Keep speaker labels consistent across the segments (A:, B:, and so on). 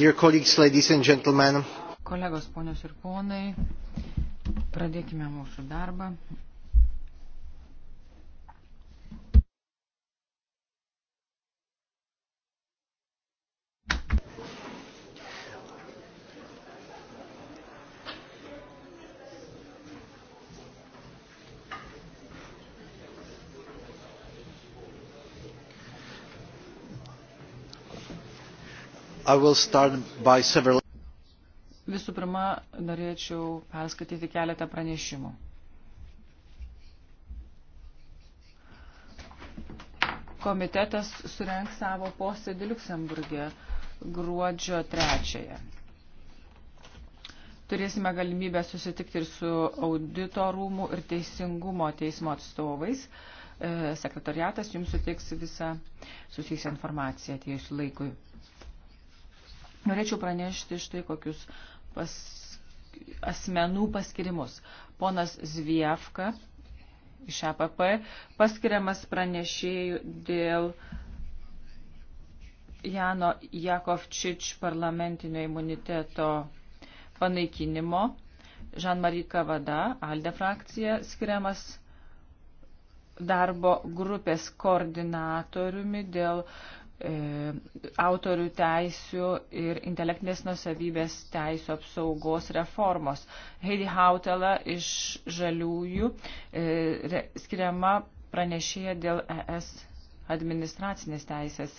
A: Dear colleagues, ladies and gentlemen.
B: Kolegos, ponios ir ponai, pradėkime mūsų darbą. Several... Visų pirma, norėčiau perskaityti keletą pranešimų. Komitetas surenks savo posėdį Luksemburgė gruodžio 3. Turėsime galimybę susitikti ir su audito rūmų ir teisingumo teismo atstovais. E, sekretariatas jums suteiks visą susijusią informaciją atėjus laikui. Norėčiau pranešti štai kokius pas, asmenų paskirimus. Ponas Zviefka iš APP paskiriamas pranešėjų dėl Jano Jakovčič parlamentinio imuniteto panaikinimo. Žan-Marie Kavada, Alde frakcija, skiriamas darbo grupės koordinatoriumi dėl uh, E, autorių teisių ir intelektinės nusavybės teisų apsaugos reformos. Heidi Hautala iš Žaliųjų e, skiriama pranešėja dėl ES administracinės teisės.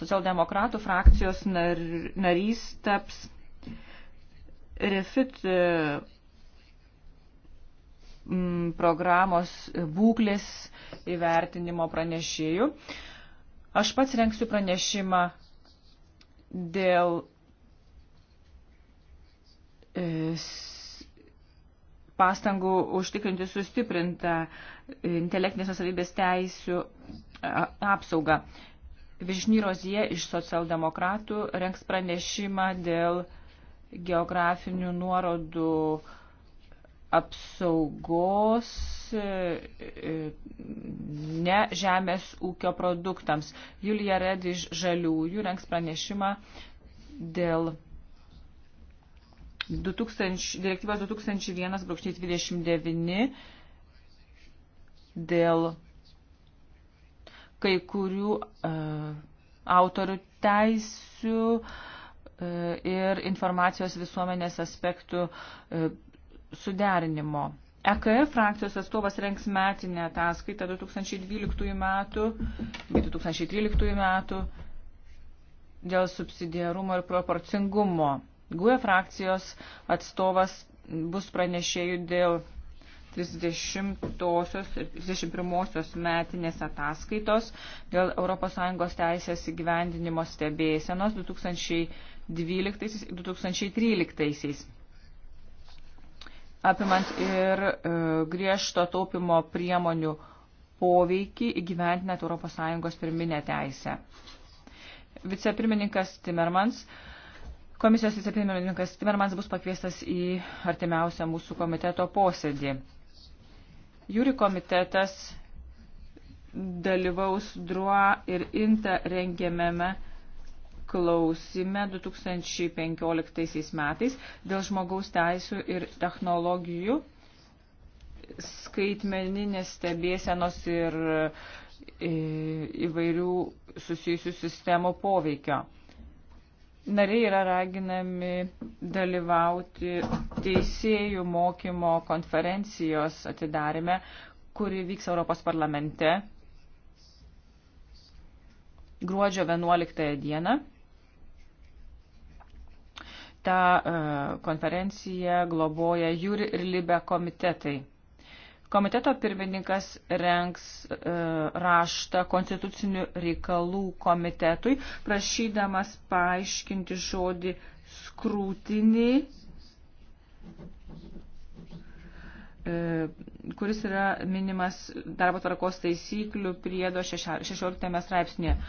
B: Socialdemokratų frakcijos nar, narys taps refit e, programos būklės įvertinimo pranešėjų. Aš pats renksiu pranešimą dėl e, pastangų užtikrinti sustiprintą intelektinės nusavybės teisių apsaugą. Višnyrozie iš socialdemokratų renks pranešimą dėl geografinių nuorodų uh, apsaugos e, e, ne žemės ūkio produktams. Julija Red iš Žaliųjų renks pranešimą dėl 2000, direktyvos 2001-29 dėl kai kurių uh, autorių teisių uh, ir informacijos visuomenės aspektų uh, suderinimo. EKF frakcijos atstovas rengs metinę ataskaitą 2012 metų bei 2013 metų dėl subsidiarumo ir proporcingumo. GUE frakcijos atstovas bus pranešėjų dėl 30-osios ir 31-osios metinės ataskaitos dėl ES teisės įgyvendinimo stebėsenos 2012-2013 apimant ir e, griežto taupimo priemonių poveikį įgyventinant ES pirminę teisę. Vicepirmininkas Timmermans, komisijos vicepirmininkas Timmermans bus pakviestas į artimiausią mūsų komiteto posėdį. Jūri komitetas dalyvaus druo ir inta rengiamėme klausime 2015 metais dėl žmogaus teisų ir technologijų skaitmeninės stebėsenos ir e, įvairių susijusių sistemų poveikio. Nariai yra raginami dalyvauti teisėjų mokymo konferencijos atidarime, kuri vyks Europos parlamente gruodžio 11 dieną tą e, konferenciją globoja Jūri ir Libe komitetai. Komiteto pirmininkas renks e, raštą konstitucinių reikalų komitetui, prašydamas paaiškinti žodį skrūtinį, e, kuris yra minimas darbo tvarkos taisyklių priedo 16 straipsnėje.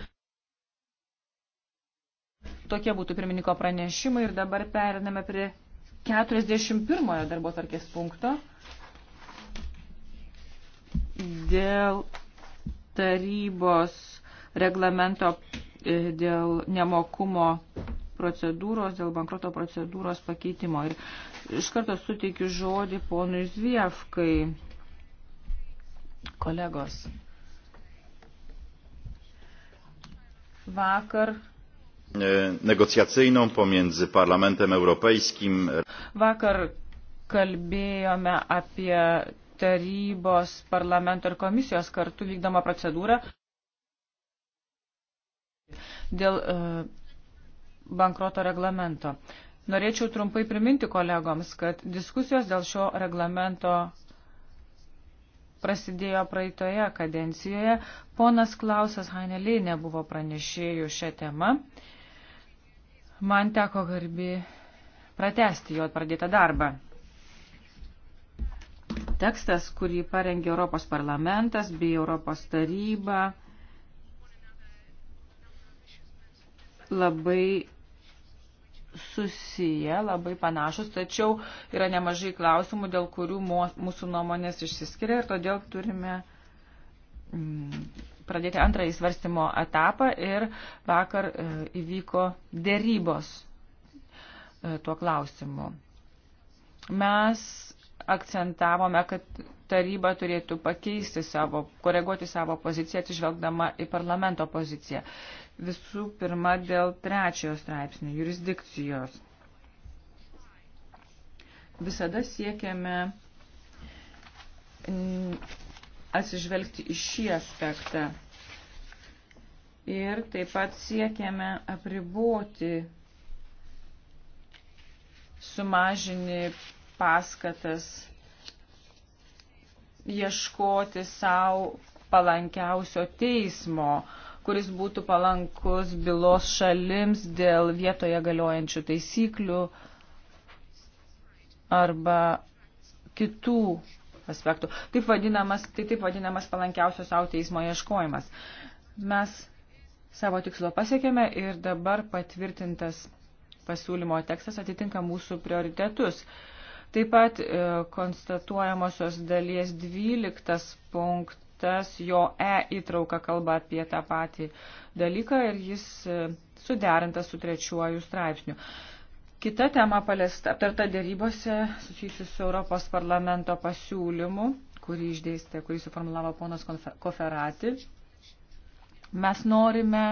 B: Tokie būtų pirmininko pranešimai ir dabar periname prie 41 darbo tvarkės punkto dėl tarybos reglamento e, dėl nemokumo procedūros, dėl bankroto procedūros pakeitimo. Ir iš karto suteikiu žodį ponui Zviefkai, kolegos. Vakar
C: E, negocjacyjną pomiędzy Parlamentem Europejskim.
B: Vakar kalbėjome apie tarybos, parlamento ir komisijos kartu vykdomą procedūrą dėl e, bankroto reglamento. Norėčiau trumpai priminti kolegoms, kad diskusijos dėl šio reglamento prasidėjo praeitoje kadencijoje. Ponas Klausas Haneliai nebuvo pranešėjų šią temą. Man teko garbi pratesti jo pradėtą darbą. Tekstas, kurį parengė Europos parlamentas bei Europos taryba, labai susiję, labai panašus, tačiau yra nemažai klausimų, dėl kurių mūsų nuomonės išsiskiria ir todėl turime mm, pradėti antrąjį svarstymo etapą ir vakar e, įvyko dėrybos e, tuo klausimu. Mes akcentavome, kad taryba turėtų pakeisti savo, koreguoti savo poziciją atsižvelgdama į parlamento poziciją. Visų pirma, dėl trečiojo straipsnio jurisdikcijos. Visada siekiame atsižvelgti į šį aspektą. Ir taip pat siekiame apriboti, sumažini paskatas, ieškoti savo palankiausio teismo, kuris būtų palankus bylos šalims dėl vietoje galiojančių taisyklių arba kitų aspektų. Taip vadinamas, tai taip vadinamas palankiausios savo teismo ieškojimas. Mes savo tikslo pasiekėme ir dabar patvirtintas pasiūlymo tekstas atitinka mūsų prioritetus. Taip pat e, konstatuojamosios dalies 12 punktas, jo E įtrauka kalba apie tą patį dalyką ir jis e, suderintas su trečiuoju straipsniu. E, Kita tema palesta, aptarta dėrybose susijusiu su Europos parlamento pasiūlymu, kurį išdėstė, kurį suformulavo ponas Koferati. Mes norime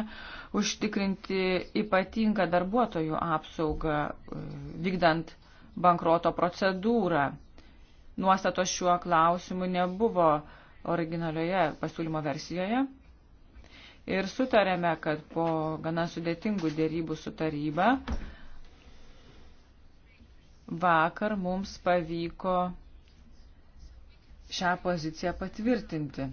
B: užtikrinti ypatingą darbuotojų apsaugą e, vykdant bankroto procedūrą. Nuostatos šiuo klausimu nebuvo originalioje pasiūlymo versijoje. Ir sutarėme, kad po gana sudėtingų dėrybų su taryba vakar mums pavyko šią poziciją patvirtinti.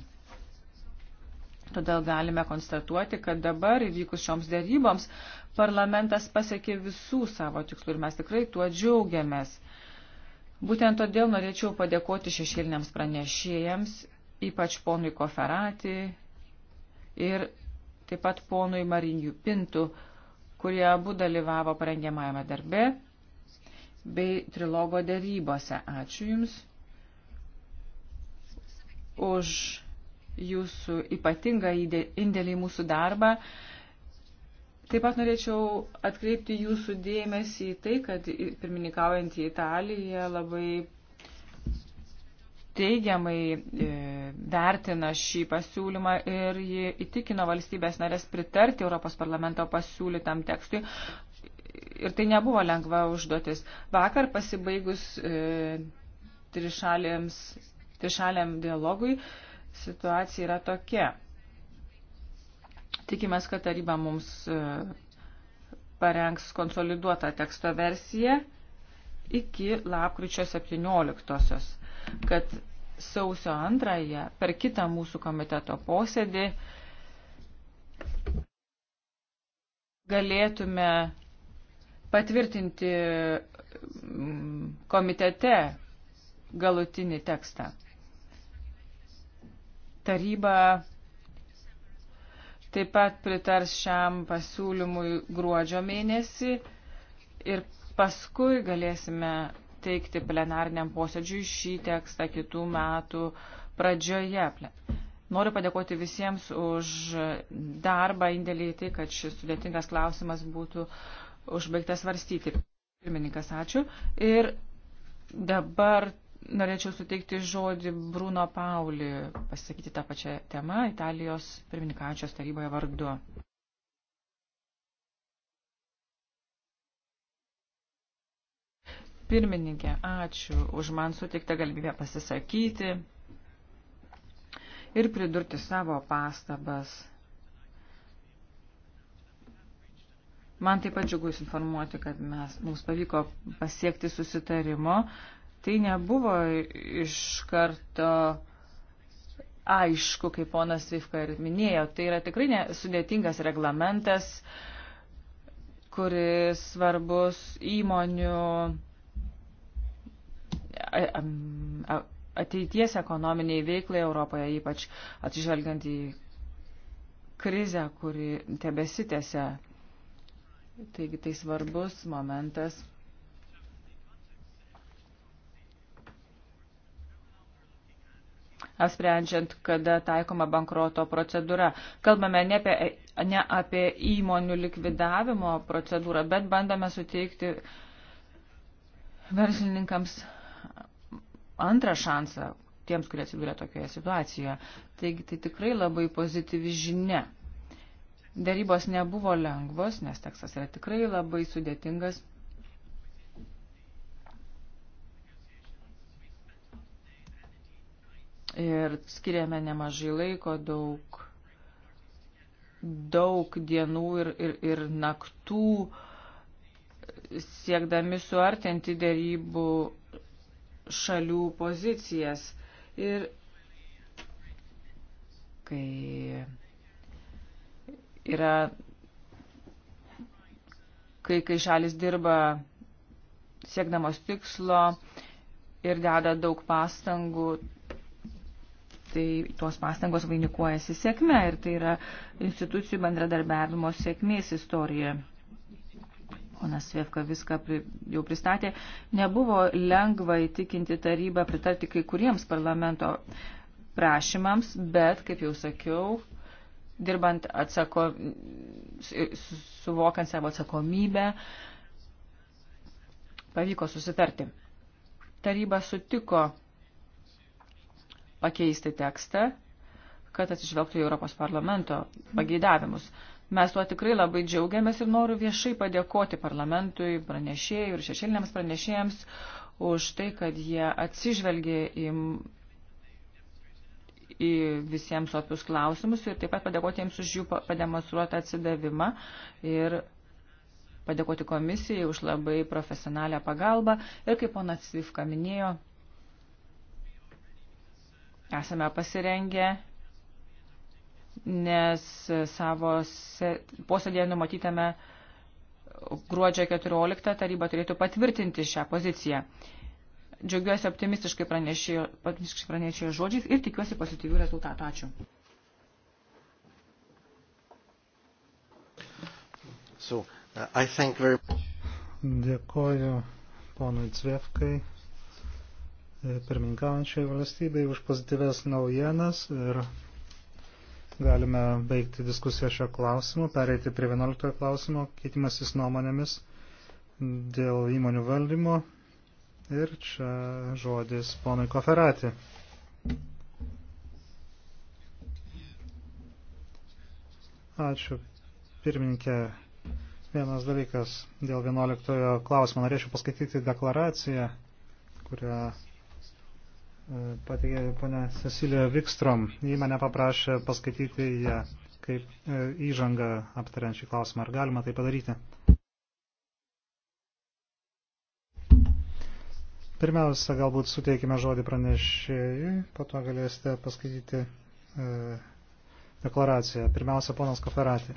B: Todėl galime konstatuoti, kad dabar įvykus šioms dėryboms parlamentas pasiekė visų savo tikslų ir mes tikrai tuo džiaugiamės. Būtent todėl norėčiau padėkoti šešėliniams pranešėjams, ypač ponui Koferati ir taip pat ponui Marinijų Pintų, kurie abu dalyvavo parengiamajame darbe bei trilogo dėrybose. Ačiū Jums už Jūsų ypatingą indėlį į mūsų darbą. Taip pat norėčiau atkreipti Jūsų dėmesį į tai, kad pirmininkaujant į Italiją labai teigiamai e, vertina šį pasiūlymą ir ji įtikino valstybės narės pritarti Europos parlamento pasiūlytam tekstui, ir tai nebuvo lengva užduotis. Vakar pasibaigus e, trišaliam tri dialogui situacija yra tokia. Tikimės, kad taryba mums e, parengs konsoliduotą teksto versiją iki lapkričio 17-osios, kad sausio antrąją per kitą mūsų komiteto posėdį galėtume patvirtinti mm, komitete galutinį tekstą. Taryba taip pat pritars šiam pasiūlymui gruodžio mėnesį ir paskui galėsime teikti plenariniam posėdžiui šį tekstą kitų metų pradžioje. Noriu padėkoti visiems už darbą, indėlį į tai, kad šis sudėtingas klausimas būtų uh, užbaigtas varstyti. Pirmininkas, ačiū. Ir dabar norėčiau suteikti žodį Bruno Pauli, pasakyti tą pačią temą Italijos pirmininkančios taryboje vardu. Pirmininkė, ačiū už man suteiktą galimybę pasisakyti ir pridurti savo pastabas Man taip pat džiugu informuoti, kad mes, mums pavyko pasiekti susitarimo. Tai nebuvo iš karto aišku, kaip ponas Svifka ir minėjo. Tai yra tikrai ne, sudėtingas reglamentas, kuris svarbus įmonių ateities ekonominiai veiklai Europoje, ypač atsižvelgiant į krizę, kuri tebesitėse Taigi tai svarbus momentas. apsprendžiant, kada taikoma bankroto procedūra. Kalbame ne apie, ne apie įmonių likvidavimo procedūrą, bet bandome suteikti verslininkams antrą šansą tiems, kurie atsidūrė tokioje situacijoje. Taigi tai tikrai labai pozityvi žinia. Darybos nebuvo lengvos, nes tekstas yra tikrai labai sudėtingas. Ir skiriame nemažai laiko, daug, daug dienų ir, ir, ir naktų siekdami suartinti dėrybų šalių pozicijas. Ir kai yra, kai, kai šalis dirba siekdamos tikslo ir deda daug pastangų, tai tuos pastangos vainikuojasi sėkme ir tai yra institucijų bendradarbiavimo sėkmės istorija. Ponas Svevka viską pri, jau pristatė. Nebuvo lengva įtikinti tarybą pritarti kai kuriems parlamento prašymams, bet, kaip jau sakiau, dirbant atsako, suvokant savo atsakomybę, pavyko susitarti. Taryba sutiko pakeisti tekstą, kad atsižvelgtų į Europos parlamento pageidavimus. Mes tuo tikrai labai džiaugiamės ir noriu viešai padėkoti parlamentui, pranešėjai ir šešėliniams pranešėjams už tai, kad jie atsižvelgė į į visiems opius klausimus ir taip pat padėkoti jiems už jų pademonstruotą atsidavimą ir padėkoti komisijai už labai profesionalią pagalbą ir kaip ponas Svifka minėjo, esame pasirengę, nes savo posėdėje numatytame gruodžio 14 taryba turėtų patvirtinti šią poziciją. Džiaugiuosi optimistiškai pranešėjo, optimistiškai pranešėjo žodžiais ir tikiuosi pozityvių rezultatų. Ačiū.
A: So, uh, very...
C: Dėkoju ponui Cvefkai, e, pirmininkaujančiai valstybei, už pozityves naujienas ir galime baigti diskusiją šio klausimu, pereiti prie 11 klausimo, keitimasis nuomonėmis dėl įmonių valdymo Ir čia žodis ponui Koferati. Ačiū, pirmininkė. Vienas dalykas dėl 11 klausimo. Norėčiau paskaityti deklaraciją, kurią e, patikė ponia Cecilija Vikstrom. Ji mane paprašė paskaityti ją kaip e, įžangą aptariant šį klausimą. Ar galima tai padaryti? Pirmiausia, galbūt suteikime žodį pranešėjui, po to galėsite paskaityti e, deklaraciją. Pirmiausia, ponas Koferatė.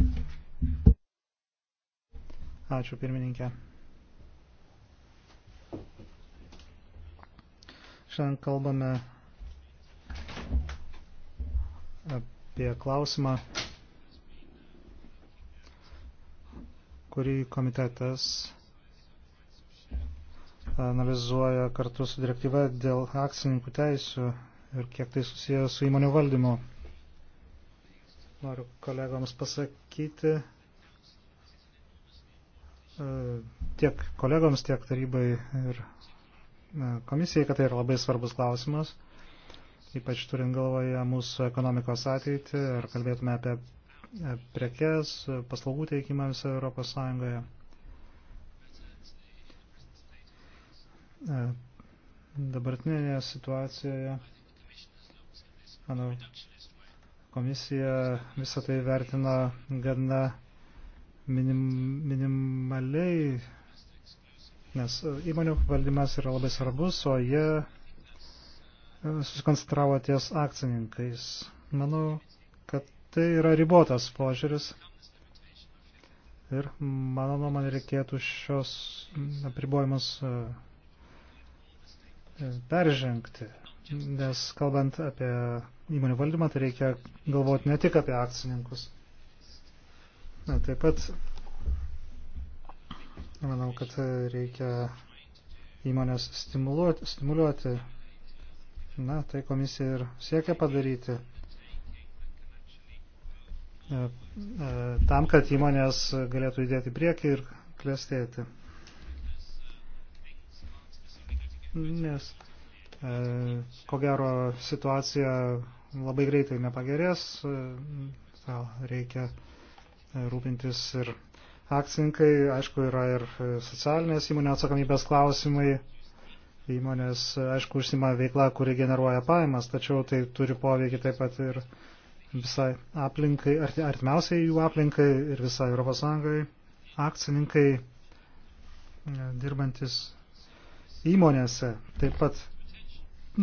C: Ačiū, pirmininkė. Šiandien kalbame apie klausimą, kurį komitetas analizuoja kartu su direktyva dėl akcininkų teisių ir kiek tai susiję su įmonių valdymu. Noriu kolegoms pasakyti, e, tiek kolegoms, tiek tarybai ir e, komisijai, kad tai yra labai svarbus klausimas, ypač turint galvoje mūsų ekonomikos ateitį ir kalbėtume apie prekes, paslaugų teikimą visoje Europos Sąjungoje. E, dabartinėje situacijoje, manau, komisija visą tai vertina gana minim, minimaliai, nes įmonių valdymas yra labai svarbus, o jie e, susikoncentravo ties akcininkais. Manau, kad tai yra ribotas požiūris ir mano nuomonė reikėtų šios apribojimus e, peržengti. Nes kalbant apie įmonių valdymą, tai reikia galvoti ne tik apie akcininkus. Na, taip pat manau, kad reikia įmonės stimuluoti, stimuliuoti. Na, tai komisija ir siekia padaryti. E, e, tam, kad įmonės galėtų judėti priekį ir klestėti nes e, ko gero situacija labai greitai nepagerės, e, reikia e, rūpintis ir akcininkai, aišku, yra ir socialinės įmonės atsakomybės klausimai, įmonės, aišku, užsima veikla, kuri generuoja pajamas, tačiau tai turi poveikį taip pat ir visai aplinkai, artimiausiai jų aplinkai ir visai Europos Sąjungai, akcininkai e, dirbantis įmonėse taip pat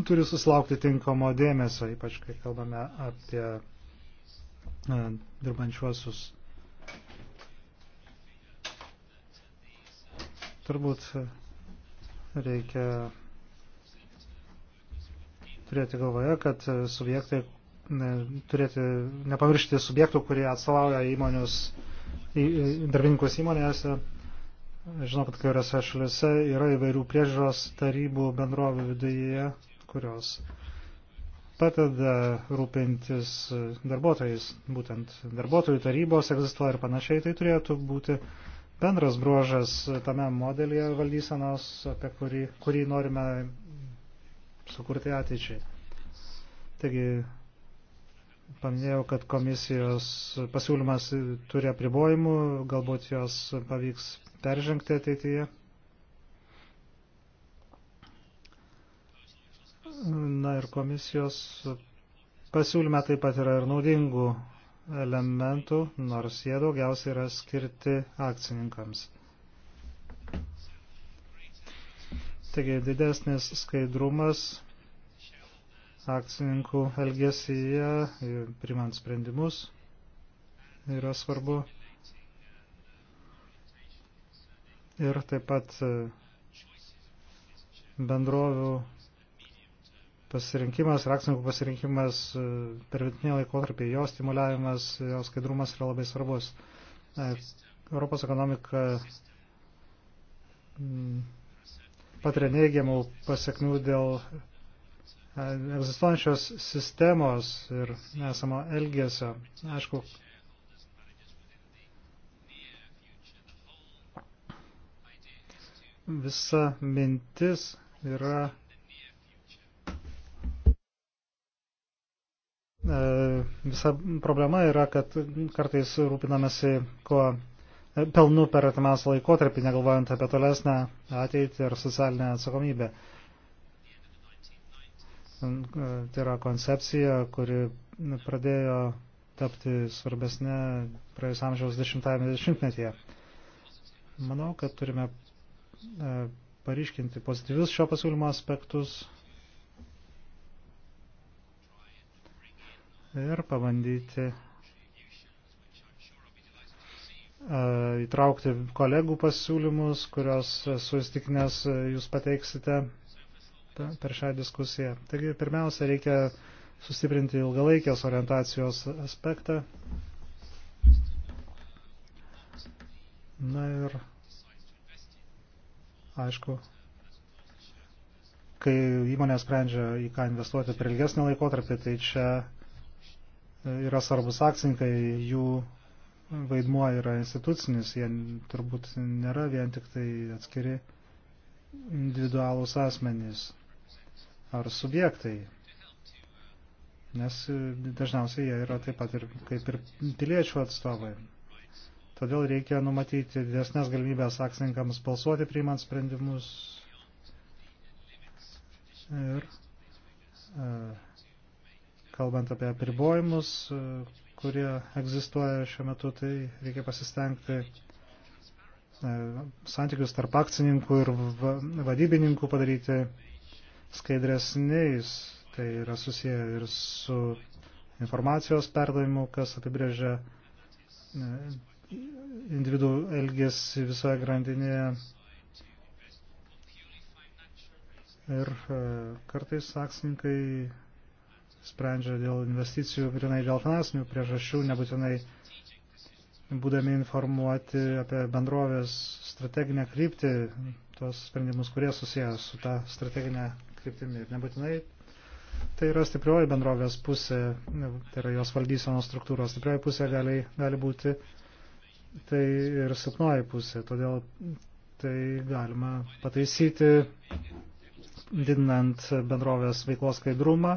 C: turi susilaukti tinkamo dėmesio, ypač kai kalbame apie e, dirbančiuosius. Turbūt reikia turėti galvoje, kad subjektai, ne, turėti, nepamiršti subjektų, kurie atstovauja įmonius, darbininkus įmonėse, Žinau, kad kai kuriuose šalise yra įvairių priežiūros tarybų bendrovių viduje, kurios padeda rūpintis darbuotojais, būtent darbuotojų tarybos egzistuoja ir panašiai, tai turėtų būti bendras bruožas tame modelėje valdysenos, apie kurį, kurį norime sukurti ateičiai. Taigi, paminėjau, kad komisijos pasiūlymas turi apribojimų, galbūt jos pavyks peržengti ateityje. Na ir komisijos pasiūlyme taip pat yra ir naudingų elementų, nors jie daugiausiai yra skirti akcininkams. Taigi didesnis skaidrumas akcininkų elgesyje, primant sprendimus, yra svarbu. ir taip pat e, bendrovių pasirinkimas, akcininkų pasirinkimas e, per vidutinį laikotarpį, jo stimuliavimas, jo skaidrumas yra labai svarbus. E, Europos ekonomika patiria neigiamų pasiekmių dėl egzistuojančios sistemos ir esamo elgesio. Aišku, visa mintis yra e, visa problema yra, kad kartais rūpinamasi kuo e, pelnu per atimiausią laikotarpį, negalvojant apie tolesnę ateitį ir socialinę atsakomybę. E, tai yra koncepcija, kuri pradėjo tapti svarbesnė praėjus amžiaus 10-metyje. Manau, kad turime E, pariškinti pozityvius šio pasiūlymo aspektus ir pabandyti e, įtraukti kolegų pasiūlymus, kurios sustiknės e, jūs pateiksite per šią diskusiją. Taigi, pirmiausia, reikia sustiprinti ilgalaikės orientacijos aspektą. Na ir aišku, kai įmonė sprendžia, į ką investuoti per ilgesnį laikotarpį, tai čia yra svarbus akcininkai, jų vaidmuo yra institucinis, jie turbūt nėra vien tik tai atskiri individualūs asmenys ar subjektai, nes dažniausiai jie yra taip pat ir kaip ir piliečių atstovai. Todėl reikia numatyti didesnės galimybės akcininkams balsuoti, priimant sprendimus ir e, kalbant apie apribojimus, e, kurie egzistuoja šiuo metu, tai reikia pasistengti e, santykius tarp akcininkų ir vadybininkų padaryti skaidresniais. Tai yra susiję ir su informacijos perdavimu, kas apibrėžia individų elgesi visoje grandinėje. Ir e, kartais akcininkai sprendžia dėl investicijų, grinai dėl finansinių priežasčių, nebūtinai būdami informuoti apie bendrovės strateginę kryptį, tos sprendimus, kurie susiję su tą strateginę kryptimi. Ir nebūtinai tai yra stiprioji bendrovės pusė, tai yra jos valdysenos struktūros. Stiprioji pusė gali, gali būti uh, tai ir silpnoji pusė, todėl tai galima pataisyti, didinant bendrovės veiklos skaidrumą,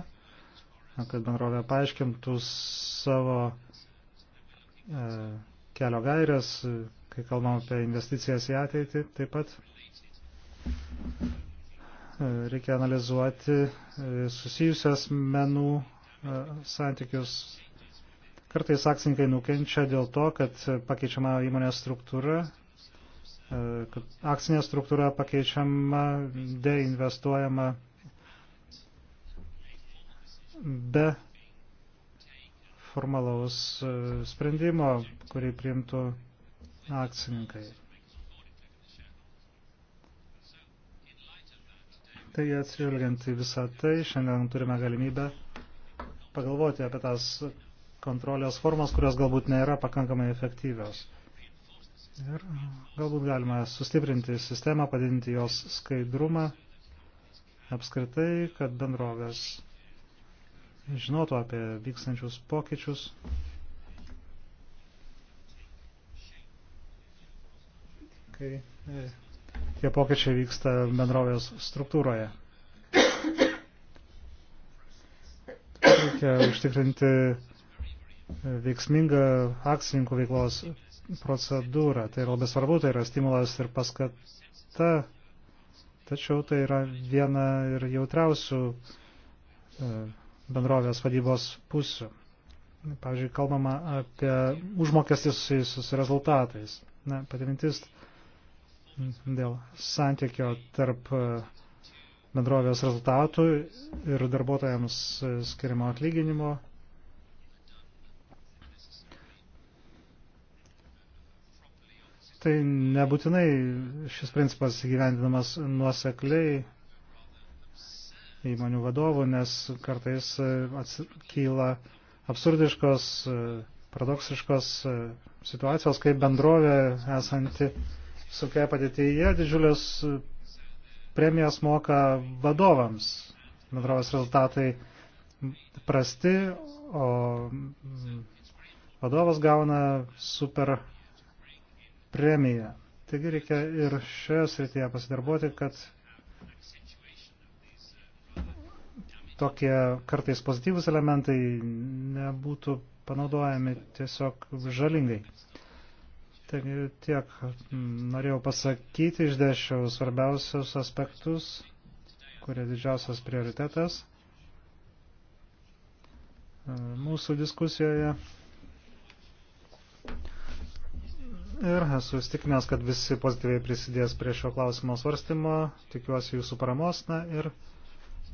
C: kad bendrovė paaiškintų savo e, kelio gairias, kai kalbam apie investicijas į ateitį, taip pat e, reikia analizuoti e, susijusias menų e, santykius Kartais akcininkai nukenčia dėl to, kad pakeičiama įmonės struktūra, e, kad akcinė struktūra pakeičiama, deinvestuojama be formalaus e, sprendimo, kurį priimtų akcininkai. Tai atsižvelgiant į visą tai, šiandien turime galimybę pagalvoti apie tas kontrolės formas, kurios galbūt nėra pakankamai efektyvios. Ir galbūt galima sustiprinti sistemą, padidinti jos skaidrumą, apskritai, kad bendrovės žinotų apie vykstančius pokyčius. Kai e, tie pokyčiai vyksta bendrovės struktūroje. Reikia užtikrinti veiksmingą akcininkų veiklos procedūrą. Tai yra labai svarbu, tai yra stimulas ir paskata, tačiau tai yra viena ir jautriausių e, bendrovės vadybos pusių. Pavyzdžiui, kalbama apie užmokestį susijusius rezultatais. Na, pati mintis dėl santykio tarp e, bendrovės rezultatų ir darbuotojams skirimo atlyginimo tai nebūtinai šis principas gyvendinamas nuosekliai įmonių vadovų, nes kartais e, kyla absurdiškos, e, paradoksiškos e, situacijos, kaip bendrovė esanti sunkia padėtyje didžiulės premijas moka vadovams. Bendrovės rezultatai prasti, o vadovas gauna super premiją. Taigi reikia ir šioje srityje pasidarbuoti, kad tokie kartais pozityvus elementai nebūtų panaudojami tiesiog žalingai. Taigi tiek norėjau pasakyti, išdėšiau svarbiausius aspektus, kurie didžiausias prioritetas mūsų diskusijoje. ir esu įstikinęs, kad visi pozityviai prisidės prie šio klausimo svarstymo. Tikiuosi jūsų paramos na, ir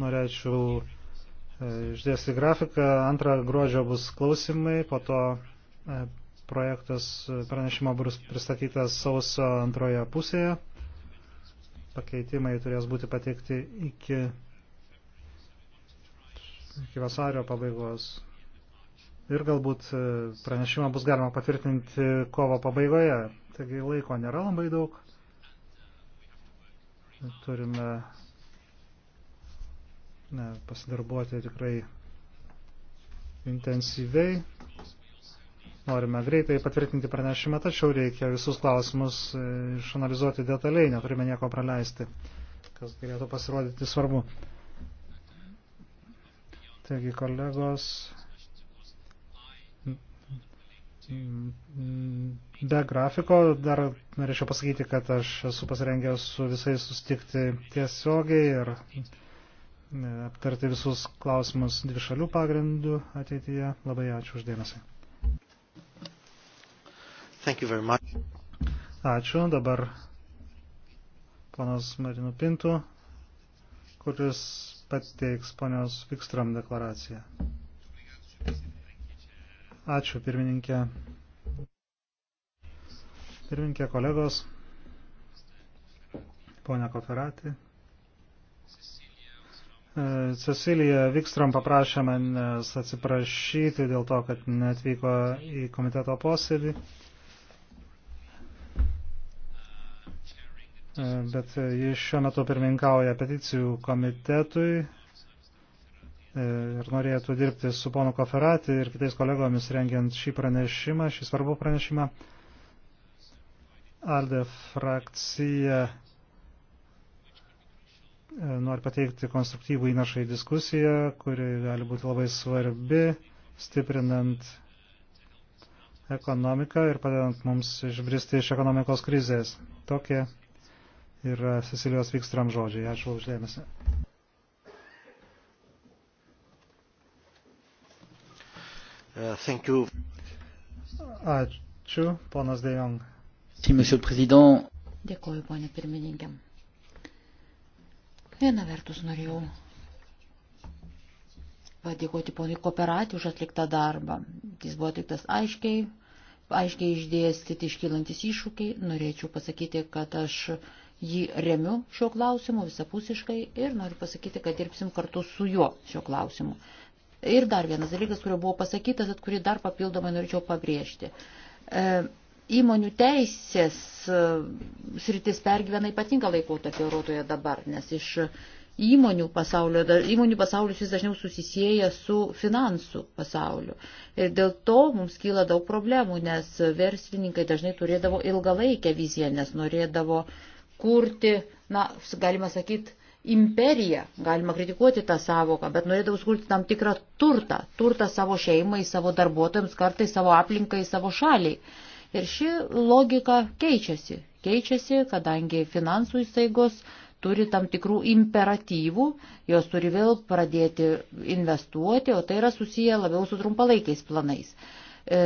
C: norėčiau e, išdėsti grafiką. Antrą gruodžio bus klausimai, po to e, projektas e, pranešimo bus pristatytas sausio antroje pusėje. Pakeitimai turės būti pateikti iki, iki vasario pabaigos ir galbūt e, pranešimą bus galima patvirtinti kovo pabaigoje. Taigi laiko nėra labai daug. Turime ne, pasidarbuoti tikrai intensyviai. Norime greitai patvirtinti pranešimą, tačiau reikia visus klausimus e, išanalizuoti detaliai, neturime nieko praleisti, kas galėtų pasirodyti svarbu. Taigi, kolegos, Mm, be grafiko dar norėčiau pasakyti, kad aš esu pasirengęs su visais sustikti tiesiogiai ir e, aptarti visus klausimus dvi šalių pagrindų ateityje. Labai ačiū uždėmesį. Ačiū. Dabar ponas Marinu Pintų, kuris pateiks ponios Vikstram deklaraciją. Thank you. Ačiū pirmininkė. Pirmininkė kolegos, ponia Koferati. E, Cecilija Vikstrom paprašė manęs atsiprašyti dėl to, kad netvyko į komiteto posėdį. E, bet jis šiuo metu pirmininkauja peticijų komitetui ir norėtų dirbti su ponu Koferati ir kitais kolegomis rengiant šį pranešimą, šį svarbų pranešimą. Alde frakcija e, nori pateikti konstruktyvų įnašą į diskusiją, kuri gali būti labai svarbi, stiprinant ekonomiką ir padedant mums išbristi iš ekonomikos krizės. Tokie yra Cecilijos Vikstram žodžiai. Ačiū uždėmesi.
A: Uh, thank you.
C: Ačiū, ponas Dejong.
D: Dėkuoju, ponė pirmininkė. Viena vertus norėjau padėkoti ponui kooperatį už atliktą darbą. Jis buvo atliktas aiškiai, aiškiai išdėstyti iškylantis iššūkiai. Norėčiau pasakyti, kad aš jį remiu šio klausimu visapusiškai ir noriu pasakyti, kad dirbsim kartu su juo šio klausimu. Ir dar vienas dalykas, kurio buvo pasakytas, at kurį dar papildomai norėčiau pabrėžti. E, įmonių teisės e, sritis pergyvena ypatingą laikotarpį Europoje dabar, nes iš įmonių pasaulio, įmonių pasaulis vis dažniau susisieja su finansų pasauliu. Ir dėl to mums kyla daug problemų, nes verslininkai dažnai turėdavo ilgalaikę viziją, nes norėdavo kurti, na, galima sakyti, imperiją, galima kritikuoti tą savoką, bet norėdavo skulti tam tikrą turtą, turtą savo šeimai, savo darbuotojams, kartai savo aplinkai, savo šaliai. Ir ši logika keičiasi, keičiasi, kadangi finansų įstaigos turi tam tikrų imperatyvų, jos turi vėl pradėti investuoti, o tai yra susiję labiau su trumpalaikiais planais. E,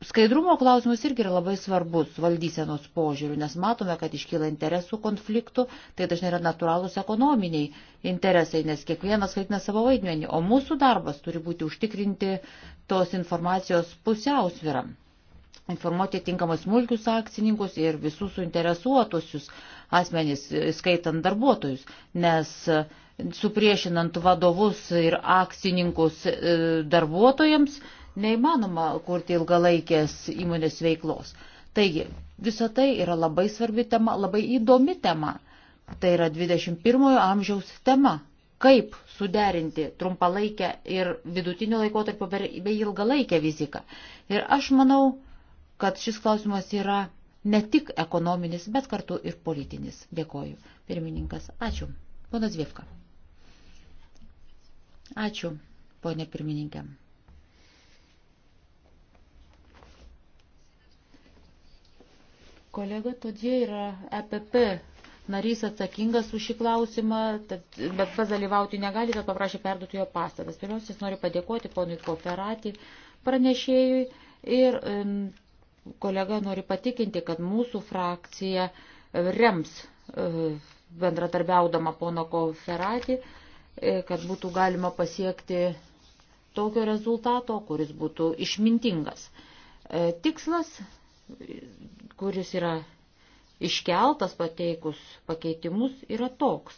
D: Skaidrumo klausimas irgi yra labai svarbus valdysenos požiūrių, nes matome, kad iškyla interesų konfliktų, tai dažnai yra natūralūs ekonominiai interesai, nes kiekvienas vaidina savo vaidmenį, o mūsų darbas turi būti užtikrinti tos informacijos pusiausvyrą, informuoti tinkamai smulkius akcininkus ir visus suinteresuotusius asmenys, skaitant darbuotojus, nes supriešinant vadovus ir akcininkus e, darbuotojams, neįmanoma kurti ilgalaikės įmonės veiklos. Taigi, visa tai yra labai svarbi tema, labai įdomi tema. Tai yra 21 amžiaus tema. Kaip suderinti trumpalaikę ir vidutinio laikotarpio bei ilgalaikę viziką. Ir aš manau, kad šis klausimas yra ne tik ekonominis, bet kartu ir politinis. Dėkoju. Pirmininkas, ačiū. Ponas Vievka. Ačiū, ponė pirmininkė. Kolega Todie yra EPP narys atsakingas už šį klausimą, tad, bet pats dalyvauti negali, tad paprašė perduoti jo pastabas. Pirmiausia, noriu padėkoti ponui Koferatį pranešėjui ir um, kolega nori patikinti, kad mūsų frakcija rems uh, e, bendratarbiaudama pono Koferatį, e, kad būtų galima pasiekti tokio rezultato, kuris būtų išmintingas. E, tikslas kuris yra iškeltas pateikus pakeitimus, yra toks.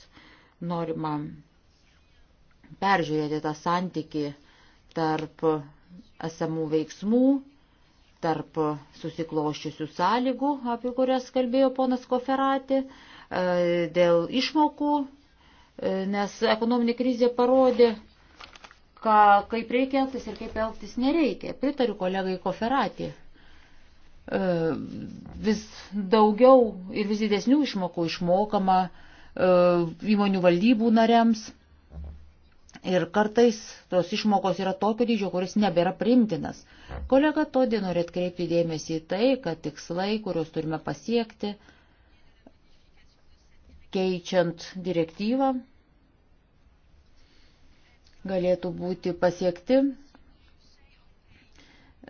D: Norima peržiūrėti tą santyki tarp esamų veiksmų, tarp susikloščiusių sąlygų, apie kurias kalbėjo ponas Koferati, e, dėl išmokų, e, nes ekonominė krizė parodė, ką, kaip reikia elgtis ir kaip elgtis nereikia. Pritariu kolegai Koferati E, vis daugiau ir vis didesnių išmokų išmokama e, įmonių valdybų nariams. Ir kartais tos išmokos yra tokio dydžio, kuris nebėra primtinas. Kolega Todė norėt kreipti dėmesį į tai, kad tikslai, kuriuos turime pasiekti, keičiant direktyvą, galėtų būti pasiekti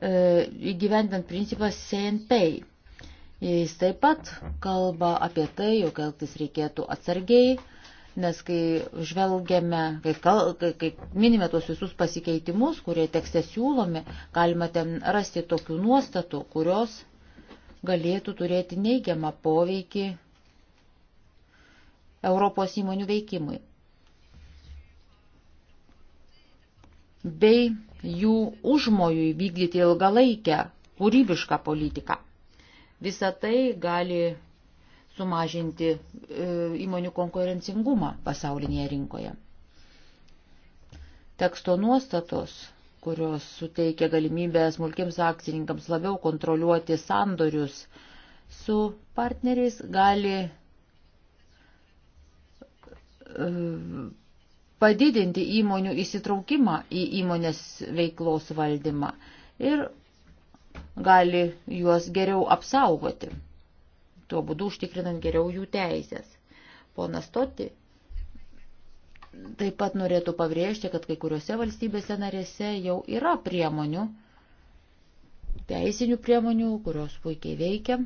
D: E, įgyvendant principas CNP. Jis taip pat kalba apie tai, jog elgtis reikėtų atsargiai, nes kai žvelgiame, kai, kal, kai, kai minime tuos visus pasikeitimus, kurie tekste siūlomi, galima ten rasti tokių nuostatų, kurios galėtų turėti neigiamą poveikį Europos įmonių veikimui. Bei jų užmojų įvykdyti ilgalaikę kūrybišką politiką. Visą tai gali sumažinti e, įmonių konkurencingumą pasaulinėje rinkoje. Teksto nuostatos, kurios suteikia galimybę smulkiams akcininkams labiau kontroliuoti sandorius su partneriais, gali e, padidinti įmonių įsitraukimą į įmonės veiklos valdymą ir gali juos geriau apsaugoti, tuo būdu užtikrinant geriau jų teisės. Ponas Toti taip pat norėtų pabrėžti, kad kai kuriuose valstybėse narėse jau yra priemonių, teisinių priemonių, kurios puikiai veikia.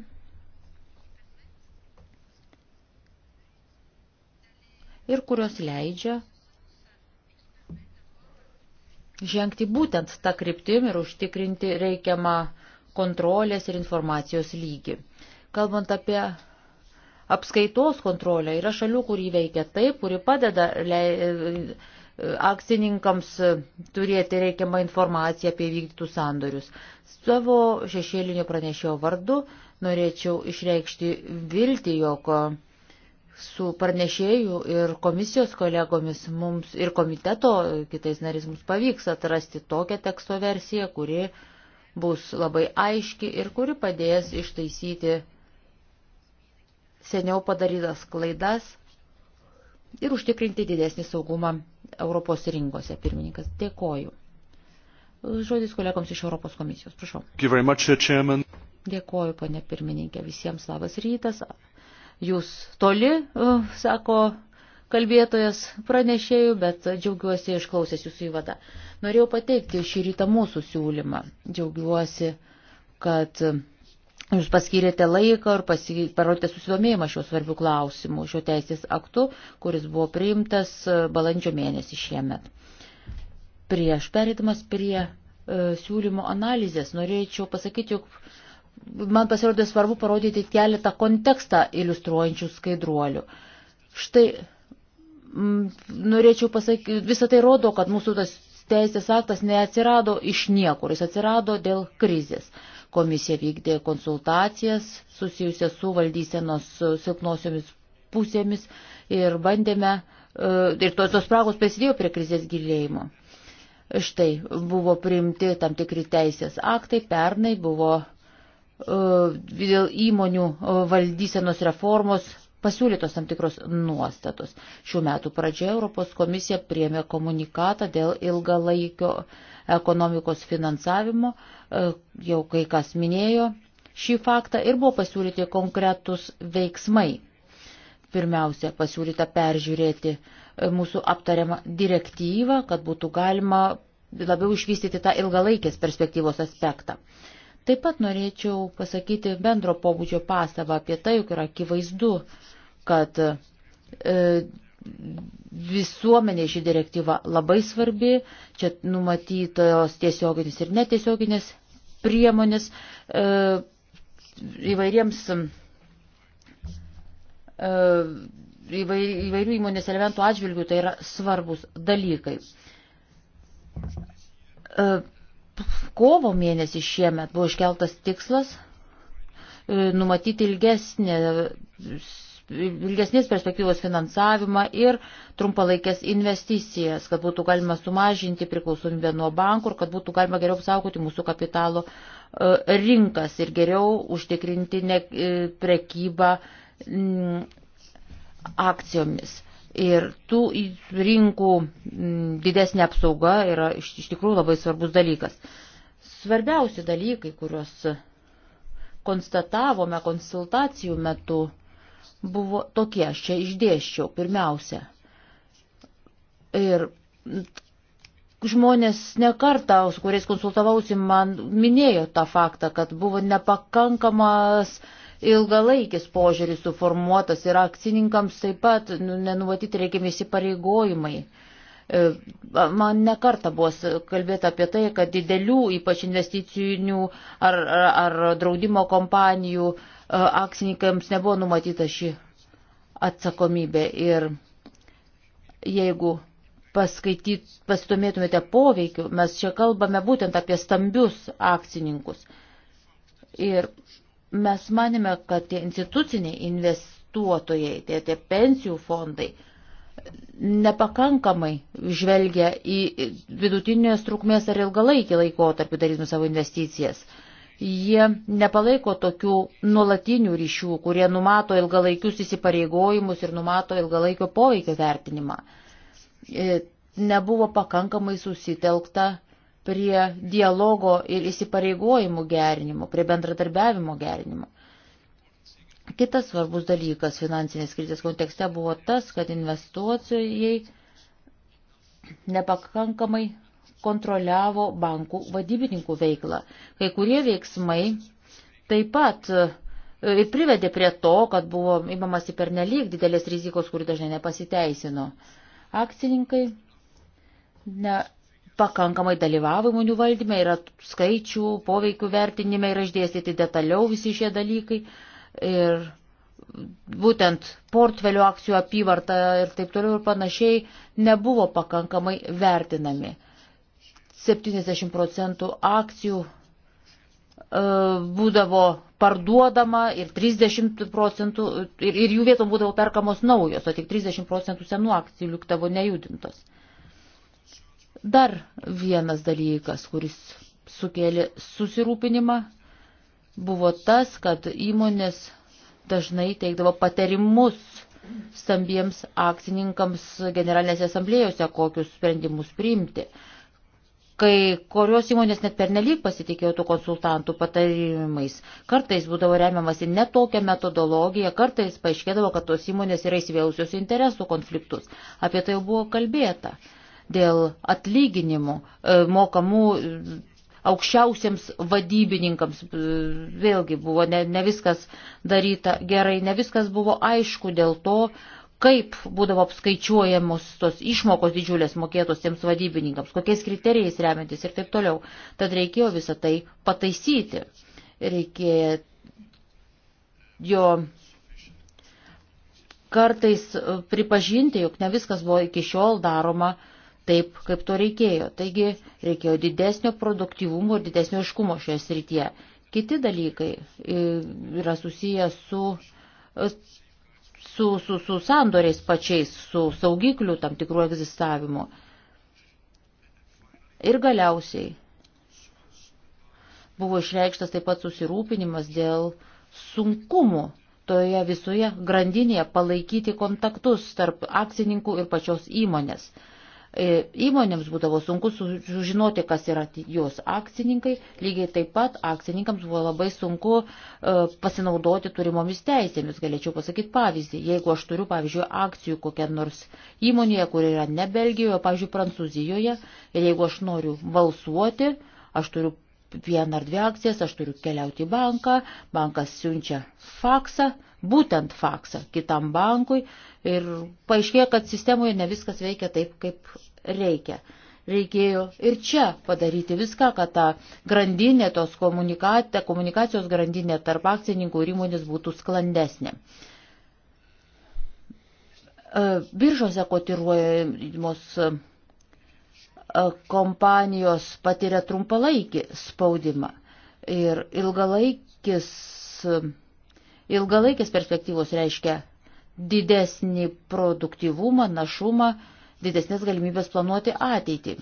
D: Ir kurios leidžia žengti būtent tą kryptim ir užtikrinti reikiamą kontrolės ir informacijos lygį. Kalbant apie apskaitos kontrolę, yra šalių, kur įveikia taip, kuri padeda akcininkams turėti reikiamą informaciją apie vykdytus sandorius. Savo šešėlinio pranešėjo vardu norėčiau išreikšti viltį, jog su pranešėjų ir komisijos kolegomis mums ir komiteto kitais narys mums pavyks atrasti tokią teksto versiją, kuri bus labai aiški ir kuri padės ištaisyti seniau padarytas klaidas ir užtikrinti didesnį saugumą Europos rinkose. Pirmininkas, dėkoju. Žodis kolegoms iš Europos komisijos, prašau.
C: Much,
D: Dėkoju, ponė pirmininkė, visiems labas rytas. Jūs toli, e, sako kalbėtojas pranešėjų, bet džiaugiuosi išklausęs jūsų įvadą. Norėjau pateikti šį rytą mūsų siūlymą. Džiaugiuosi, kad jūs paskyrėte laiką ir pasi... parodėte susidomėjimą šiuo svarbiu klausimu, šiuo teisės aktu, kuris buvo priimtas e, balandžio mėnesį šiemet. Prieš perėdamas prie e, siūlymo analizės norėčiau pasakyti, jog man pasirodė svarbu parodyti keletą kontekstą iliustruojančių skaidruolių. Štai m, norėčiau pasakyti, visą tai rodo, kad mūsų tas teisės aktas neatsirado iš niekur, jis atsirado dėl krizės. Komisija vykdė konsultacijas susijusias su valdysenos silpnosiomis pusėmis ir bandėme, e, ir tos, tos spragos prisidėjo prie krizės gilėjimo. Štai buvo priimti tam tikri teisės aktai, pernai buvo E, dėl įmonių e, valdysenos reformos pasiūlytos tam tikros nuostatos. Šių metų pradžioje Europos komisija priemė komunikatą dėl ilgalaikio ekonomikos finansavimo, e, jau kai kas minėjo šį faktą ir buvo pasiūlyti konkretus veiksmai. Pirmiausia, pasiūlyta peržiūrėti mūsų aptariamą direktyvą, kad būtų galima labiau išvystyti tą ilgalaikės perspektyvos aspektą. Taip pat norėčiau pasakyti bendro pobūdžio pastabą apie tai, jog yra akivaizdu, kad e, visuomenė ši direktyva labai svarbi, čia numatytos tiesioginės ir netiesioginės priemonės e, įvairiems e, įvairių įmonės elementų atžvilgių, tai yra svarbus dalykai. E, kovo mėnesį šiemet buvo iškeltas tikslas e, numatyti ilgesnė, ilgesnės perspektyvos finansavimą ir trumpalaikės investicijas, kad būtų galima sumažinti priklausomybę nuo bankų ir kad būtų galima geriau apsaugoti mūsų kapitalo e, rinkas ir geriau užtikrinti e, prekybą akcijomis. Ir tų rinkų didesnė apsauga yra iš, iš tikrųjų labai svarbus dalykas. Svarbiausi dalykai, kuriuos konstatavome konsultacijų metu, buvo tokie, aš čia išdėščiau pirmiausia. Ir žmonės nekartą, su kuriais konsultavausi, man minėjo tą faktą, kad buvo nepakankamas uh, ilgalaikis požiūris suformuotas ir akcininkams taip pat nu, nenumatyti reikiami įsipareigojimai. E, man nekarta buvo kalbėta apie tai, kad didelių, ypač investicinių ar, ar, ar draudimo kompanijų e, akcininkams nebuvo numatyta ši atsakomybė. Ir jeigu pasidomėtumėte poveikiu, mes čia kalbame būtent apie stambius akcininkus. Ir Mes manime, kad tie instituciniai investuotojai, tie, tie pensijų fondai nepakankamai žvelgia į vidutinės trukmės ar ilgalaikį laikotarpį darydami savo investicijas. Jie nepalaiko tokių nuolatinių ryšių, kurie numato ilgalaikius įsipareigojimus ir numato ilgalaikio poveikio vertinimą. E, nebuvo pakankamai susitelkta prie dialogo ir įsipareigojimų gerinimo, prie bendradarbiavimo gerinimo. Kitas svarbus dalykas finansinės krizės kontekste buvo tas, kad investuotojai nepakankamai kontroliavo bankų vadybininkų veiklą. Kai kurie veiksmai taip pat e, ir privedė prie to, kad buvo imamasi per nelik didelės rizikos, kuri dažnai nepasiteisino. Akcininkai ne, pakankamai dalyvavo įmonių valdyme, yra skaičių, poveikių vertinime yra išdėstyti detaliau visi šie dalykai. Ir būtent portfelio akcijų apyvarta ir taip toliau ir panašiai nebuvo pakankamai vertinami. 70 procentų akcijų e, būdavo parduodama ir 30 procentų, ir, ir jų vietom būdavo perkamos naujos, o tik 30 procentų senų akcijų liktavo nejudintos. Dar vienas dalykas, kuris sukėlė susirūpinimą, buvo tas, kad įmonės dažnai teikdavo patarimus stambiems akcininkams generalinėse asamblėjose, kokius sprendimus priimti. Kai kurios įmonės net pernelyg pasitikėjo tų konsultantų patarimais, kartais būdavo remiamasi ne tokia metodologija, kartais paaiškėdavo, kad tos įmonės yra įsivėlusios interesų konfliktus. Apie tai jau buvo kalbėta dėl atlyginimų e, mokamų aukščiausiems vadybininkams e, vėlgi buvo ne, ne viskas daryta gerai, ne viskas buvo aišku dėl to, kaip būdavo apskaičiuojamos tos išmokos didžiulės mokėtos tiems vadybininkams, kokiais kriterijais remiantis ir taip toliau. Tad reikėjo visą tai pataisyti. Reikėjo jo kartais pripažinti, jog ne viskas buvo iki šiol daroma uh, taip, kaip to reikėjo. Taigi reikėjo didesnio produktyvumo ir didesnio iškumo šioje srityje. Kiti dalykai e, yra susiję su, e, su, su, su sandoriais pačiais, su saugiklių tam tikrų egzistavimu. Ir galiausiai buvo išreikštas taip pat susirūpinimas dėl sunkumų toje visoje grandinėje palaikyti kontaktus tarp akcininkų ir pačios įmonės. E, įmonėms būdavo sunku sužinoti, kas yra jos akcininkai, lygiai taip pat akcininkams buvo labai sunku e, pasinaudoti turimomis teisėmis. Galėčiau pasakyti pavyzdį, jeigu aš turiu, pavyzdžiui, akcijų kokią nors įmonėje, kur yra ne Belgijoje, pavyzdžiui, Prancūzijoje, ir jeigu aš noriu balsuoti, aš turiu vieną ar dvi akcijas, aš turiu keliauti į banką, bankas siunčia faksą, būtent faksą kitam bankui ir paaiškėja, kad sistemoje ne viskas veikia taip, kaip reikia. Reikėjo ir čia padaryti viską, kad ta grandinė, tos komunikacija, komunikacijos grandinė tarp akcininkų ir įmonės būtų sklandesnė. E, biržose kotiruojamos e, kompanijos patiria trumpalaikį spaudimą ir ilgalaikis, e, ilgalaikis perspektyvos reiškia didesnį produktyvumą, našumą didesnės galimybės planuoti ateitį.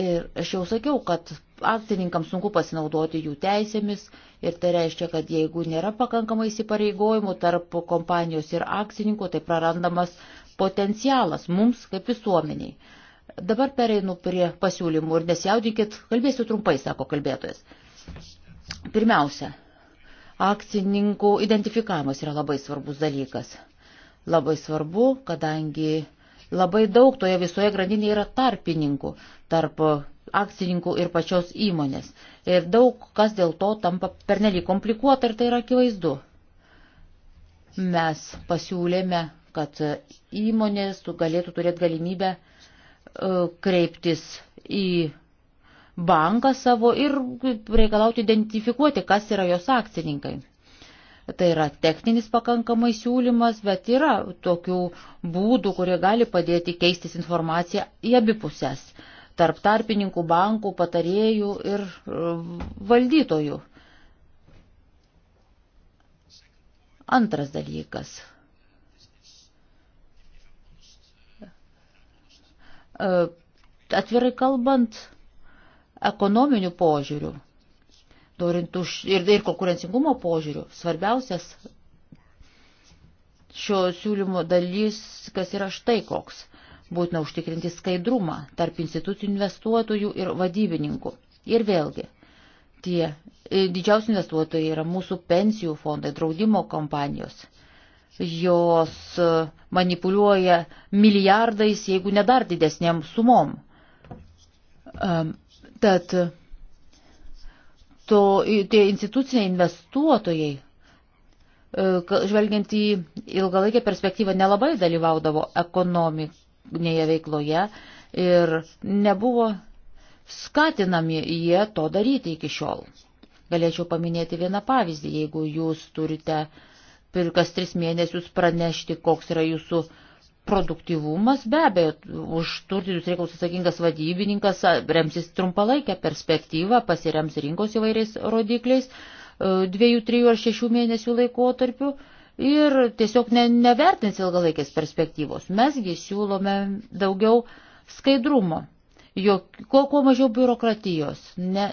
D: Ir aš jau sakiau, kad akcininkams sunku pasinaudoti jų teisėmis ir tai reiškia, kad jeigu nėra pakankamai įsipareigojimų tarp kompanijos ir akcininkų, tai prarandamas potencialas mums kaip visuomeniai. Dabar pereinu prie pasiūlymų ir nesijaudinkit, kalbėsiu trumpai, sako kalbėtojas. Pirmiausia, akcininkų identifikavimas yra labai svarbus dalykas. Labai svarbu, kadangi Labai daug toje visoje grandinėje yra tarpininkų tarp e, akcininkų ir pačios įmonės. Ir daug kas dėl to tampa pernelyg komplikuota ir tai yra akivaizdu. Mes pasiūlėme, kad įmonės galėtų turėti galimybę e, kreiptis į banką savo ir reikalauti identifikuoti, kas yra jos akcininkai. Tai yra techninis pakankamai siūlymas, bet yra tokių būdų, kurie gali padėti keistis informaciją į abipusės - tarp tarpininkų, bankų, patarėjų ir e, valdytojų. Antras dalykas. E, atvirai kalbant, ekonominių požiūrių norint už ir, ir konkurencingumo požiūrių, svarbiausias šio siūlymo dalys, kas yra štai koks. Būtina užtikrinti skaidrumą tarp institucijų investuotojų ir vadybininkų. Ir vėlgi, tie e, didžiausi investuotojai yra mūsų pensijų fondai, draudimo kompanijos. Jos e, manipuliuoja milijardais, jeigu ne dar didesniam sumom. Tad to, tie instituciniai investuotojai, e, žvelgiant į ilgalaikę perspektyvą, nelabai dalyvaudavo ekonominėje veikloje ir nebuvo skatinami jie to daryti iki šiol. Galėčiau paminėti vieną pavyzdį, jeigu jūs turite per kas tris mėnesius pranešti, koks yra jūsų uh, Produktyvumas be abejo, už turtinius reikalus atsakingas vadybininkas remsis trumpalaikę perspektyvą, pasirems rinkos įvairiais rodikliais e, dviejų, trijų ar šešių mėnesių laikotarpiu ir tiesiog ne, nevertins ilgalaikės perspektyvos. Mesgi siūlome daugiau skaidrumo, jok, kuo, kuo mažiau biurokratijos, ne,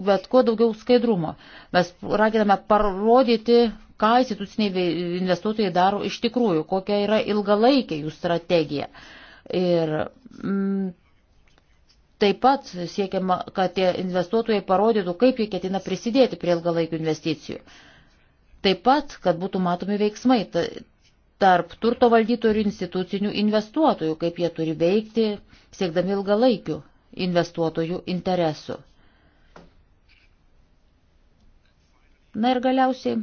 D: bet kuo daugiau skaidrumo. Mes raginame parodyti, ką instituciniai investuotojai daro iš tikrųjų, kokia yra ilgalaikė jų strategija. Ir mm, taip pat siekiama, kad tie investuotojai parodytų, kaip jie ketina prisidėti prie ilgalaikių investicijų. Taip pat, kad būtų matomi veiksmai tarp turto valdytojų ir institucinių investuotojų, kaip jie turi veikti, siekdami ilgalaikių investuotojų interesų. Na ir galiausiai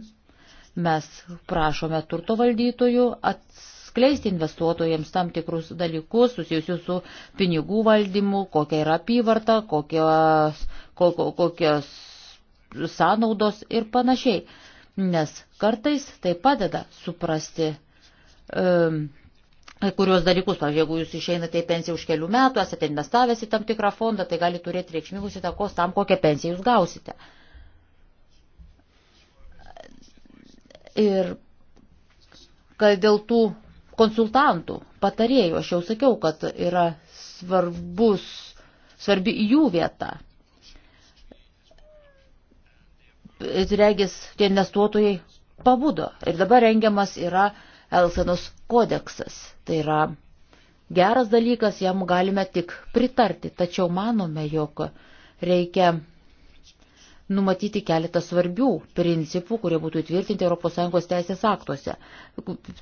D: mes prašome turto valdytojų atskleisti investuotojams tam tikrus dalykus susijusius su pinigų valdymu, kokia yra apyvarta, kokios, kokios sąnaudos ir panašiai. Nes kartais tai padeda suprasti um, kurios dalykus, pavyzdžiui, jeigu jūs išeinate į pensiją už kelių metų, esate investavęs į tam tikrą fondą, tai gali turėti reikšmingus įtakos tam, kokią pensiją jūs gausite. Uh, Ir kad dėl tų konsultantų, patarėjų, aš jau sakiau, kad yra svarbus, svarbi jų vieta. Regis, tie investuotojai pabudo. Ir dabar rengiamas yra Elsenos kodeksas. Tai yra geras dalykas, jam galime tik pritarti. Tačiau manome, jog reikia numatyti keletą svarbių principų, kurie būtų įtvirtinti ES teisės aktuose.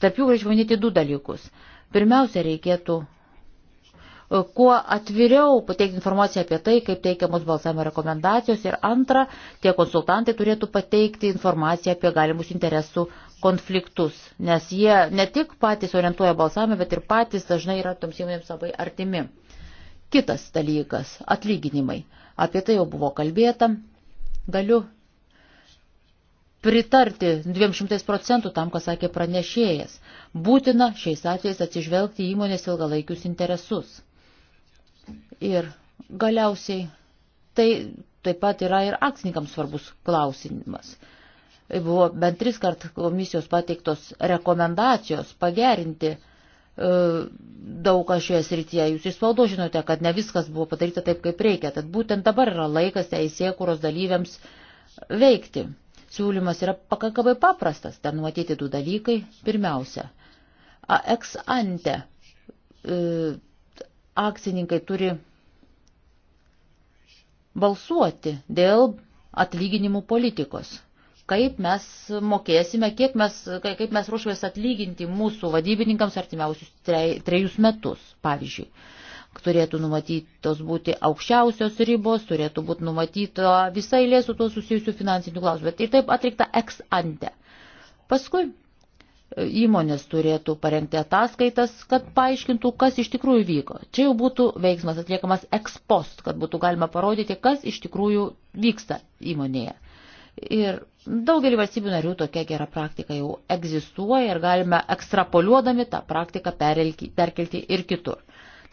D: Tarp jų reikia minėti du dalykus. Pirmiausia, reikėtų e, kuo atviriau pateikti informaciją apie tai, kaip teikiamos balsavimo rekomendacijos ir antra, tie konsultantai turėtų pateikti informaciją apie galimus interesų konfliktus, nes jie ne tik patys orientuoja balsavimą, bet ir patys dažnai yra toms įmonėms labai artimi. Kitas dalykas - atlyginimai. Apie tai jau buvo kalbėta, Galiu pritarti 200 procentų tam, ką sakė pranešėjas. Būtina šiais atvejais atsižvelgti įmonės ilgalaikius interesus. Ir galiausiai tai taip pat yra ir akcininkams svarbus klausimas. Buvo bent tris kart komisijos pateiktos rekomendacijos pagerinti uh, E, daug ką šioje srityje. Jūs iš spaudo žinote, kad ne viskas buvo padaryta taip, kaip reikia. Tad būtent dabar yra laikas teisė, kurios dalyviams veikti. Siūlymas yra pakankamai paprastas. Ten matyti du dalykai. Pirmiausia, ex ante e, akcininkai turi balsuoti dėl atlyginimų politikos kaip mes mokėsime, kiek mes, kaip mes ruošimės atlyginti mūsų vadybininkams artimiausius trejus metus, pavyzdžiui. Turėtų numatytos būti aukščiausios ribos, turėtų būti numatyta visai lė su tuo susijusių finansinių klausimų. Ir taip atlikta ex ante. Paskui e, įmonės turėtų parengti ataskaitas, kad paaiškintų, kas iš tikrųjų vyko. Čia jau būtų veiksmas atliekamas ex post, kad būtų galima parodyti, kas iš tikrųjų vyksta įmonėje. Ir Daugelį valstybių narių tokia gera praktika jau egzistuoja ir galime ekstrapoliuodami tą praktiką perkelti ir kitur.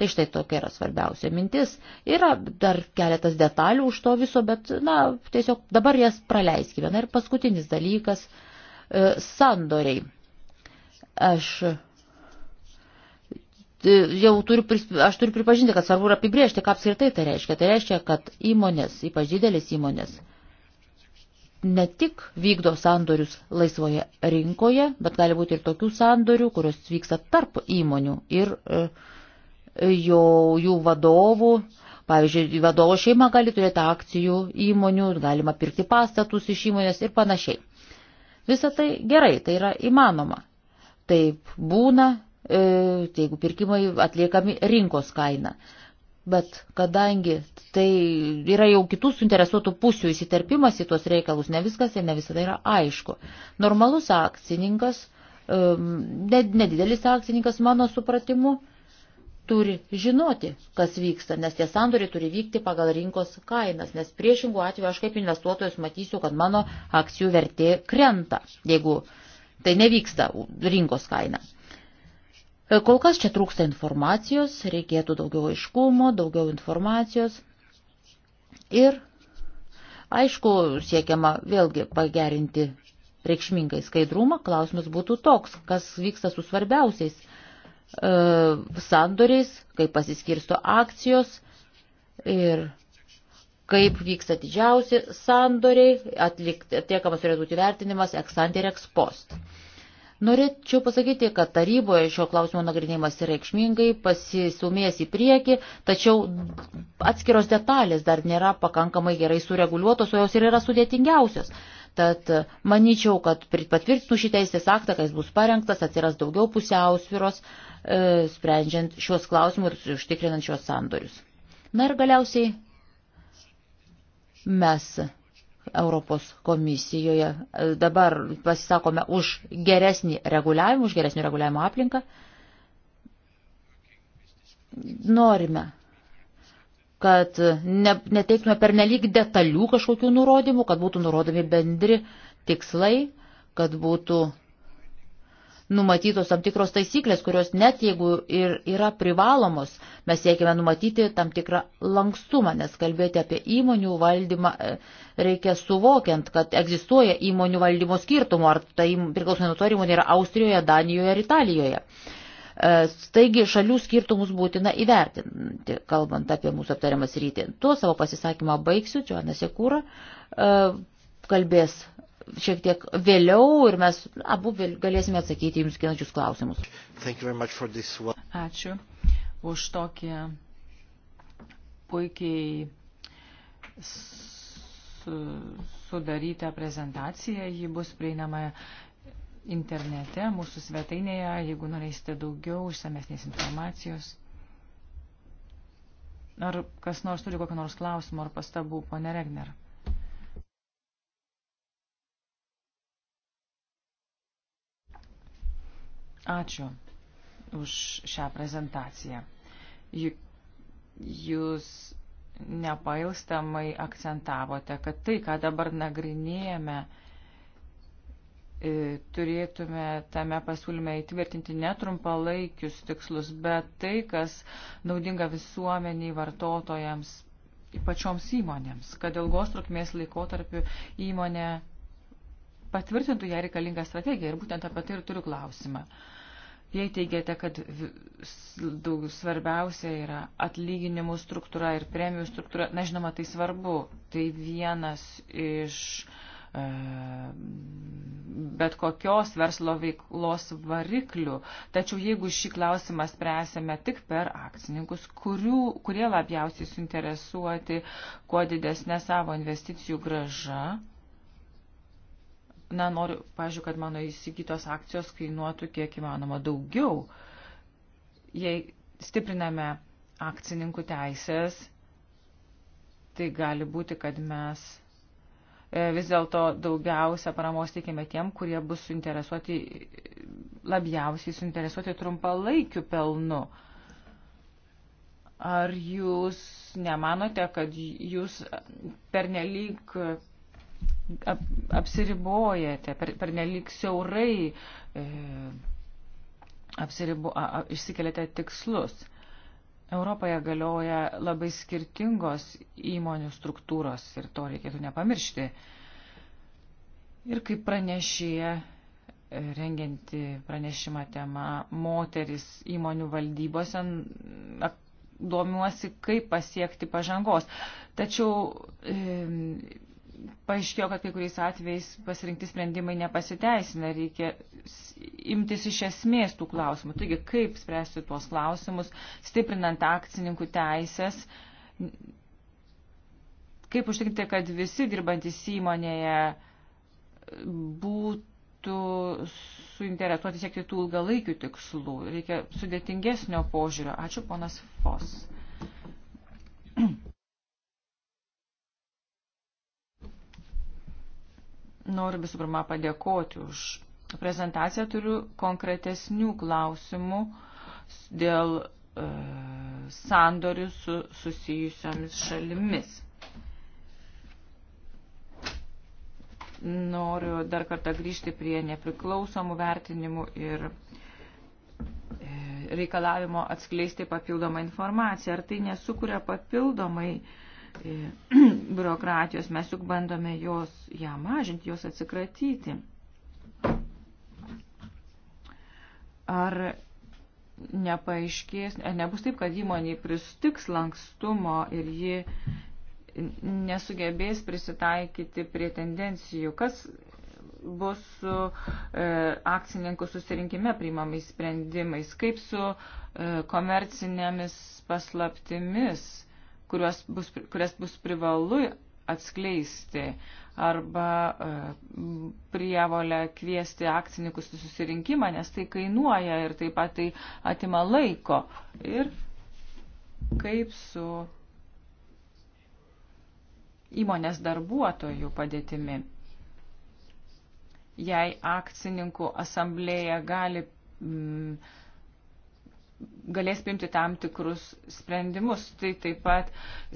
D: Tai štai tokia yra svarbiausia mintis. Yra dar keletas detalių už to viso, bet, na, tiesiog dabar jas praleiskime. Na ir paskutinis dalykas e, - sandoriai. Aš e, jau turiu, aš turiu pripažinti, kad svarbu yra apibriežti, ką apskritai tai reiškia. Tai reiškia, kad įmonės, ypač didelės įmonės, ne tik vykdo sandorius laisvoje rinkoje, bet gali būti ir tokių sandorių, kurios vyksta tarp įmonių ir e, jo, jų vadovų. Pavyzdžiui, vadovo šeima gali turėti akcijų įmonių, galima pirkti pastatus iš įmonės ir panašiai. Visą tai gerai, tai yra įmanoma. Taip būna, e, tai jeigu pirkimai atliekami rinkos kaina. Bet kadangi tai yra jau kitų suinteresuotų pusių įsiterpimas į tuos reikalus, ne viskas ir ne visada yra aišku. Normalus akcininkas, nedidelis akcininkas mano supratimu, turi žinoti, kas vyksta, nes tie sandoriai turi vykti pagal rinkos kainas, nes priešingų atveju aš kaip investuotojas matysiu, kad mano akcijų vertė krenta, jeigu tai nevyksta rinkos kaina. E, kol kas čia trūksta informacijos, reikėtų daugiau aiškumo, daugiau informacijos. Ir, aišku, siekiama vėlgi pagerinti reikšmingai skaidrumą, klausimas būtų toks, kas vyksta su svarbiausiais e, sandoriais, kaip pasiskirsto akcijos ir kaip vyksta didžiausi sandoriai, atlikt, atliekamas turėtų būti vertinimas ex ante ir ex post. E, Norėčiau pasakyti, kad taryboje šio klausimo nagrinėjimas reikšmingai pasistumės į priekį, tačiau atskiros detalės dar nėra pakankamai gerai sureguliuotos, o jos ir yra sudėtingiausios. Tad manyčiau, kad patvirtinus šį teisės aktą, kai jis bus parengtas, atsiras daugiau pusiausviros, e, sprendžiant šios klausimus ir užtikrinant šios sandorius. Na ir galiausiai mes Europos komisijoje. Dabar pasisakome už geresnį reguliavimą, už geresnį reguliavimo aplinką. Norime, kad ne, neteiktume per nelik detalių kažkokių nurodymų, kad būtų nurodomi bendri tikslai, kad būtų numatytos tam tikros taisyklės, kurios net jeigu ir yra privalomos, mes siekime numatyti tam tikrą lankstumą, nes kalbėti apie įmonių valdymą e, reikia suvokiant, kad egzistuoja įmonių valdymo skirtumų, ar tai priklausomai nuo to, ar įmonė yra Austrijoje, Danijoje ar Italijoje. E, taigi šalių skirtumus būtina įvertinti, kalbant apie mūsų aptariamas rytį. Tuo savo pasisakymą baigsiu, Čioanas Jekūra e, kalbės šiek tiek vėliau ir mes abu galėsime atsakyti jums kilančius klausimus. Ačiū už
B: tokį puikiai sudarytą prezentaciją. Ji bus prieinama internete, mūsų svetainėje, jeigu norėsite daugiau išsamesnės informacijos. Ar kas nors turi kokią nors klausimą ar pastabų, ponė Regner? Ačiū už šią prezentaciją. Jūs nepailstamai akcentavote, kad tai, ką dabar nagrinėjame, turėtume tame pasiūlyme įtvirtinti netrumpalaikius tikslus, bet tai, kas naudinga visuomeniai, vartotojams, pačioms įmonėms, kad ilgos trukmės laikotarpiu įmonė patvirtintų ją reikalingą strategiją ir būtent apie tai ir turiu klausimą. Jei teigiate, kad daug svarbiausia yra atlyginimų struktūra ir premijų struktūra, na žinoma, tai svarbu, tai vienas iš e, bet kokios verslo veiklos variklių. Tačiau jeigu šį klausimą spręsime tik per akcininkus, kurių, kurie labiausiai suinteresuoti kuo didesnė savo investicijų graža, na, noriu, pažiūrėjau, kad mano įsigytos akcijos kainuotų kiek įmanoma daugiau. Jei stipriname akcininkų teisės, tai gali būti, kad mes e, vis dėlto daugiausia paramos teikime tiem, kurie bus suinteresuoti, labiausiai suinteresuoti trumpalaikiu pelnu. Ar jūs nemanote, kad jūs pernelyg ap, apsiribojate, per, per nelik siaurai e, apsiribu, a, a, išsikeliate tikslus. Europoje galioja labai skirtingos įmonių struktūros ir to reikėtų nepamiršti. Ir kaip pranešėja, e, rengianti pranešimą tema moteris įmonių valdybose, domiuosi, kaip pasiekti pažangos. Tačiau e, paaiškėjo, kad kai kuriais atvejais pasirinkti sprendimai nepasiteisina, reikia imtis iš esmės tų klausimų. Taigi, kaip spręsti tuos klausimus, stiprinant akcininkų teisės, kaip užtikrinti, kad visi dirbantis įmonėje būtų suinteresuoti siekti tų ilgalaikių tikslų. Reikia sudėtingesnio požiūrio. Ačiū, ponas Fos. Noriu visų pirma padėkoti už prezentaciją. Turiu konkretesnių klausimų dėl e, sandorių su susijusiomis šalimis. Noriu dar kartą grįžti prie nepriklausomų vertinimų ir e, reikalavimo atskleisti papildomą informaciją. Ar tai nesukuria papildomai e, biurokratijos, mes juk bandome jos, ją mažinti, jos atsikratyti. Ar nepaaiškės, ar nebus taip, kad įmoniai pristiks lankstumo ir ji nesugebės prisitaikyti prie tendencijų. Kas bus su e, akcininkų susirinkime priimamais sprendimais, kaip su e, komercinėmis paslaptimis kurios bus, kurias bus privalu atskleisti arba e, prievolę kviesti akcininkus į susirinkimą, nes tai kainuoja ir taip pat tai atima laiko. Ir kaip su įmonės darbuotojų padėtimi. Jei akcininkų asamblėje gali mm, galės priimti tam tikrus sprendimus. Tai taip pat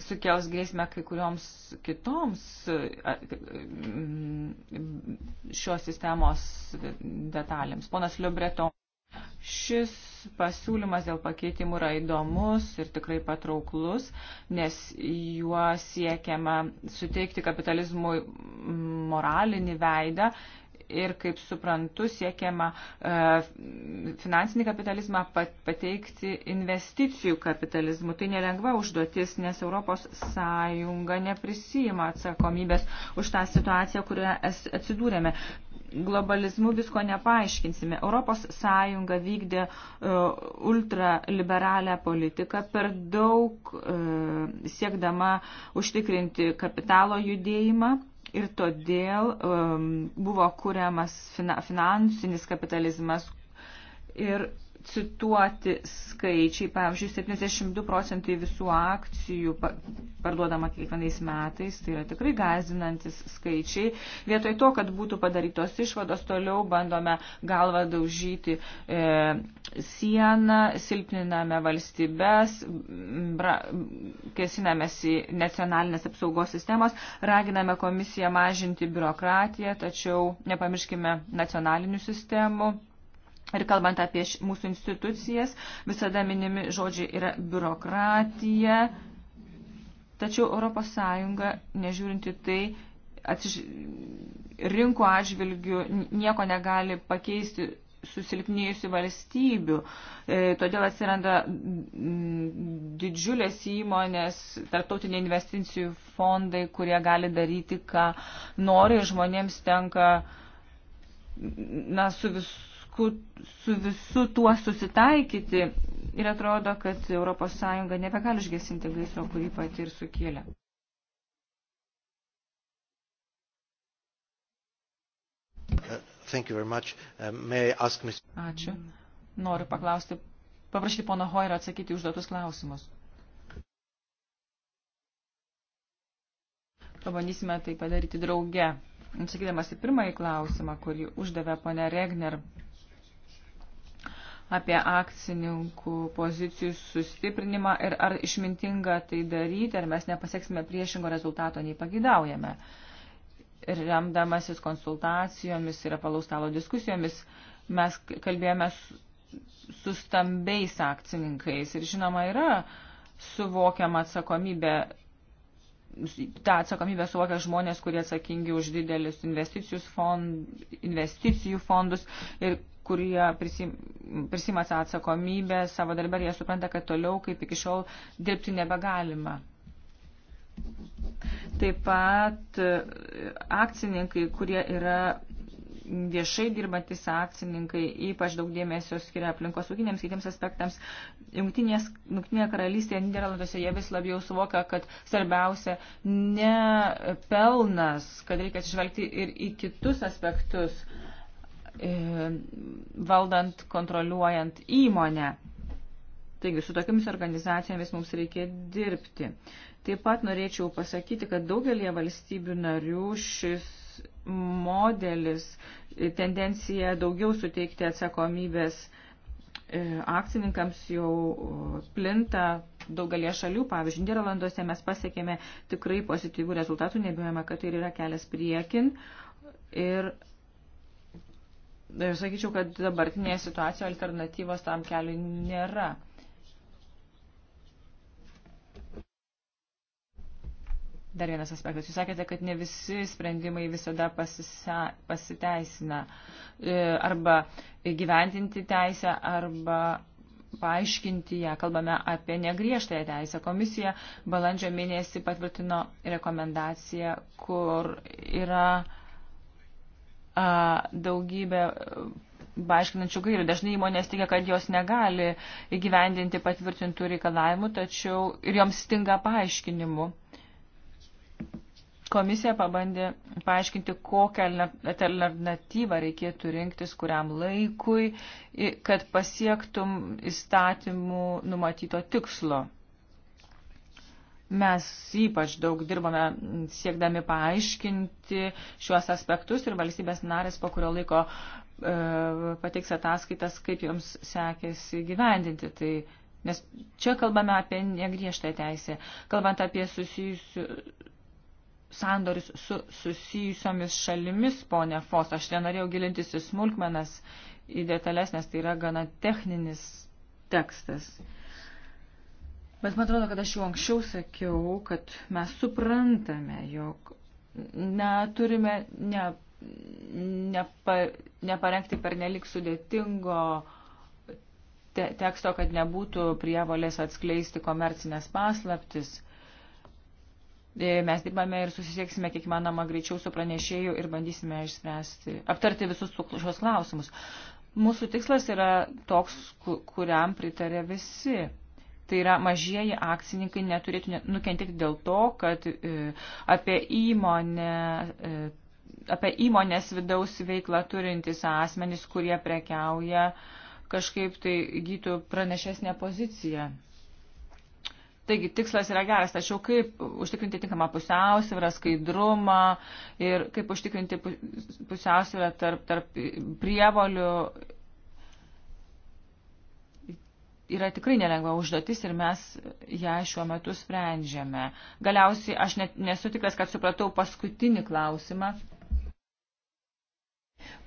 B: sukels grėsmę kai kurioms kitoms mm, šios sistemos detalėms. Ponas Liubreto, šis pasiūlymas dėl pakeitimų yra įdomus ir tikrai patrauklus, nes juo siekiama suteikti kapitalizmui moralinį veidą ir, kaip suprantu, siekiama e, finansinį kapitalizmą pateikti investicijų kapitalizmu. Tai nelengva užduotis, nes Europos Sąjunga neprisima atsakomybės už tą situaciją, kurioje atsidūrėme globalizmu visko nepaaiškinsime. Europos Sąjunga vykdė uh, ultraliberalią politiką per daug uh, siekdama užtikrinti kapitalo judėjimą ir todėl um, buvo kuriamas fina, finansinis kapitalizmas ir cituoti skaičiai, pavyzdžiui, 72 procentai visų akcijų parduodama kiekvienais metais, tai yra tikrai gazinantis skaičiai. Vietoj to, kad būtų padarytos išvados, toliau bandome galvą daužyti e, sieną, silpniname valstybės, bra, kesinamės į nacionalinės apsaugos sistemos, raginame komisiją mažinti biurokratiją, tačiau nepamirškime nacionalinių sistemų Ir kalbant apie mūsų institucijas, visada minimi žodžiai yra biurokratija. Tačiau ES, nežiūrinti tai, atsiž... rinkų atžvilgių nieko negali pakeisti susilpnėjusių valstybių. E, todėl atsiranda didžiulės įmonės, tarptautiniai investicijų fondai, kurie gali daryti, ką nori ir žmonėms tenka na, su visu sunku su visu tuo susitaikyti ir atrodo, kad ES nebegali išgesinti gaisro, kurį pati ir sukėlė.
A: Uh, Ačiū.
B: Noriu paklausti, paprašyti pono Hoirą atsakyti užduotus klausimus. Pabandysime tai padaryti drauge. Atsakydamas į pirmąjį klausimą, kurį uždavė ponė Regner apie akcininkų pozicijų sustiprinimą ir ar išmintinga tai daryti, ar mes nepasieksime priešingo rezultato, nei pagidaujame. Ir remdamasis konsultacijomis ir apalaustalo diskusijomis, mes kalbėjome su, su stambiais akcininkais ir žinoma yra suvokiama atsakomybė tą atsakomybę suvokia žmonės, kurie atsakingi už didelius investicijų, fond, investicijų fondus ir kurie prisima atsakomybę savo darbę ir jie supranta, kad toliau kaip iki šiol dirbti nebegalima. Taip pat e, akcininkai, kurie yra viešai dirbantis akcininkai ypač daug dėmesio skiria aplinkosauginiams kitiems aspektams. Jungtinėje karalystėje, Niderlanduose jie vis labiau suvokia, kad svarbiausia ne pelnas, kad reikia atsižvelgti ir į kitus aspektus. Uh, E, valdant, kontroliuojant įmonę. Taigi su tokiamis organizacijomis mums reikia dirbti. Taip pat norėčiau pasakyti, kad daugelie valstybių narių šis modelis, e, tendencija daugiau suteikti atsakomybės e, akcininkams jau plinta daugelie šalių. Pavyzdžiui, Niderlanduose mes pasiekėme tikrai pozityvių rezultatų, nebijojame, kad tai yra kelias priekin. Ir sakyčiau, kad dabartinėje situacijoje alternatyvos tam keliui nėra. Dar vienas aspektas. Jūs sakėte, kad ne visi sprendimai visada pasisa, pasiteisina. E, arba gyventinti teisę, arba paaiškinti ją. Kalbame apie negriežtąją teisę. Komisija balandžio mėnesį patvirtino rekomendaciją, kur yra daugybę paaiškinančių gairių. Dažnai įmonės teigia, kad jos negali įgyvendinti patvirtintų reikalavimų, tačiau ir joms stinga paaiškinimų. Komisija pabandė paaiškinti, kokią alternatyvą reikėtų rinktis, kuriam laikui, kad pasiektum įstatymų numatyto tikslo. Mes ypač daug dirbame siekdami paaiškinti šiuos aspektus ir valstybės narės po kurio laiko e, pateiks ataskaitas, kaip joms sekėsi gyvendinti. Tai, nes čia kalbame apie negriežtą teisę, kalbant apie susijusių sandoris su susijusiomis šalimis, ponė Fos. Aš nenorėjau gilintis į smulkmenas, į detalės, nes tai yra gana techninis tekstas. Bet man atrodo, kad aš jau anksčiau sakiau, kad mes suprantame, jog na, turime ne, nepa, neparengti pernelik sudėtingo te, teksto, kad nebūtų prievolės atskleisti komercinės paslaptis. E, mes dirbame ir susisieksime kiek manoma greičiau su pranešėju ir bandysime išspręsti, aptarti visus šios klausimus. Mūsų tikslas yra toks, kuriam pritarė visi Tai yra mažieji akcininkai neturėtų nukentėti dėl to, kad e, apie įmonę e, apie įmonės vidaus veiklą turintys asmenys, kurie prekiauja, kažkaip tai gytų pranešesnę poziciją. Taigi tikslas yra geras, tačiau kaip užtikrinti tinkamą pusiausvyrą, skaidrumą ir kaip užtikrinti pusiausvyrą tarp, tarp prievolių yra tikrai nelengva užduotis ir mes ją šiuo metu sprendžiame. Galiausiai aš net nesu tikras, kad supratau paskutinį klausimą.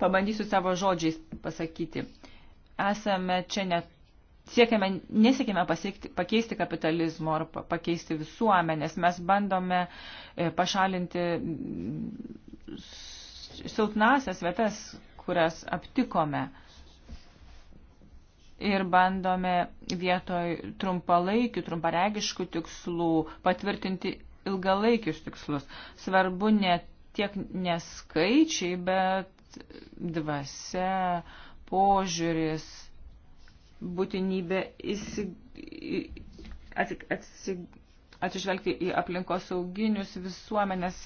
B: Pabandysiu savo žodžiais pasakyti. Esame čia net. Siekiame, nesiekime pasiekti, pakeisti kapitalizmo ar pakeisti visuomenės. Mes bandome e, pašalinti mm, silpnasias vietas, kurias aptikome. Uh, ir bandome vietoj trumpalaikių, trumparegiškų tikslų patvirtinti ilgalaikius tikslus. Svarbu ne tiek neskaičiai, bet dvasia, požiūris, būtinybė įsigilinti atsig, atsig, atsižvelgti į aplinkos sauginius visuomenės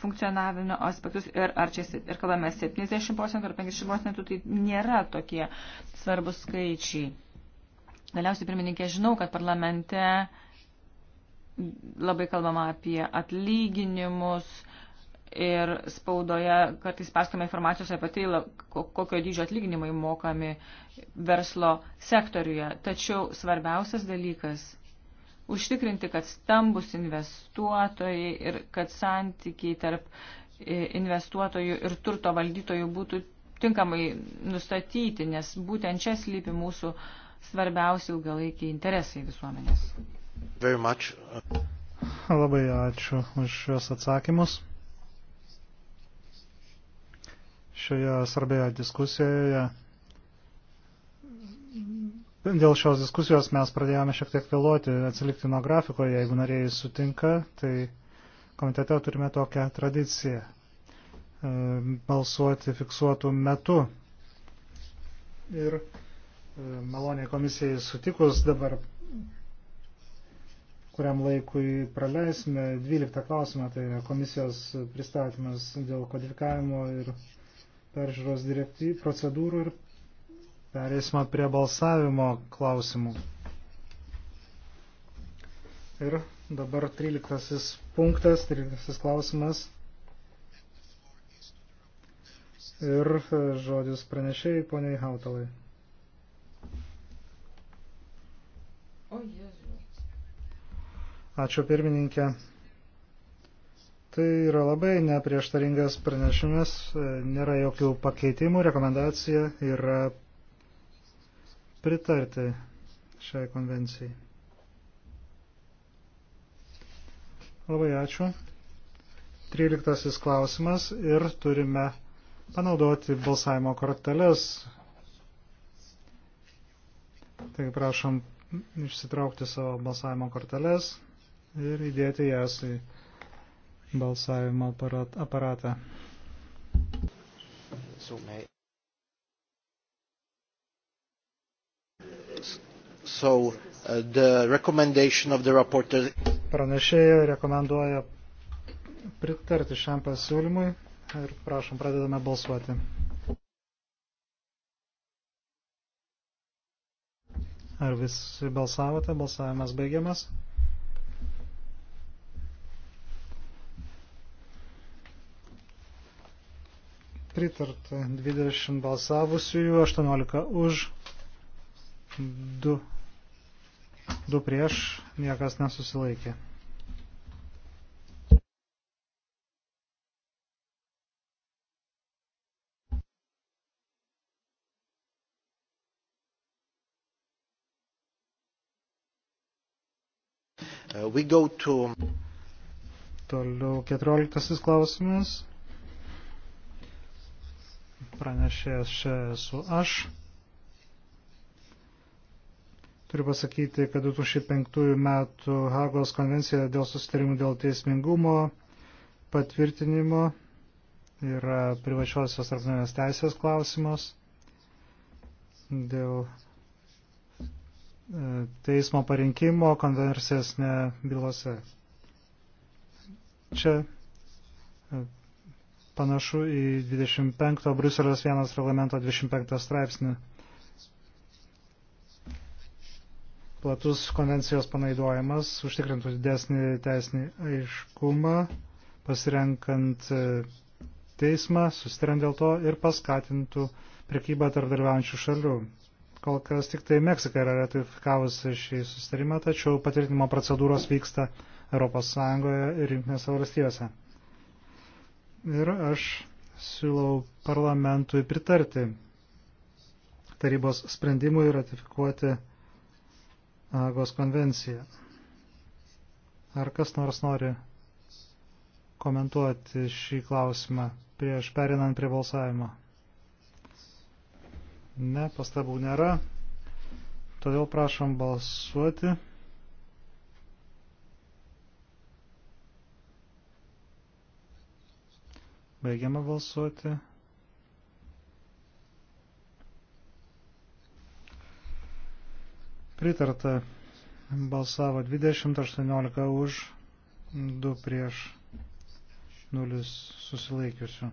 B: funkcionavimo aspektus ir ar čia ir kalbame 70 procentų ar 50 procentų, tai nėra tokie svarbus skaičiai. Galiausiai, pirmininkė, žinau, kad parlamente labai kalbama apie atlyginimus ir spaudoje kartais paskame informacijos apie tai, kokio dydžio atlyginimai mokami verslo sektoriuje. Tačiau svarbiausias dalykas – užtikrinti, kad stambus investuotojai ir kad santykiai tarp e, investuotojų ir turto valdytojų būtų tinkamai nustatyti, nes būtent čia slypi mūsų svarbiausi ilgalaikiai interesai visuomenės.
C: Labai ačiū už šios atsakymus. Šioje svarbioje diskusijoje Dėl šios diskusijos mes pradėjome šiek tiek vėluoti, atsilikti nuo grafiko, jeigu nariai sutinka, tai komitete turime tokią tradiciją e, balsuoti fiksuotų metų. Ir e, maloniai komisijai sutikus dabar, kuriam laikui praleisime 12 klausimą, tai yra komisijos pristatymas dėl kodifikavimo ir peržiūros procedūrų ir Pereisime prie balsavimo klausimų. Ir dabar 13 punktas, 13 klausimas. Ir e, žodis pranešėjai poniai Hautalai. Oh, Ačiū pirmininkė. Tai yra labai neprieštaringas pranešimas, e, nėra jokių pakeitimų, rekomendacija yra pritarti šiai konvencijai. Labai ačiū. Tryliktasis klausimas ir turime panaudoti balsavimo korteles. Taigi prašom išsitraukti savo balsavimo korteles ir įdėti jas į balsavimo aparatą.
A: So, so, uh, the recommendation of the rapporteur. Pranešėjai
C: rekomenduoja pritarti šiam pasiūlymui ir prašom pradedame balsuoti. Ar visi balsavote? Balsavimas baigiamas. Pritarta 20 balsavusiųjų, 18 už, Du, du prieš, niekas nesusilaikė.
A: Uh, we go to...
C: Toliau keturioliktasis klausimas. Pranešėjęs čia esu aš. Turiu pasakyti, kad 2005 metų Hagos konvencija dėl susitarimų dėl teismingumo patvirtinimo yra privačiosios tarptautinės teisės klausimas dėl e, teismo parinkimo konversijas ne bylose. Čia e, panašu į 25 Bruselės 1 reglamento 25 straipsnį platus konvencijos panaidojimas užtikrintų didesnį teisinį aiškumą, pasirenkant e, teismą, susitariant dėl to ir paskatintų prekybą tarp dalyvaujančių šalių. Kol kas tik tai Meksika yra ratifikavusi šį susitarimą, tačiau patvirtinimo procedūros vyksta ES ir Junktinėse valstijose. Ir aš siūlau parlamentui pritarti tarybos sprendimui ratifikuoti Agos konvenciją. Ar kas nors nori komentuoti šį klausimą prieš perinant prie balsavimo? Ne, pastabų nėra. Todėl prašom balsuoti. Baigiama balsuoti. Pritarta balsavo 20-18 už, 2 prieš, 0 susilaikiusių.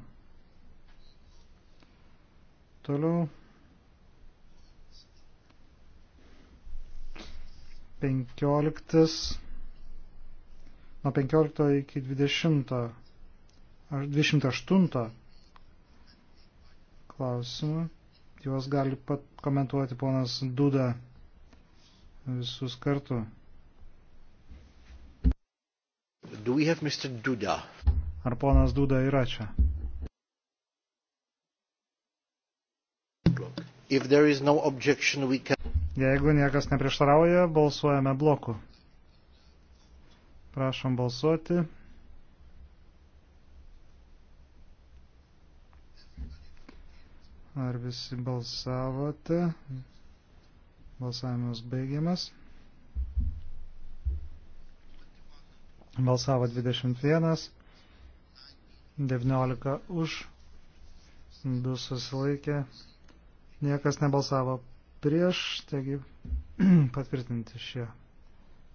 C: Toliau 15 nuo 15 iki 20 ar 28 klausimų. Juos gali pat komentuoti ponas Duda visus kartu. Ar ponas Duda yra čia?
A: No objection, can...
C: Jeigu niekas neprieštarauja, balsuojame bloku. Prašom balsuoti. Ar visi balsavote? Balsavimas baigiamas. Balsavo 21, 19 už, 2 susilaikė, niekas nebalsavo prieš, taigi patvirtinti šie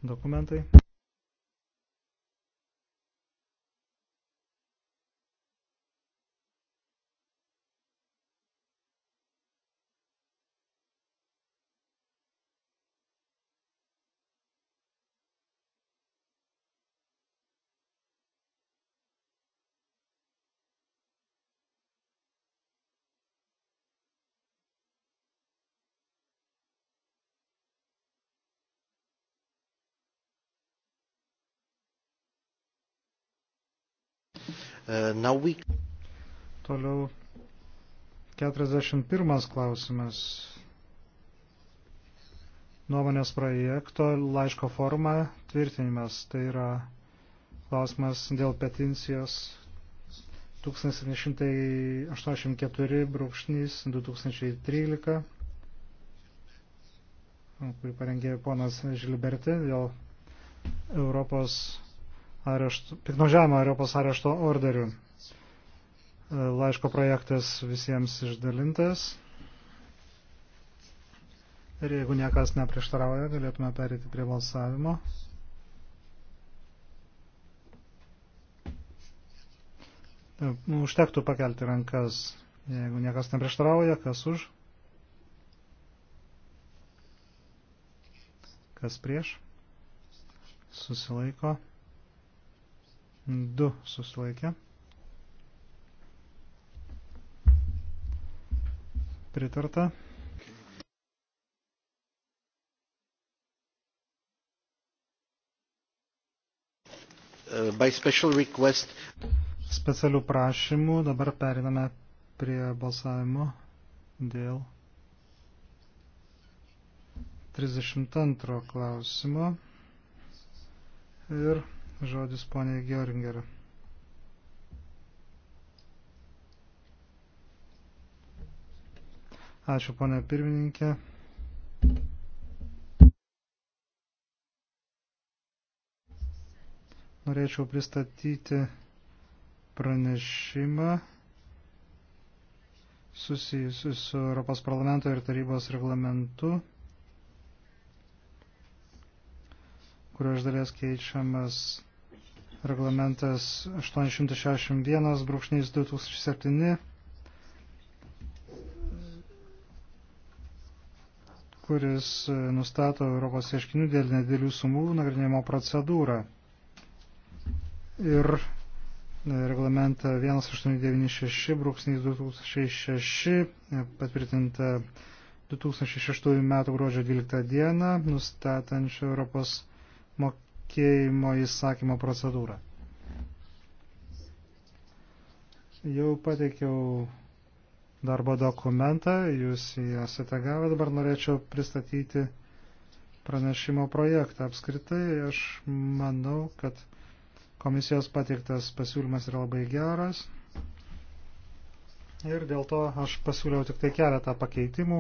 C: dokumentai.
A: E, Now we...
C: Toliau 41 klausimas. Nuomonės projekto laiško forma tvirtinimas. Tai yra klausimas dėl peticijos 1784-2013, kurį parengė ponas Žilberti dėl Europos arešto, piknožiavimo Europos arešto orderių. E, laiško projektas visiems išdalintas. Ir jeigu niekas neprieštarauja, galėtume perėti prie balsavimo. E, užtektų pakelti rankas, jeigu niekas neprieštarauja, kas už, kas prieš, susilaiko. 2 susilaikė. Pritarta.
A: Uh, by special request.
C: Specialių prašymų dabar periname prie balsavimo dėl 32 klausimo ir Žodis ponė Geringer. Ačiū ponė pirmininkė. Norėčiau pristatyti pranešimą susijusiu su Europos parlamento ir tarybos reglamentu, kurio iš dalies keičiamas reglamentas 861-2007, kuris e, nustato Europos ieškinių dėl nedėlių sumų nagrinėjimo procedūrą. Ir e, reglamentą 1896-2006 patvirtintą 2006 m. gruodžio 12 d. nustatančią Europos patikėjimo įsakymo procedūrą. Jau pateikiau darbo dokumentą, jūs jį esate gavę, dabar norėčiau pristatyti pranešimo projektą. Apskritai, aš manau, kad komisijos pateiktas pasiūlymas yra labai geras ir dėl to aš pasiūliau tik tai keletą pakeitimų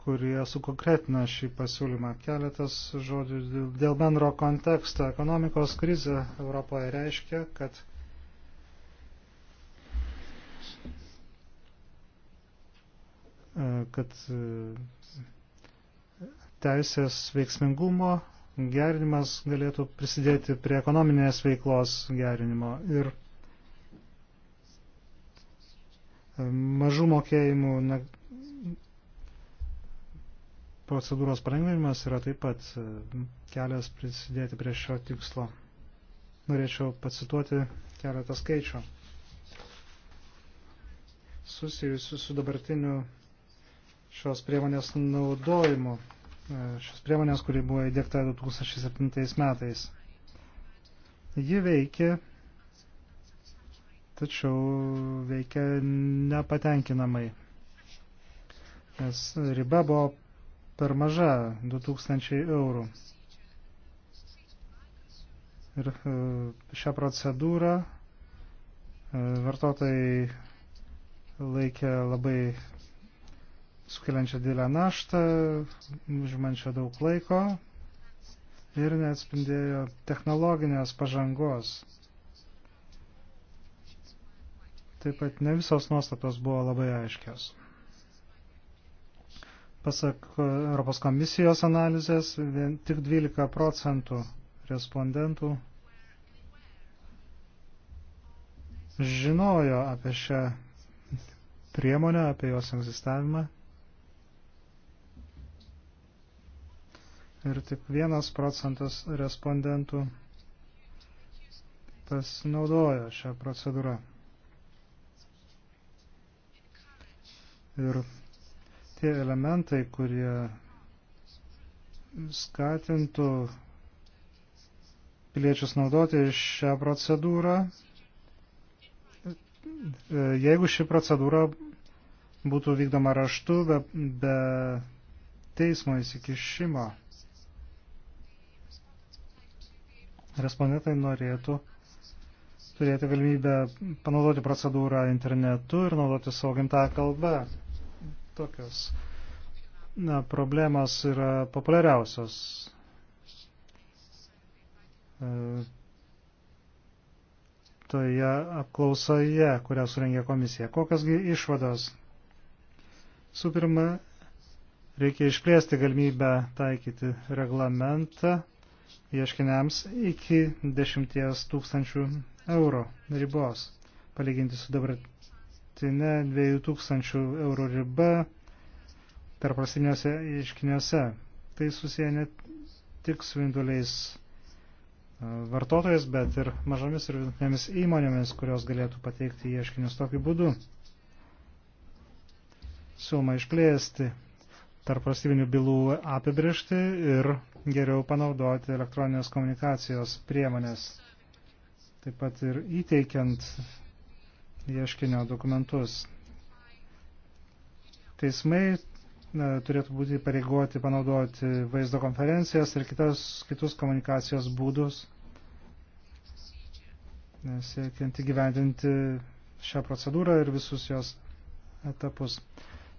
C: kurie sukonkretina šį pasiūlymą. Keletas žodžių dėl bendro konteksto. Ekonomikos krizė Europoje reiškia, kad e, kad e, teisės veiksmingumo gerinimas galėtų prisidėti prie ekonominės veiklos gerinimo ir mažų mokėjimų procedūros palengvinimas yra taip pat e, kelias prisidėti prie šio tikslo. Norėčiau pacituoti keletą skaičių susijusių su dabartiniu šios priemonės naudojimu, e, šios priemonės, kuri buvo įdėkta 2007 metais. Ji veikia, tačiau veikia nepatenkinamai, nes riba buvo per maža - 2000 eurų. Ir e, šią procedūrą e, vartotojai laikė labai sukeliančią didelę naštą, užimančią daug laiko ir neatspindėjo technologinės pažangos. Taip pat ne visos nuostatos buvo labai aiškios. Pasak e, Europos komisijos analizės, vien, tik 12 procentų respondentų žinojo apie šią priemonę, apie jos egzistavimą. Ir tik vienas procentas respondentų pasinaudojo šią procedūrą. Ir tie elementai, kurie skatintų piliečius naudoti šią procedūrą, e, jeigu ši procedūra būtų vykdoma raštu be, be teismo įsikišimo. Respondentai norėtų turėti galimybę panaudoti procedūrą internetu ir naudoti savo gimtąją kalbą tokios na, problemos yra populiariausios. E, toje apklausoje, kurią surengė komisija. Kokiasgi išvados? Su pirma, reikia išplėsti galimybę taikyti reglamentą ieškiniams iki 10 tūkstančių eurų ribos, palyginti su dabartiniu nuolatinė 2000 eurų riba tarp prastinėse iškiniuose. Tai susiję ne tik su individualiais e, vartotojais, bet ir mažomis ir vidutinėmis įmonėmis, kurios galėtų pateikti ieškinius tokiu būdu. Siūloma išplėsti tarp prastybinių bylų apibrišti ir geriau panaudoti elektroninės komunikacijos priemonės. Taip pat ir įteikiant ieškinio dokumentus. Teismai turėtų būti pareigoti panaudoti vaizdo konferencijas ir kitas, kitus komunikacijos būdus, siekiant įgyvendinti šią procedūrą ir visus jos etapus.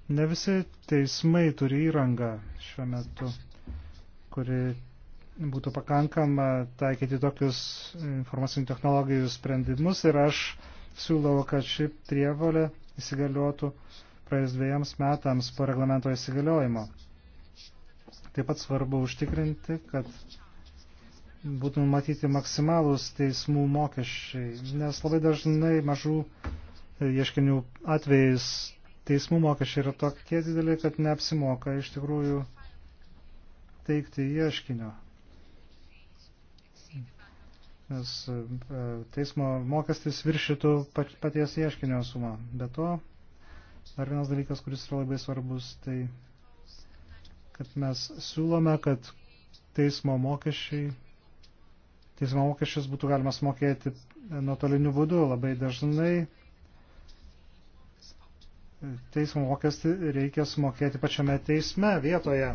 C: Ne visi teismai turi įrangą šiuo metu, kuri būtų pakankama taikyti tokius informacinių technologijų sprendimus ir aš siūlau, kad ši prievolė įsigaliotų praėjus dviejams metams po reglamento įsigaliojimo. Taip pat svarbu užtikrinti, kad būtų matyti maksimalūs teismų mokesčiai, nes labai dažnai mažų ieškinių atvejais teismų mokesčiai yra tokie dideli, kad neapsimoka iš tikrųjų teikti ieškinio nes e, teismo mokestis viršytų paties ieškinio sumą. Be to, dar vienas dalykas, kuris yra labai svarbus, tai kad mes siūlome, kad teismo mokesčiai, teismo mokesčius būtų galima mokėti nuotoliniu būdu. Labai dažnai teismo mokestį reikia sumokėti pačiame teisme vietoje,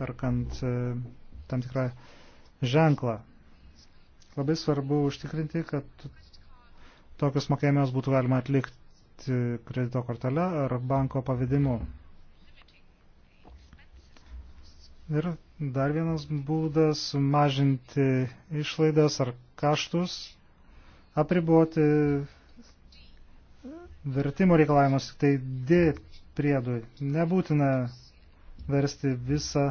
C: perkant e, tam tikrą ženklą. Labai svarbu užtikrinti, kad tokius mokėjimus būtų galima atlikti kredito kortelę ar banko pavedimu. Ir dar vienas būdas mažinti išlaidas ar kaštus, apriboti vertimo reikalavimus, tai D priedui. Nebūtina versti visą,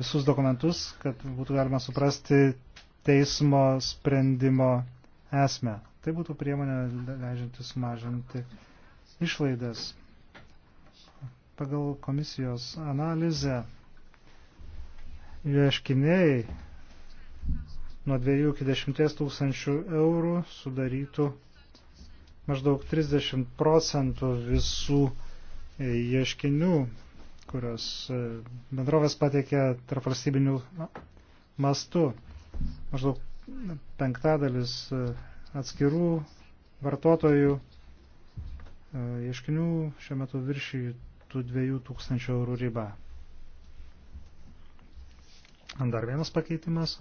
C: visus dokumentus, kad būtų galima suprasti teismo sprendimo esmę. Tai būtų priemonė leidžianti sumažinti išlaidas. Pagal komisijos analizę ieškiniai nuo 2 iki 10 tūkstančių eurų sudarytų maždaug 30 procentų visų ieškinių, kurios e, bendrovės pateikė tarp valstybinių mastų maždaug penktadalis e, atskirų vartotojų e, ieškinių šiuo metu viršytų 2000 eurų ribą. Dar vienas pakeitimas.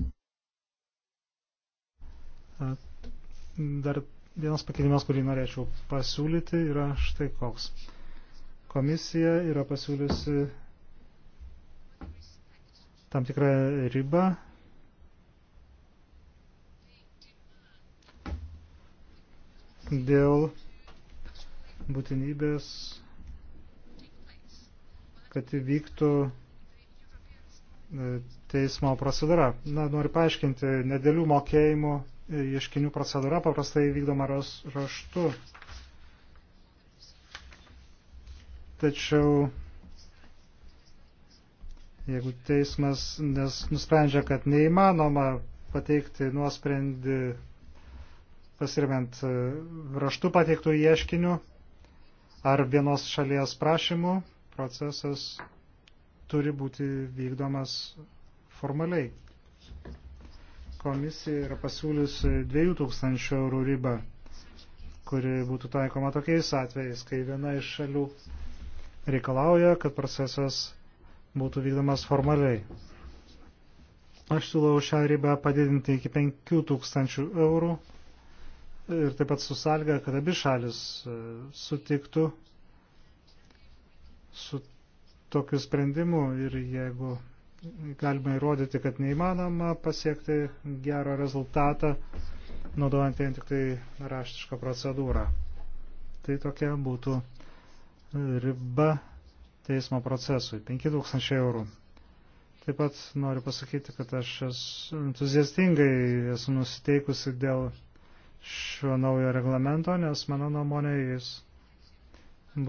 C: Dar vienas pakeitimas, kurį norėčiau pasiūlyti, yra štai koks. Komisija yra pasiūliusi tam tikrą ribą dėl būtinybės, kad įvyktų e, teismo procedūra. Na, noriu paaiškinti, nedėlių mokėjimų e, ieškinių procedūra paprastai vykdoma raštu. Tačiau jeigu teismas nes nusprendžia, kad neįmanoma pateikti nuosprendį pasiriment e, raštu pateiktų ieškinių ar vienos šalies prašymų, procesas turi būti vykdomas formaliai. Komisija yra pasiūliusi 2000 eurų ribą, kuri būtų taikoma tokiais atvejais, kai viena iš šalių reikalauja, kad procesas būtų vykdomas formaliai. Aš siūlau šią ribą padidinti iki 5000 eurų ir taip pat su sąlyga, kad abi šalis e, sutiktų su tokiu sprendimu ir jeigu galima įrodyti, kad neįmanoma pasiekti gerą rezultatą, naudojant vien tik tai raštišką procedūrą. Tai tokia būtų riba teismo procesui - 5000 eurų. Taip pat noriu pasakyti, kad aš esu entuziastingai esu nusiteikusi dėl šio naujo reglamento, nes mano nuomonė jis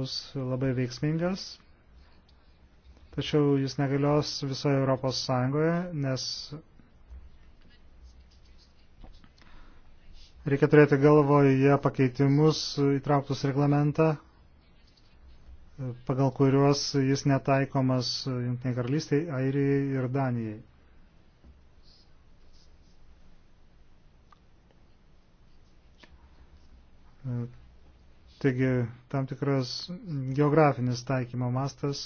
C: bus labai veiksmingas, tačiau jis negalios visoje Europos Sąjungoje, nes reikia turėti galvoje pakeitimus įtrauktus reglamentą, pagal kuriuos jis netaikomas Junktinė karalystė, Airijai ir Danijai. Taigi tam tikras geografinis taikymo mastas,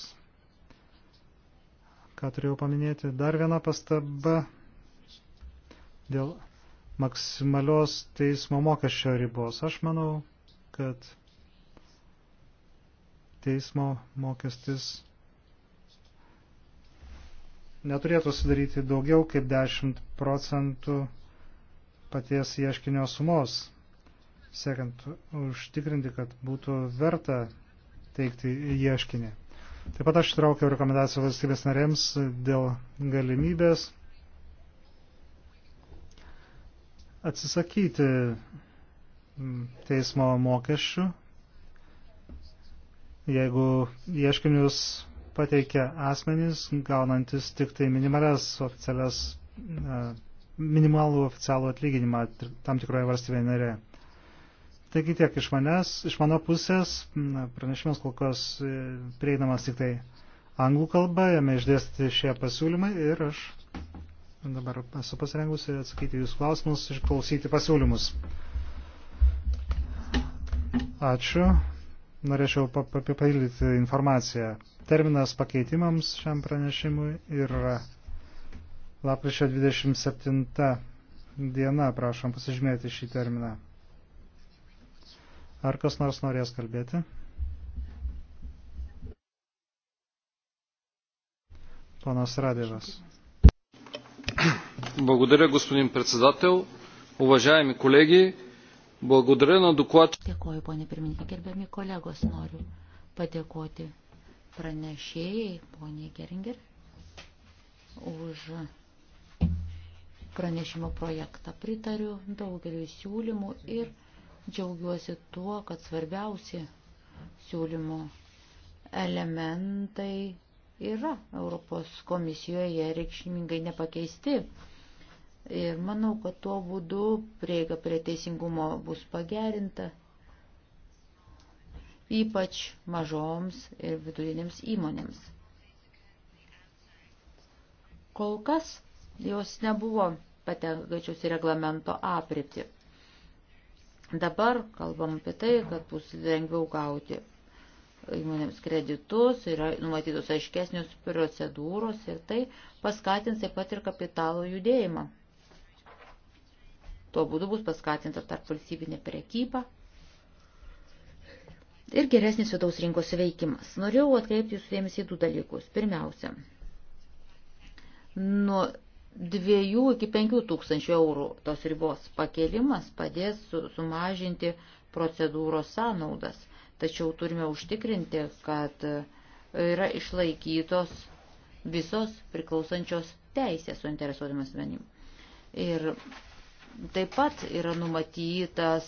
C: ką turėjau paminėti. Dar viena pastaba dėl maksimalios teismo mokesčio ribos. Aš manau, kad teismo mokestis neturėtų sudaryti daugiau kaip 10 procentų paties ieškinio sumos siekiant užtikrinti, kad būtų verta teikti ieškinį. Taip pat aš traukiau rekomendacijų valstybės narėms dėl galimybės atsisakyti teismo mokesčių, jeigu ieškinius pateikia asmenys, gaunantis tik tai minimalias oficialias, e, minimalų oficialų atlyginimą tam tikroje valstybėje narėje. Taigi tiek iš manęs, iš mano pusės, na, pranešimas kol kas e, prieinamas tik tai anglų kalba, jame išdėsti šie pasiūlymai ir aš dabar esu pasirengusi atsakyti jūsų klausimus ir klausyti pasiūlymus. Ačiū. Norėčiau papildyti informaciją. Terminas pakeitimams šiam pranešimui yra lapkričio 27 diena, prašom pasižymėti šį terminą. Ar kas nors norės kalbėti? Ponas Радежас. Благодаря, господин председател. Уважаеми колеги, благодаря на доклад.
D: Dėkuoju, ponė pirmininkė, gerbiami kolegos, noriu padėkoti pranešėjai, ponė Geringer, už pranešimo projektą. Pritariu daugeliu siūlymų ir Džiaugiuosi tuo, kad svarbiausi siūlymo elementai yra Europos komisijoje reikšmingai nepakeisti. Ir manau, kad tuo būdu prieiga prie teisingumo bus pagerinta, ypač mažoms ir vidutinėms įmonėms. Kol kas jos nebuvo patenkačius į reglamento apripti. Dabar kalbam apie tai, kad bus lengviau gauti įmonėms kreditus, yra numatytos aiškesnios procedūros ir tai paskatins taip pat ir kapitalo judėjimą. Tuo būdu bus paskatinta tarp valstybinė prekyba ir geresnis vidaus rinkos veikimas. Norėjau atkreipti jūsų dėmesį į du dalykus. Pirmiausia, nuo 2 iki 5 tūkstančių eurų tos ribos pakėlimas padės sumažinti procedūros sąnaudas, tačiau turime užtikrinti, kad yra išlaikytos visos priklausančios teisės suinteresuotam asmenim. Ir taip pat yra numatytas,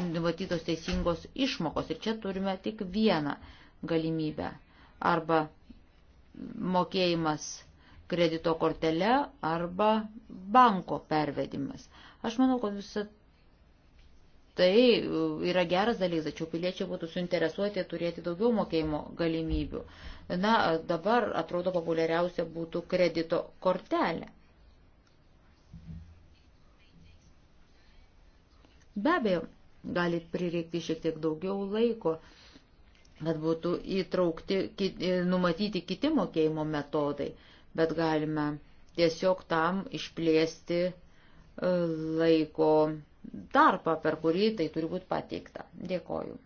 D: numatytos teisingos išmokos ir čia turime tik vieną galimybę arba mokėjimas kredito kortele arba banko pervedimas. Aš manau, kad visą tai uh, yra geras dalykas, tačiau piliečiai būtų suinteresuoti turėti daugiau mokėjimo galimybių. Na, uh, dabar atrodo populiariausia būtų kredito kortelė. Be abejo, gali prireikti šiek tiek daugiau laiko, kad būtų įtraukti, numatyti kiti mokėjimo metodai bet galime tiesiog tam išplėsti e, laiko tarpą, per kurį tai turi būti pateikta. Dėkoju.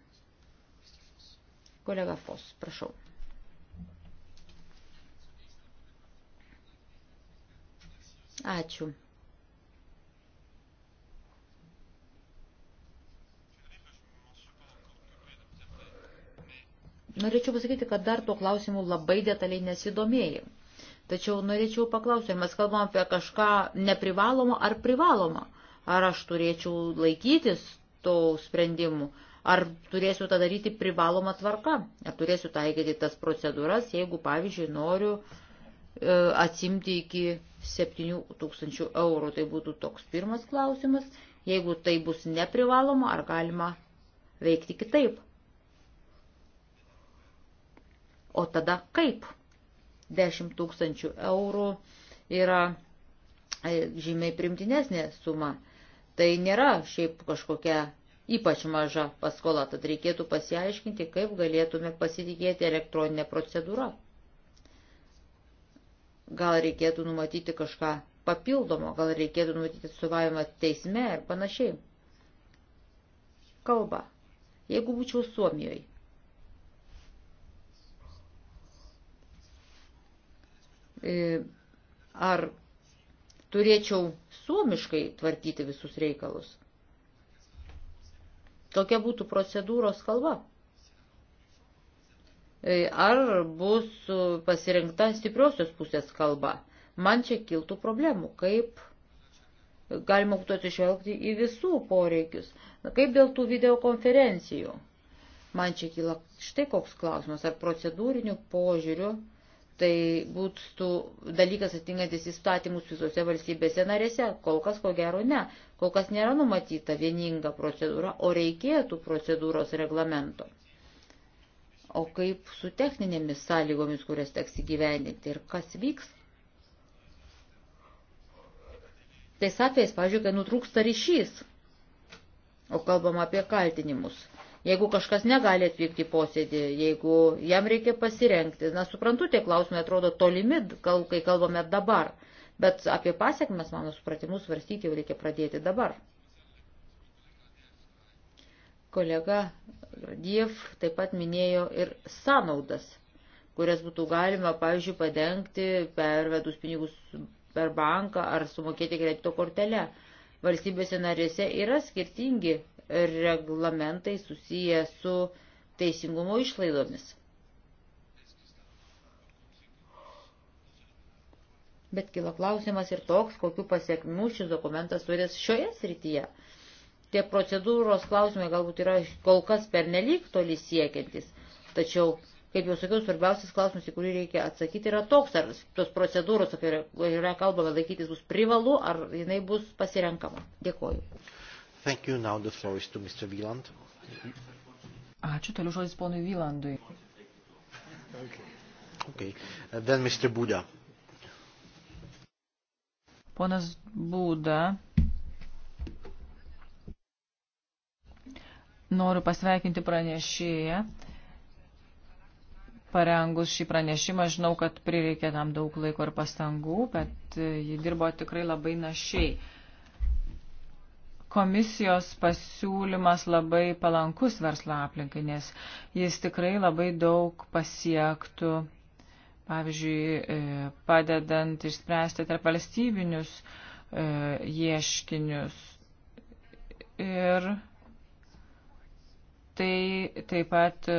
D: Kolega Fos, prašau. Ačiū. Norėčiau pasakyti, kad dar tuo klausimu labai detaliai nesidomėjau. Tačiau norėčiau paklausti, mes kalbam apie kažką neprivalomą ar privalomą. Ar aš turėčiau laikytis to sprendimų, ar turėsiu tą daryti privalomą tvarką, ar turėsiu taikyti tas procedūras, jeigu, pavyzdžiui, noriu e, atsimti iki 7000 eurų. Tai būtų toks pirmas klausimas. Jeigu tai bus neprivaloma, ar galima veikti kitaip? O tada kaip? 10 tūkstančių eurų yra e, žymiai primtinesnė suma. Tai nėra šiaip kažkokia ypač maža paskola, tad reikėtų pasiaiškinti, kaip galėtume pasitikėti elektroninę procedūrą. Gal reikėtų numatyti kažką papildomo, gal reikėtų numatyti suvavimą teisme ir panašiai. Kalba. Jeigu būčiau Suomijoje E, ar turėčiau suomiškai tvarkyti visus reikalus. Tokia būtų procedūros kalba. E, ar bus pasirinkta stipriosios pusės kalba. Man čia kiltų problemų, kaip galima būtų atsižvelgti į visų poreikius. Na, kaip dėl tų videokonferencijų? Man čia kyla štai koks klausimas, ar procedūriniu požiūriu Tai būtų dalykas atingantis įstatymus visose valstybėse narėse. Kol kas, ko gero, ne. Kol kas nėra numatyta vieninga procedūra, o reikėtų procedūros reglamento. O kaip su techninėmis sąlygomis, kurias teks įgyvendinti ir kas vyks? Tais atvejais, pažiūrėjau, kai nutrūksta ryšys, o kalbam apie kaltinimus. Jeigu kažkas negali atvykti į posėdį, jeigu jam reikia pasirenkti, na, suprantu, tie klausimai atrodo tolimi, kai kalbame dabar, bet apie pasiekmes, mano supratimu, svarstyti jau reikia pradėti dabar. Kolega Diev taip pat minėjo ir sąnaudas, kurias būtų galima, pavyzdžiui, padengti pervedus pinigus per banką ar sumokėti kredito kortelę valstybėse narėse yra skirtingi reglamentai susiję su teisingumo išlaidomis. Bet kilo klausimas ir toks, kokiu pasiekmių šis dokumentas turės šioje srityje. Tie procedūros klausimai galbūt yra kol kas pernelyg toli siekiantis, tačiau kaip jau sakiau, svarbiausias klausimas, į kurį reikia atsakyti, yra toks, ar tos procedūros, apie kurią kalbame, laikytis bus privalu, ar jinai bus pasirenkama. Dėkoju.
A: Thank you. Now the floor is to Mr. Wieland.
D: Ačiū. Toliau žodis ponui Vylandui.
A: Okay. Okay. Uh, then Mr. Buda.
B: Ponas Būda, noriu pasveikinti pranešėją. Parengus šį pranešimą, žinau, kad prireikė tam daug laiko ir pastangų, bet uh, ji dirbo tikrai labai našiai. Uh, komisijos pasiūlymas labai palankus verslo aplinkai, nes jis tikrai labai daug pasiektų, pavyzdžiui, e, padedant išspręsti tarp valstybinius e, ieškinius. Ir tai taip pat e,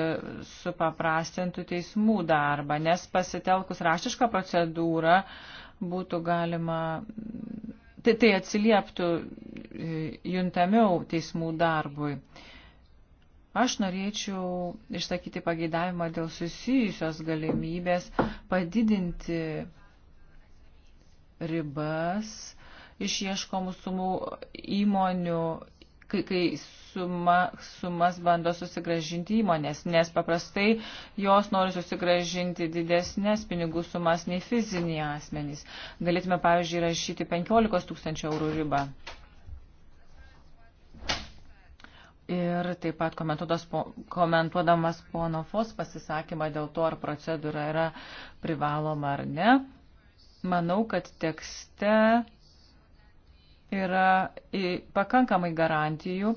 B: supaprastintų teismų darbą, nes pasitelkus raštišką procedūrą būtų galima tai, tai atsilieptų e, juntamiau teismų darbui. Aš norėčiau išsakyti pageidavimą dėl susijusios galimybės padidinti ribas išieškomų sumų įmonių kai, kai suma, sumas bando susigražinti įmonės, nes paprastai jos nori susigražinti didesnės pinigų sumas nei fiziniai asmenys. Galėtume, pavyzdžiui, rašyti 15 tūkstančių eurų ribą. Ir taip pat komentuodamas pono Fos pasisakymą dėl to, ar procedūra yra privaloma ar ne, manau, kad tekste yra pakankamai garantijų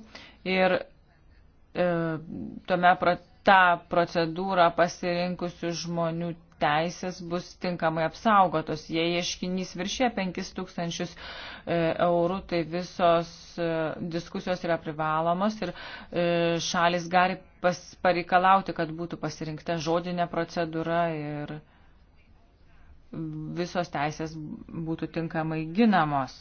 B: ir e, tome pro, tą procedūrą pasirinkusių žmonių teisės bus tinkamai apsaugotos. Jei ieškinys viršė 5000 e, eurų, tai visos e, diskusijos yra privalomos ir e, šalis gali pas, pareikalauti, kad būtų pasirinkta žodinė procedūra ir visos teisės būtų tinkamai ginamos.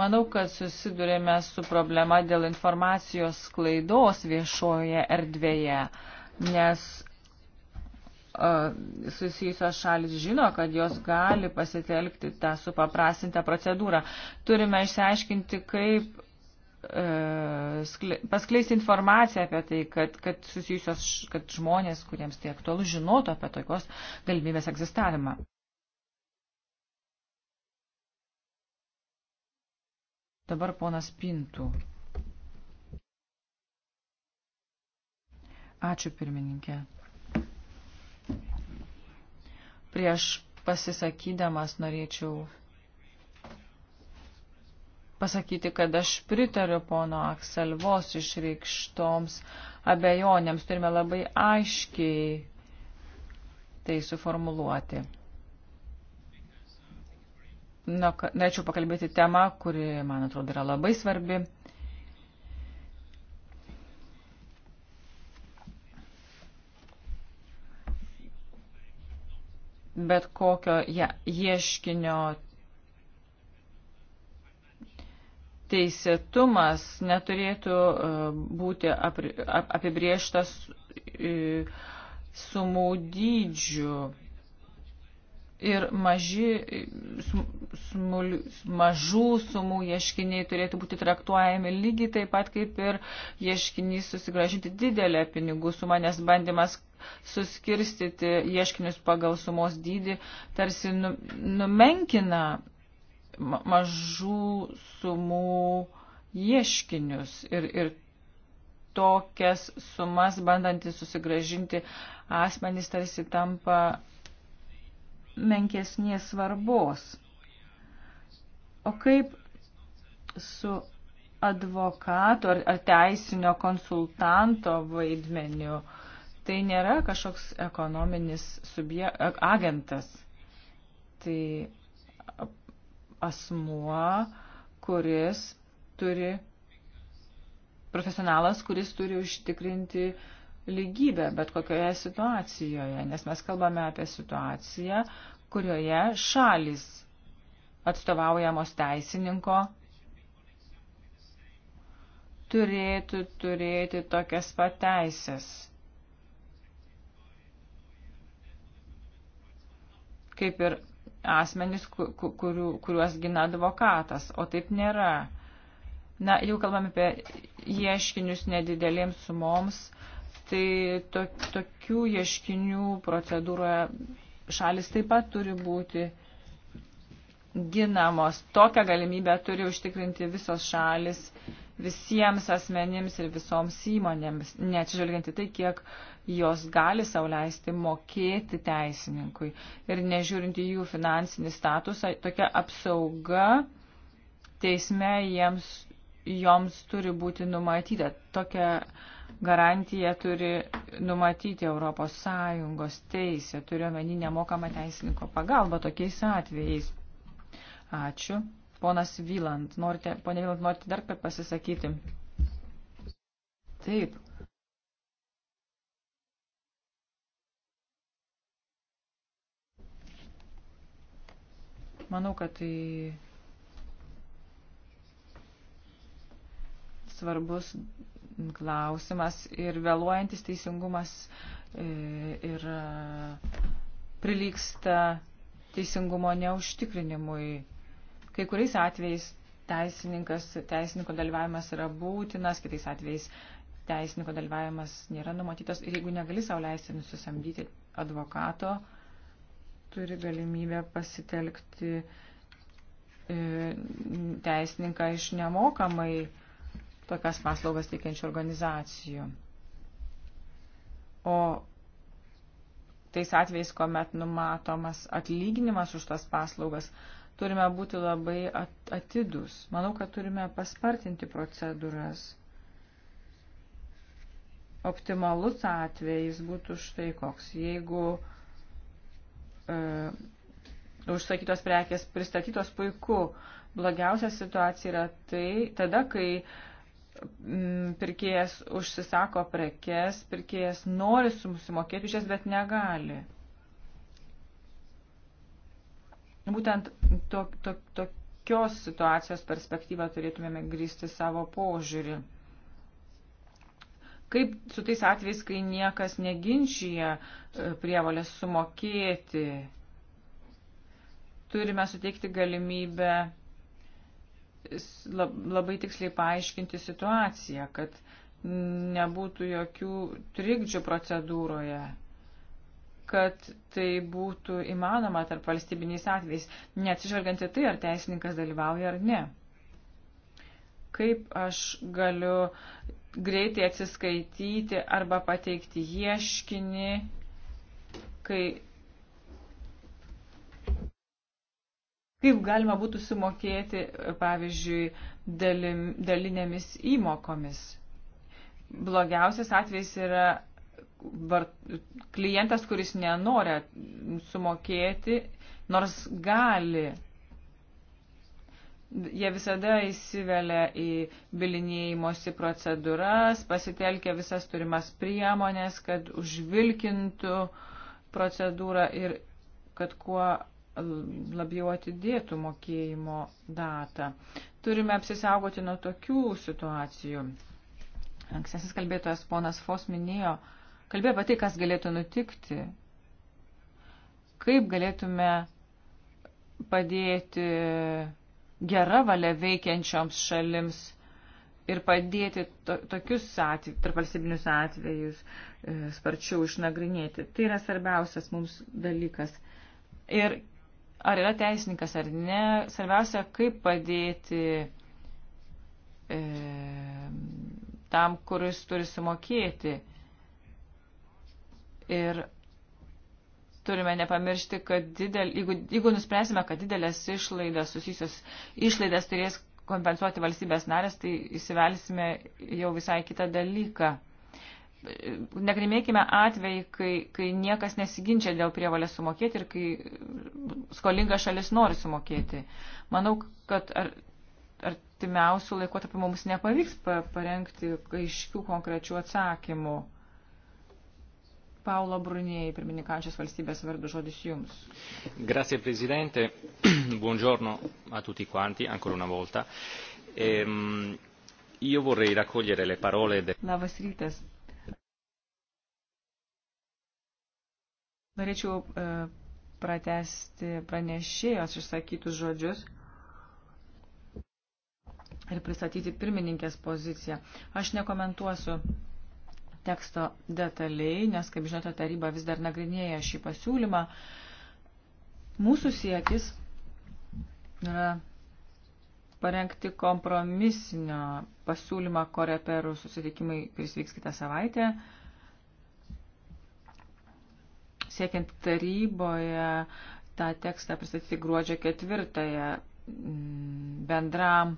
B: Manau, kad susidurėme su problema dėl informacijos klaidos viešoje erdvėje, nes susijusios šalis žino, kad jos gali pasitelkti tą supaprastintą procedūrą. Turime išsiaiškinti, kaip e, paskleisti informaciją apie tai, kad, kad susijusios, kad žmonės, kuriems tai aktualu, žinotų apie tokios galimybės egzistavimą. Dabar ponas Pintų. Ačiū pirmininkė. Prieš pasisakydamas norėčiau pasakyti, kad aš pritariu pono Akselvos išreikštoms abejonėms. Turime labai aiškiai tai suformuluoti. Na, norėčiau pakalbėti temą, kuri, man atrodo, yra labai svarbi. Bet kokio ja, ieškinio teisėtumas neturėtų e, būti apibrieštas e, sumų dydžių ir maži, smul, mažų sumų ieškiniai turėtų būti traktuojami lygiai taip pat kaip ir ieškinys susigražinti didelę pinigų sumą, nes bandymas suskirstyti ieškinius pagal sumos dydį tarsi nu, numenkina mažų sumų ieškinius ir, ir tokias sumas bandantys susigražinti asmenys tarsi tampa menkesnės svarbos. O kaip su advokato ar, ar teisinio konsultanto vaidmeniu? Tai nėra kažkoks ekonominis subje, agentas. Tai asmuo, kuris turi, profesionalas, kuris turi užtikrinti uh, lygybę bet kokioje situacijoje, nes mes kalbame apie situaciją, kurioje šalis atstovaujamos teisininko turėtų turėti tokias pateisės. Kaip ir asmenys, kuriu, kuriuos gina advokatas, o taip nėra. Na, jau kalbame apie ieškinius nedidelėms sumoms Tai to, tokių ieškinių procedūroje šalis taip pat turi būti ginamos. Tokią galimybę turi užtikrinti visos šalis visiems asmenims ir visoms įmonėms, neatsižvelgianti tai, kiek jos gali sauliaisti mokėti teisininkui. Ir nežiūrinti jų finansinį statusą, tokia apsauga teisme jiems, joms turi būti numatyta. Tokia garantiją turi numatyti ES teisė, turiu omeny nemokamą teisininko pagalbą tokiais atvejais. Ačiū. Ponas Vyland, norite, ponė Vyland, norite dar pasisakyti? Taip. Manau, kad tai svarbus klausimas ir vėluojantis teisingumas e, ir e, prilyksta teisingumo neužtikrinimui. Kai kuriais atvejais teisininkas, teisininko dalyvavimas yra būtinas, kitais atvejais teisininko dalyvavimas nėra numatytas ir jeigu negali sauliaisti nusisamdyti advokato, turi galimybę pasitelkti e, teisininką iš nemokamai tokias paslaugas teikiančių organizacijų. O tais atvejais, kuomet numatomas atlyginimas už tas paslaugas, turime būti labai atidus. Manau, kad turime paspartinti procedūras. Optimalus atvejis būtų štai koks. Jeigu e, užsakytos prekės pristatytos puiku, blogiausia situacija yra tai, tada, kai e, Mm, pirkėjas užsisako prekes, pirkėjas nori sumokėti už jas, bet negali. Būtent to, to, tokios situacijos perspektyvą turėtumėme grįsti savo požiūrį. Kaip su tais atvejais, kai niekas neginčia e, prievalės sumokėti, turime suteikti galimybę labai tiksliai paaiškinti situaciją, kad nebūtų jokių trikdžių procedūroje, kad tai būtų įmanoma tarp valstybiniais atvejais, neatsižvelgiant į tai, ar teisininkas dalyvauja ar ne. Kaip aš galiu greitai atsiskaityti arba pateikti ieškinį, kai kaip galima būtų sumokėti, pavyzdžiui, dalim, dalinėmis įmokomis. Blogiausias atvejs yra var, klientas, kuris nenori sumokėti, nors gali. Jie visada įsivelia į bilinėjimosi procedūras, pasitelkia visas turimas priemonės, kad užvilkintų procedūrą ir kad kuo labiau atidėtų mokėjimo datą. Turime apsisaugoti nuo tokių situacijų. Ankstesnis kalbėtojas ponas Fos minėjo, kalbėjo apie tai, kas galėtų nutikti, kaip galėtume padėti gera valia veikiančioms šalims ir padėti to, tokius atvejus, tarpvalstybinius atvejus e, sparčiau išnagrinėti. Tai yra svarbiausias mums dalykas. Ir ar yra teisininkas ar ne. Svarbiausia, kaip padėti e, tam, kuris turi sumokėti. Ir turime nepamiršti, kad didel, jeigu, jeigu nuspręsime, kad didelės išlaidas, susijusios išlaidas turės kompensuoti valstybės narės, tai įsivelsime jau visai kitą dalyką negrimėkime atvejai, kai, kai niekas nesiginčia dėl prievalės sumokėti ir kai skolinga šalis nori sumokėti. Manau, kad ar, artimiausių laikotarpių mums nepavyks parengti aiškių konkrečių atsakymų. Paulo Brunėjai, pirmininkančios valstybės vardu, žodis jums.
C: Grazie, prezidente. Buongiorno a tutti quanti, ancora una volta. Ehm, io vorrei raccogliere le parole. De...
B: Labas rytas. Norėčiau e, pratesti pranešėjos išsakytus žodžius ir pristatyti pirmininkės poziciją. Aš nekomentuosiu teksto detaliai, nes, kaip žinote, taryba vis dar nagrinėja šį pasiūlymą. Mūsų siekis yra parengti kompromisinio pasiūlymą koreperių susitikimai, kuris vyks kitą savaitę. E, siekiant taryboje tą tekstą pristatyti gruodžio ketvirtąją mm, bendram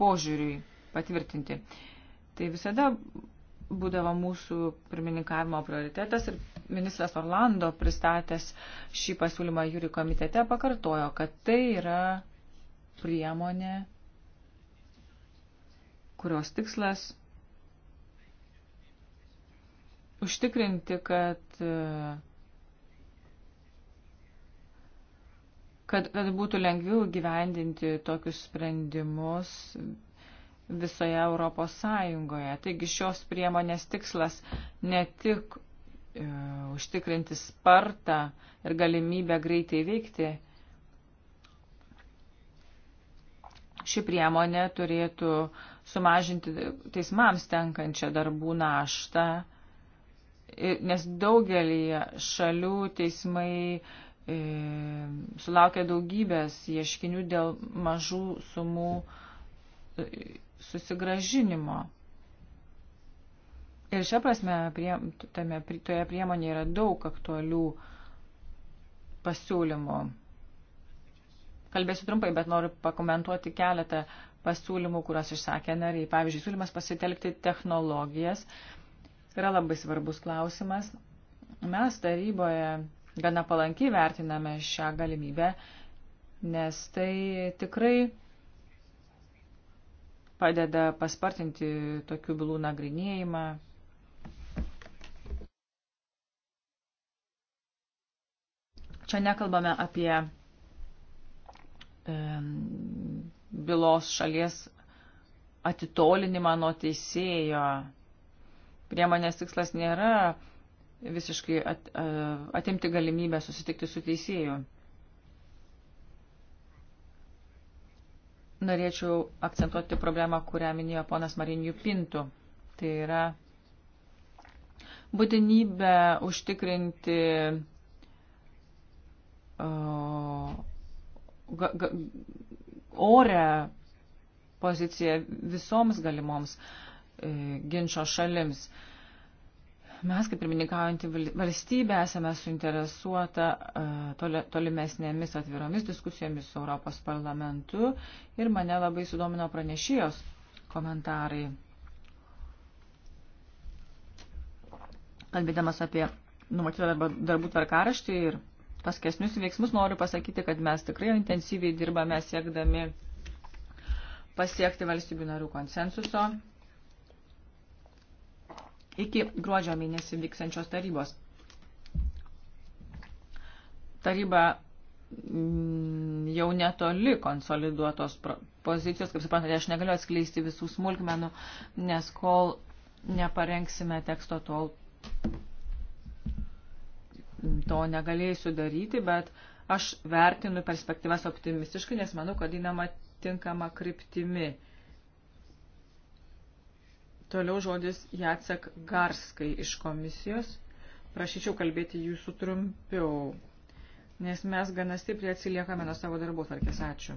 B: požiūriui patvirtinti. Tai visada būdavo mūsų pirmininkavimo prioritetas ir ministras Orlando pristatęs šį pasiūlymą jūrių komitete pakartojo, kad tai yra priemonė, kurios tikslas užtikrinti, kad kad, kad būtų lengviau gyvendinti tokius sprendimus visoje Europos Sąjungoje. Taigi šios priemonės tikslas ne tik e, užtikrinti spartą ir galimybę greitai veikti, ši priemonė turėtų sumažinti teismams tenkančią darbų naštą, nes daugelį šalių teismai e, sulaukia daugybės ieškinių dėl mažų sumų e, susigražinimo. Ir šia prasme, prie, tame, toje priemonėje yra daug aktualių pasiūlymų. Kalbėsiu trumpai, bet noriu pakomentuoti keletą pasiūlymų, kuriuos išsakė nariai. Pavyzdžiui, siūlymas pasitelkti technologijas yra labai svarbus klausimas. Mes taryboje gana palankiai vertiname šią galimybę, nes tai tikrai padeda paspartinti tokių bylų nagrinėjimą. Čia nekalbame apie e, bylos šalies atitolinimą nuo teisėjo. Priemonės tikslas nėra visiškai at, atimti galimybę susitikti su teisėju. Norėčiau akcentuoti problemą, kurią minėjo ponas Marinijų Pintų. Tai yra būtinybė užtikrinti uh, ga, ga, orę poziciją visoms galimoms uh, e, ginčio šalims. Uh, Mes, kaip pirmininkaujantį valstybę, esame suinteresuota e, tolimesnėmis atviromis diskusijomis su Europos parlamentu ir mane labai sudomino pranešėjos komentarai. Kalbėdamas apie numatytą darbų tvarkaraštį ir paskesnius veiksmus, noriu pasakyti, kad mes tikrai intensyviai dirbame siekdami pasiekti valstybių narių konsensuso iki gruodžio mėnesį vyksančios tarybos. Taryba mm, jau netoli konsoliduotos pozicijos, kaip suprantate, aš negaliu atskleisti visų smulkmenų, nes kol neparengsime teksto, tol to negalėsiu daryti, bet aš vertinu perspektyvas optimistiškai, nes manau, kad įnama tinkama kryptimi. Uh, Toliau žodis Jacek Garskai iš komisijos. Prašyčiau kalbėti jūsų trumpiau, nes mes gana stipriai atsiliekame nuo savo darbų tvarkės. Ačiū.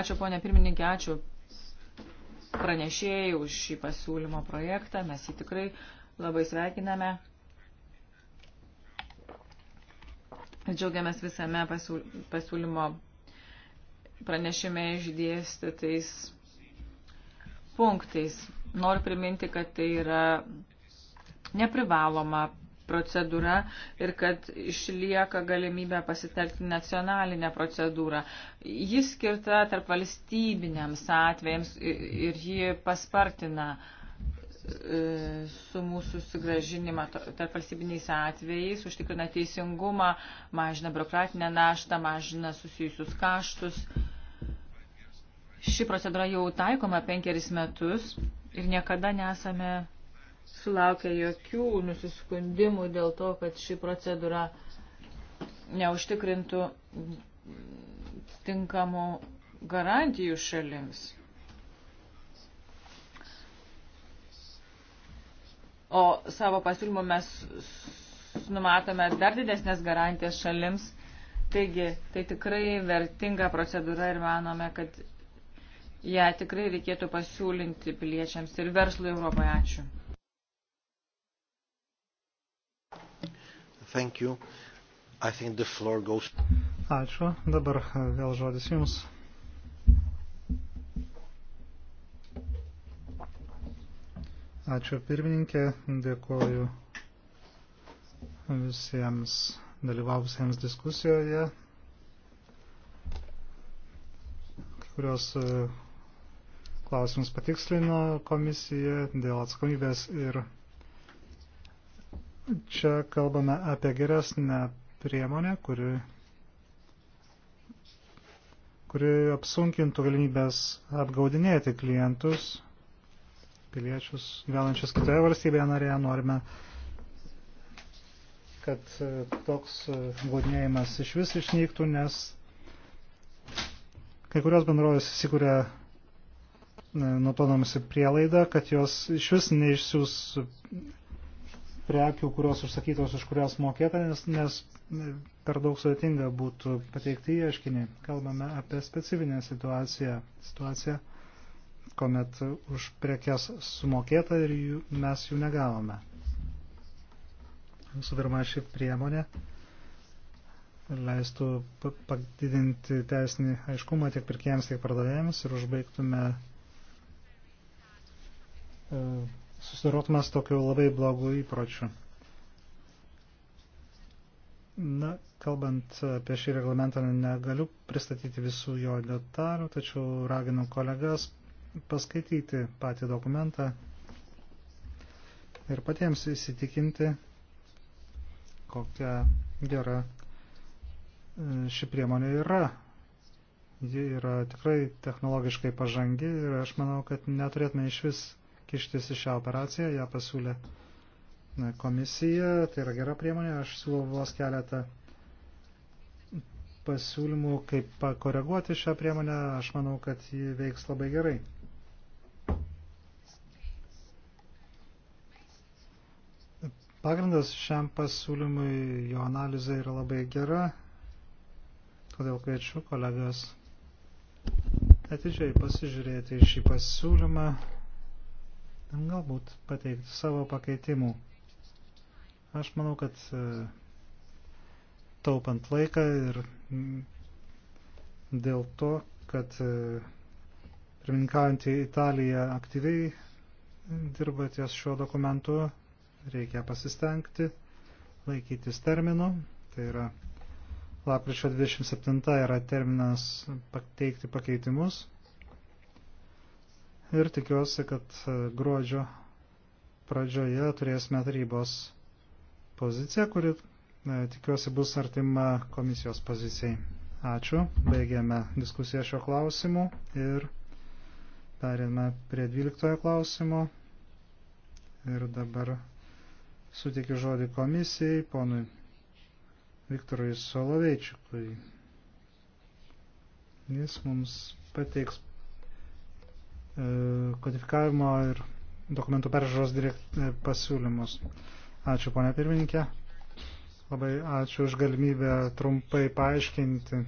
B: Ačiū, ponė pirmininkė, ačiū pranešėjai už šį pasiūlymo projektą. Mes jį tikrai labai sveikiname. Džiaugiamės visame pasiūlymo pranešime išdėstytais punktais. Noriu priminti, kad tai yra neprivaloma procedūra ir kad išlieka galimybė pasitelkti nacionalinę procedūrą. Ji skirta tarp valstybiniams atvejams ir ji paspartina uh, E, su mūsų sugražinimą tarp valstybiniais atvejais, užtikrina teisingumą, mažina biurokratinę naštą, mažina susijusius kaštus. Ši procedūra jau taikoma penkeris metus ir niekada nesame sulaukę jokių nusiskundimų dėl to, kad ši procedūra neužtikrintų tinkamų garantijų šalims. o savo pasiūlymu mes numatome dar didesnės garantijas šalims. Taigi, tai tikrai vertinga procedūra ir manome, kad ją tikrai reikėtų pasiūlinti piliečiams ir verslui Europoje. Ačiū.
A: Thank you. I think the floor goes.
C: Ačiū. Dabar vėl žodis jums. Ačiū pirmininkė, dėkoju visiems dalyvavusiems diskusijoje. Kai kurios e, klausimus patikslino komisija dėl atsakomybės ir čia kalbame apie geresnę priemonę, kuri, kuri apsunkintų galimybės apgaudinėti klientus piliečius gyvenančius kitoje valstybėje narėje. Norime, kad e, toks e, godinėjimas iš vis išnyktų, nes kai kurios bendrovės įsikūrė e, nutonomisi prielaidą, kad jos iš vis neišsiūs prekių, kurios užsakytos, už kurias mokėta, nes, nes per daug sudėtinga būtų pateikti ieškinį. Kalbame apie specifinę situaciją, situaciją kuomet už prekes sumokėta ir jų, mes jų negavome. Visų pirma, ši priemonė leistų padidinti teisinį aiškumą tiek pirkėjams, tiek pardavėjams ir užbaigtume e, susidarotumas tokiu labai blogu įpročiu. Na, kalbant apie šį reglamentą, negaliu pristatyti visų jo detalių, tačiau raginu kolegas paskaityti patį dokumentą ir patiems įsitikinti, kokia gera e, ši priemonė yra. Ji yra tikrai technologiškai pažangi ir aš manau, kad neturėtume iš vis kištis į šią operaciją. Ja pasiūlė e, komisija, tai yra gera priemonė. Aš siūlau vos keletą pasiūlymų, kaip pakoreguoti šią priemonę, aš manau, kad ji veiks labai gerai. Pagrindas šiam pasiūlymui, jo analizė yra labai gera, todėl kviečiu kolegas atidžiai pasižiūrėti šį pasiūlymą, galbūt pateikti savo pakeitimų. Aš manau, kad e, taupant laiką ir mm, dėl to, kad e, pirmininkaujantį Italiją aktyviai dirba ties šiuo dokumentu, reikia pasistengti laikytis terminų. Tai yra lapkričio 27 yra terminas pateikti pakeitimus. Ir tikiuosi, kad gruodžio pradžioje turėsime tarybos poziciją, kuri e, tikiuosi bus artima komisijos pozicijai. Ačiū. Baigėme diskusiją šio klausimu ir perėmė prie 12 klausimo. Ir dabar Suteikiu žodį komisijai, ponui Viktorui Soloveičikui. Jis mums pateiks e, kodifikavimo ir dokumentų peržiūros direkt... E, pasiūlymus. Ačiū, ponia pirmininkė. Labai ačiū už galimybę trumpai paaiškinti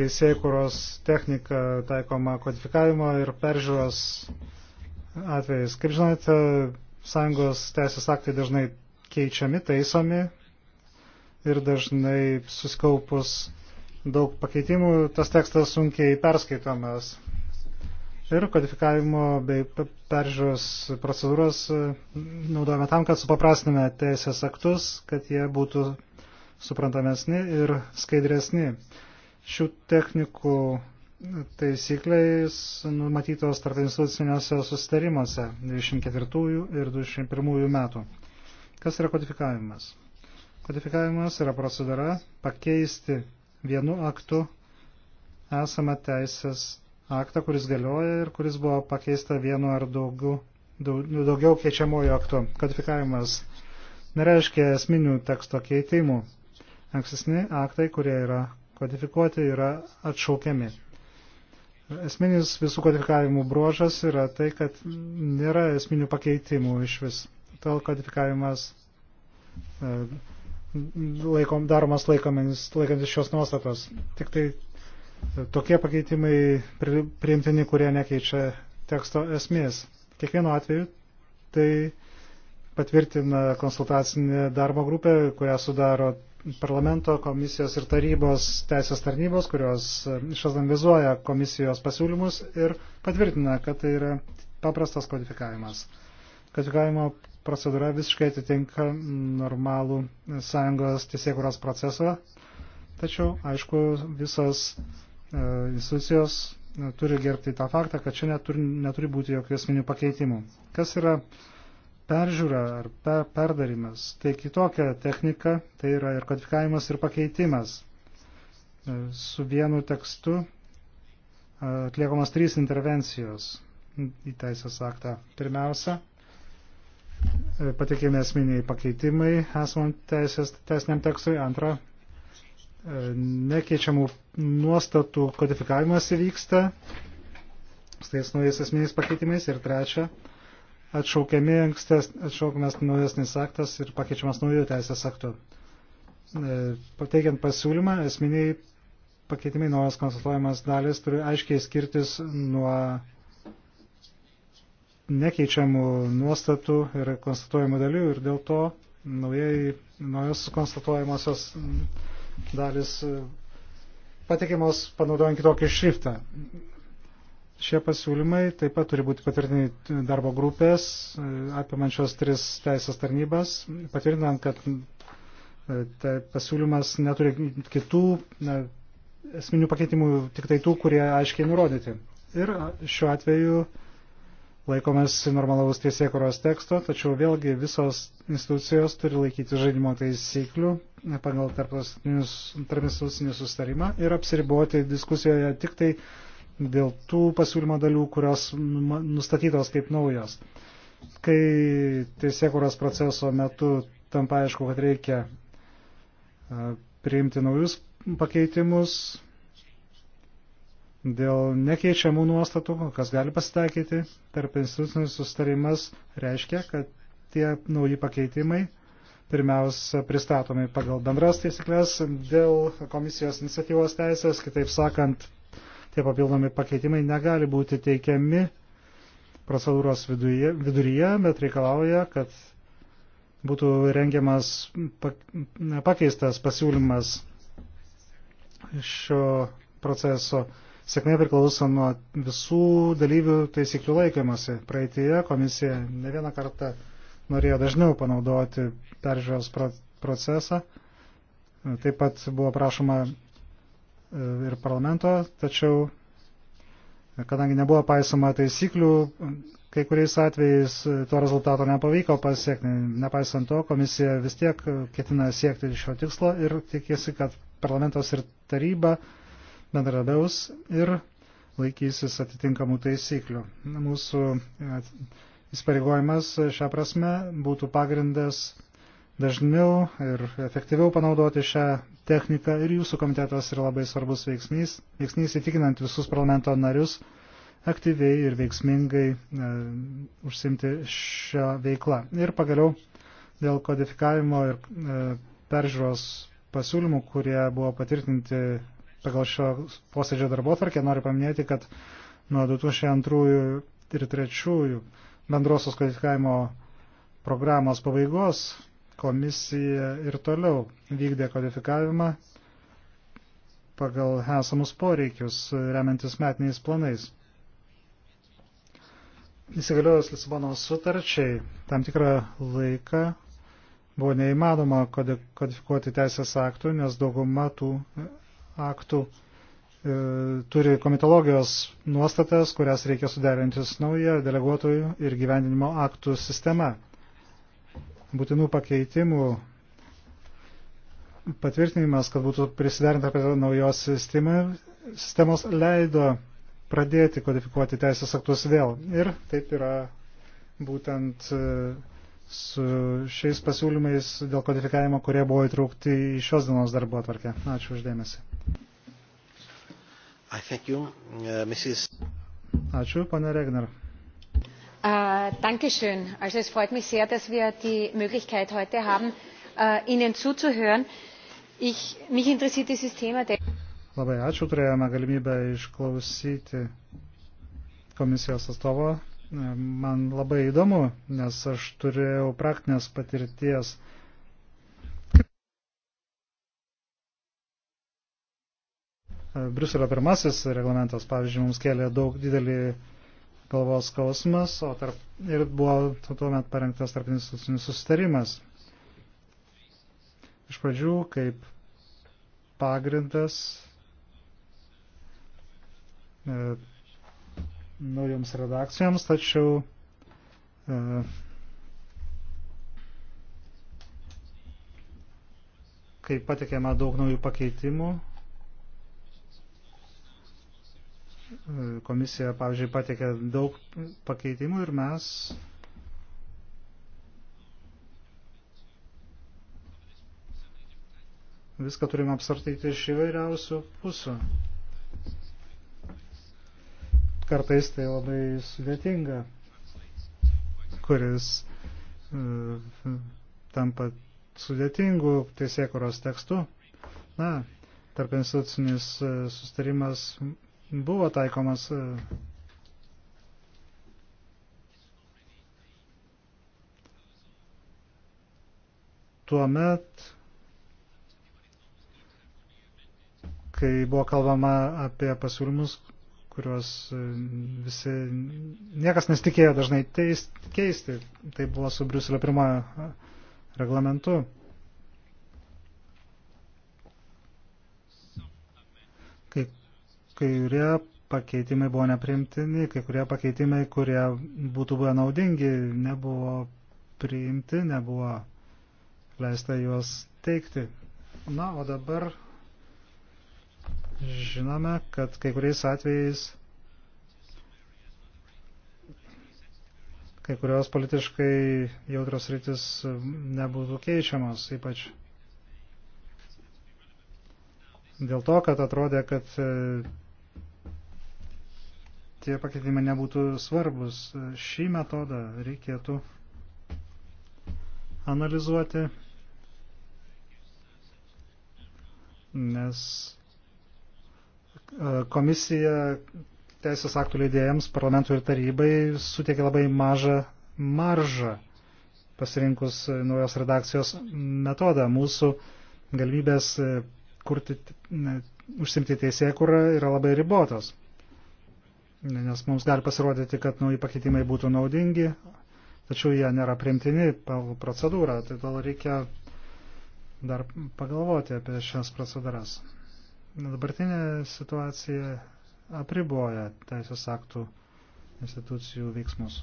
C: teisėjų, kurios technika taikoma kodifikavimo ir peržiūros atvejais. Kaip žinote, Sąjungos teisės aktai dažnai keičiami, taisomi ir dažnai susikaupus daug pakeitimų tas tekstas sunkiai perskaitomas. Ir kodifikavimo bei peržiūros procedūros e, naudojame tam, kad supaprastiname teisės aktus, kad jie būtų suprantamesni ir skaidresni. Šių technikų taisyklės numatytos tarp instituciniuose sustarimuose 24 ir 21 metų. Kas yra kodifikavimas? Kodifikavimas yra procedūra pakeisti vienu aktu esamą teisės aktą, kuris galioja ir kuris buvo pakeista vienu ar daugiau, daugiau keičiamojų aktų. Kodifikavimas nereiškia esminių teksto keitimų. Ankstesni aktai, kurie yra kodifikuoti, yra atšaukiami. Esminis visų kodifikavimų bruožas yra tai, kad nėra esminių pakeitimų iš vis. Tol kodifikavimas e, laikom, daromas laikomis, laikantis šios nuostatos. Tik tai e, tokie pakeitimai priimtini, kurie nekeičia teksto esmės. Kiekvienu atveju tai patvirtina konsultacinė darbo grupė, kurią sudaro parlamento komisijos ir tarybos teisės tarnybos, kurios e, išanalizuoja komisijos pasiūlymus ir patvirtina, kad tai yra paprastas kodifikavimas. Kodifikavimo procedūra visiškai atitinka normalų sąjungos teisėkuros procesą, tačiau, aišku, visos e, institucijos e, turi gerbti tą faktą, kad čia neturi, neturi būti jokių esminių pakeitimų. Kas yra uh, peržiūra ar pe perdarimas. Tai kitokia technika, tai yra ir kodifikavimas, ir pakeitimas. E, su vienu tekstu e, atliekamos trys intervencijos į teisės aktą. Pirmiausia, e, patikėmi esminiai pakeitimai esamam teisės, teisiniam tekstui. Antra, nekeičiamų nuostatų kodifikavimas įvyksta su tais naujais esminiais pakeitimais. Ir trečia, atšaukiami ankstes, atšaukiamas naujesnis aktas ir pakeičiamas naujų teisės aktų. E, pateikiant pasiūlymą, esminiai pakeitimai naujas konsultuojamas dalis turi aiškiai skirtis nuo nekeičiamų nuostatų ir konstatuojamų dalių ir dėl to naujai, naujos konstatuojamosios dalis e, patikimos panaudojant kitokį šriftą. Šie pasiūlymai taip pat turi būti patvirtinti darbo grupės, e, apimančios tris teisės tarnybas, patvirtinant, kad tai pasiūlymas neturi kitų ne, esminių pakeitimų, tik tai tų, kurie aiškiai nurodyti. Ir šiuo atveju laikomės normalaus teisėkuros teksto, tačiau vėlgi visos institucijos turi laikyti žaidimo taisyklių e, pagal tarpinstitucinį sustarimą ir apsiriboti diskusijoje tik tai dėl tų pasiūlymo dalių, kurios nustatytos kaip naujos. Kai teisėkuros proceso metu tampa aišku, kad reikia priimti naujus pakeitimus dėl nekeičiamų nuostatų, kas gali pasitaikyti, tarp institucinis sustarimas reiškia, kad tie nauji pakeitimai pirmiausia pristatomi pagal bendras taisyklės dėl komisijos iniciatyvos teisės, kitaip sakant, tie papildomi pakeitimai negali būti teikiami procedūros viduje, viduryje, bet reikalauja, kad būtų rengiamas pakeistas pasiūlymas šio proceso. Sėkmė priklauso nuo visų dalyvių taisyklių laikymasi. Praeitėje komisija ne vieną kartą norėjo dažniau panaudoti peržiūros procesą. Taip pat buvo prašoma E, ir parlamento, tačiau kadangi nebuvo paisoma taisyklių, kai kuriais atvejais e, to rezultato nepavyko pasiekti. Nepaisant to, komisija vis tiek ketina siekti šio tikslo ir tikėsi, kad parlamentos ir taryba bendradaus ir laikysis atitinkamų taisyklių. Mūsų e, įsipareigojimas šią prasme būtų pagrindas dažniau ir efektyviau panaudoti šią techniką ir jūsų komitetas yra labai svarbus veiksnys, veiksnys įtikinant visus parlamento narius aktyviai ir veiksmingai e, užsimti šią veiklą. Ir pagaliau dėl kodifikavimo ir e, peržiūros pasiūlymų, kurie buvo patvirtinti pagal šio posėdžio darbo tvarkę, noriu paminėti, kad nuo 2002 ir 2003 bendrosios kodifikavimo programos pabaigos komisija ir toliau vykdė kodifikavimą pagal esamus poreikius, remiantis metiniais planais. Įsigaliojus Lisabonos sutarčiai, tam tikrą laiką buvo neįmanoma kodifikuoti teisės aktų, nes dauguma tų aktų e, turi komitologijos nuostatas, kurias reikia suderinti su nauja deleguotojų ir gyvendinimo aktų sistema būtinų pakeitimų patvirtinimas, kad būtų prisiderinta prie naujos sistemą, sistemos, leido pradėti kodifikuoti teisės aktus vėl. Ir taip yra būtent e, su šiais pasiūlymais dėl kodifikavimo, kurie buvo įtraukti į šios dienos darbo atvarkę. Ačiū uždėmesi.
A: Uh,
C: Ačiū, pane Regner
D: herr äh, präsident! es freut mich sehr dass wir die möglichkeit heute haben äh, ihnen zuzuhören. mich interessiert dieses thema.
C: labai ačiū turėjome galimybę išklausyti komisijos atstovo. man labai įdomu nes aš turėjau praktinės patirties briuselio pirmasis reglamentas pavyzdžiui mums kėlė daug didelį galvos skausmas, o tarp, ir buvo tuomet parengtas tarp institucinis susitarimas. Iš pradžių kaip pagrindas e, naujoms redakcijoms, tačiau e, kai patikėme daug naujų pakeitimų, Komisija, pavyzdžiui, patikė daug pakeitimų ir mes viską turime apsartyti iš įvairiausių pusių. Kartais tai labai sudėtinga, kuris uh, tampa sudėtingų teisėkuros tekstų. Na, tarp institucinis e, sustarimas buvo taikomas e, tuo met, kai buvo kalbama apie pasiūlymus, kuriuos e, visi, niekas nesitikėjo dažnai teist, keisti. Tai buvo su Briuselio pirmojo reglamentu. kurie pakeitimai buvo neprimtini, kai kurie pakeitimai, kurie būtų buvę naudingi, nebuvo priimti, nebuvo leista juos teikti. Na, o dabar žinome, kad kai kuriais atvejais kai kurios politiškai jautros rytis nebūtų keičiamos, ypač dėl to, kad atrodė, kad tie pakeitimai nebūtų svarbus. Šį metodą reikėtų analizuoti, nes e, komisija teisės aktų leidėjams, parlamentui ir tarybai suteikia labai mažą maržą pasirinkus naujos redakcijos metodą. Mūsų galimybės kurti, užsimti teisėkurą yra labai ribotos nes mums gali pasirodyti, kad nauji pakeitimai būtų naudingi, tačiau jie nėra primtini pagal procedūrą, tai tol reikia dar pagalvoti apie šias procedūras. Dabartinė situacija apriboja teisės aktų institucijų veiksmus.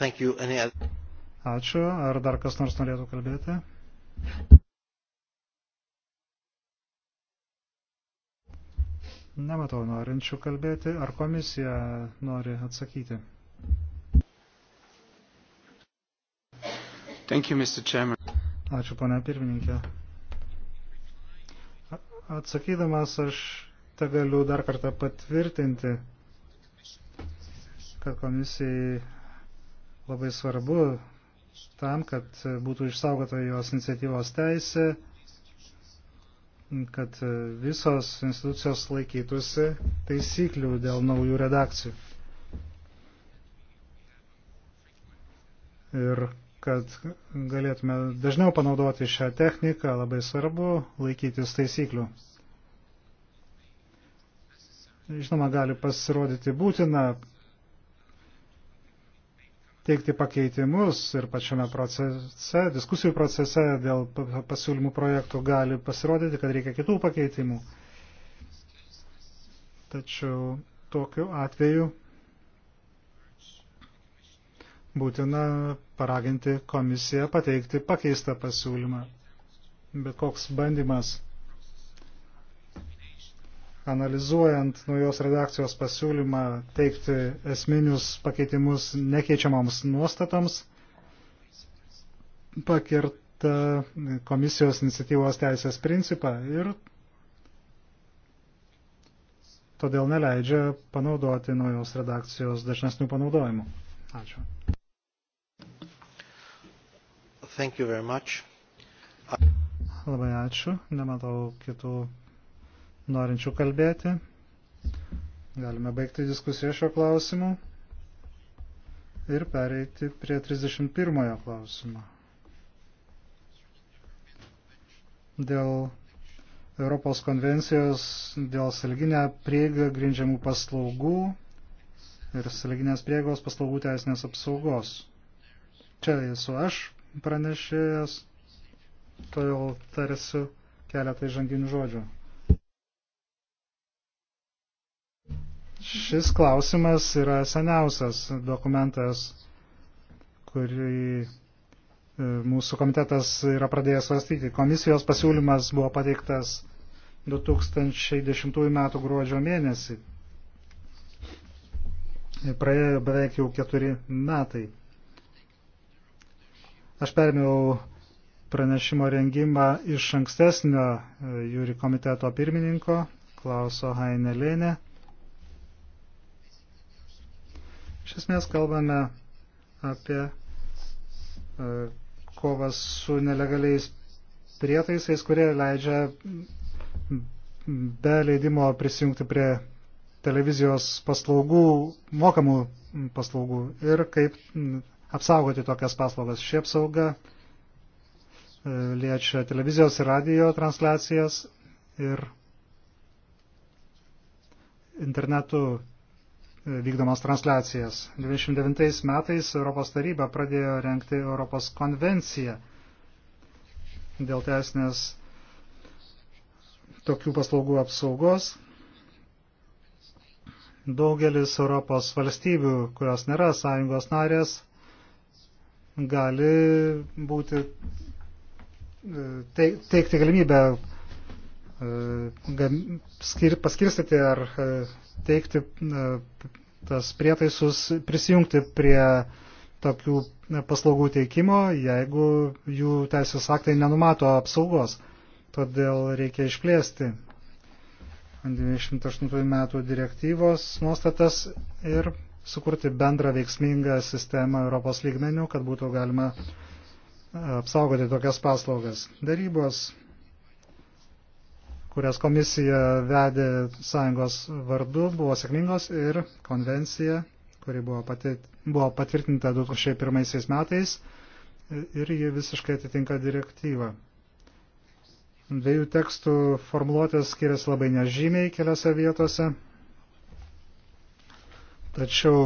C: Ačiū. Ar dar kas nors norėtų kalbėti? Nematau norinčių kalbėti. Ar komisija nori atsakyti? Thank you, Mr. Chairman. Ačiū, ponia pirmininkė. Atsakydamas aš te galiu dar kartą patvirtinti, kad komisijai labai svarbu tam, kad būtų išsaugota jos iniciatyvos teisė kad visos institucijos laikytųsi taisyklių dėl naujų redakcijų. Ir kad galėtume dažniau panaudoti šią techniką, labai svarbu laikytis taisyklių. Žinoma, gali pasirodyti būtina teikti pakeitimus ir pačiame procese, diskusijų procese dėl pasiūlymų projektų gali pasirodyti, kad reikia kitų pakeitimų. Tačiau tokiu atveju būtina paraginti komisiją pateikti pakeistą pasiūlymą. Bet koks bandymas analizuojant naujos redakcijos pasiūlymą teikti esminius pakeitimus nekeičiamoms nuostatoms, pakirta komisijos iniciatyvos teisės principą ir todėl neleidžia panaudoti naujos redakcijos dažnesnių panaudojimų.
A: Ačiū. Thank you very much.
C: Labai ačiū. Nematau kitų norinčių kalbėti. Galime baigti diskusiją šio klausimu ir pereiti prie 31 klausimo. Dėl Europos konvencijos dėl salginę prieigą grindžiamų paslaugų ir salginės prieigos paslaugų teisinės apsaugos. Čia esu aš pranešėjas, todėl tarsiu keletą žanginių žodžių. Šis klausimas yra seniausias dokumentas, kurį e, mūsų komitetas yra pradėjęs svarstyti. Komisijos pasiūlymas buvo pateiktas 2010 m. gruodžio mėnesį. Praėjo beveik jau keturi metai. Aš perėmiau pranešimo rengimą iš ankstesnio e, jūri komiteto pirmininko Klauso Hainelėne. Iš esmės kalbame apie e, kovas su nelegaliais prietaisais, kurie leidžia be leidimo prisijungti prie televizijos paslaugų, mokamų paslaugų ir kaip apsaugoti tokias paslaugas. Ši apsauga e, liečia televizijos ir radio transliacijas ir internetu E, vykdomas transliacijas. 29 metais Europos taryba pradėjo renkti Europos konvenciją dėl teisinės tokių paslaugų apsaugos. Daugelis Europos valstybių, kurios nėra sąjungos narės, gali būti e, teikti galimybę E, paskirstyti ar e, teikti e, tas prietaisus, prisijungti prie tokių paslaugų teikimo, jeigu jų teisės aktai nenumato apsaugos. Todėl reikia išplėsti 28 metų direktyvos nuostatas ir sukurti bendrą veiksmingą sistemą Europos lygmenių, kad būtų galima apsaugoti tokias paslaugas. Darybos kurias komisija vedė sąjungos vardu, buvo sėkmingos ir konvencija, kuri buvo, pati, buvo patvirtinta 2001 metais ir ji visiškai atitinka direktyvą. Dviejų tekstų formuluotės skiriasi labai nežymiai keliose vietose, tačiau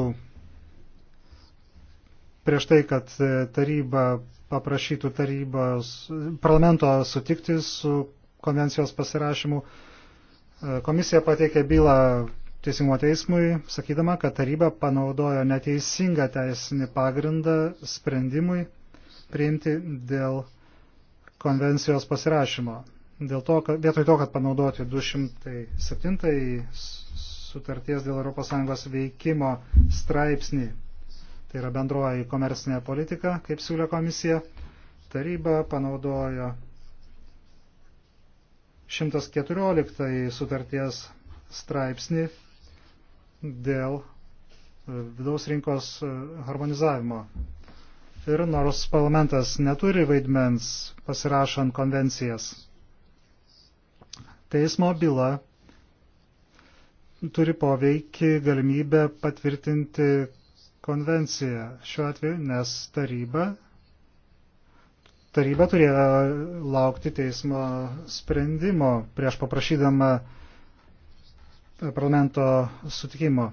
C: prieš tai, kad taryba paprašytų tarybos parlamento sutikti su konvencijos pasirašymų. E, komisija pateikė bylą Teisingumo teismui, sakydama, kad taryba panaudojo neteisingą teisinį pagrindą sprendimui priimti dėl konvencijos pasirašymo. Dėl to, kad, vietoj to, kad panaudoti 207 sutarties dėl ES veikimo straipsnį, tai yra bendroji komercinė politika, kaip siūlė komisija, taryba panaudojo 114 sutarties straipsnį dėl e, vidaus rinkos e, harmonizavimo. Ir nors parlamentas neturi vaidmens pasirašant konvencijas, teismo byla turi poveikį galimybę patvirtinti konvenciją šiuo atveju, nes taryba taryba turėjo laukti teismo sprendimo prieš paprašydama parlamento sutikimo.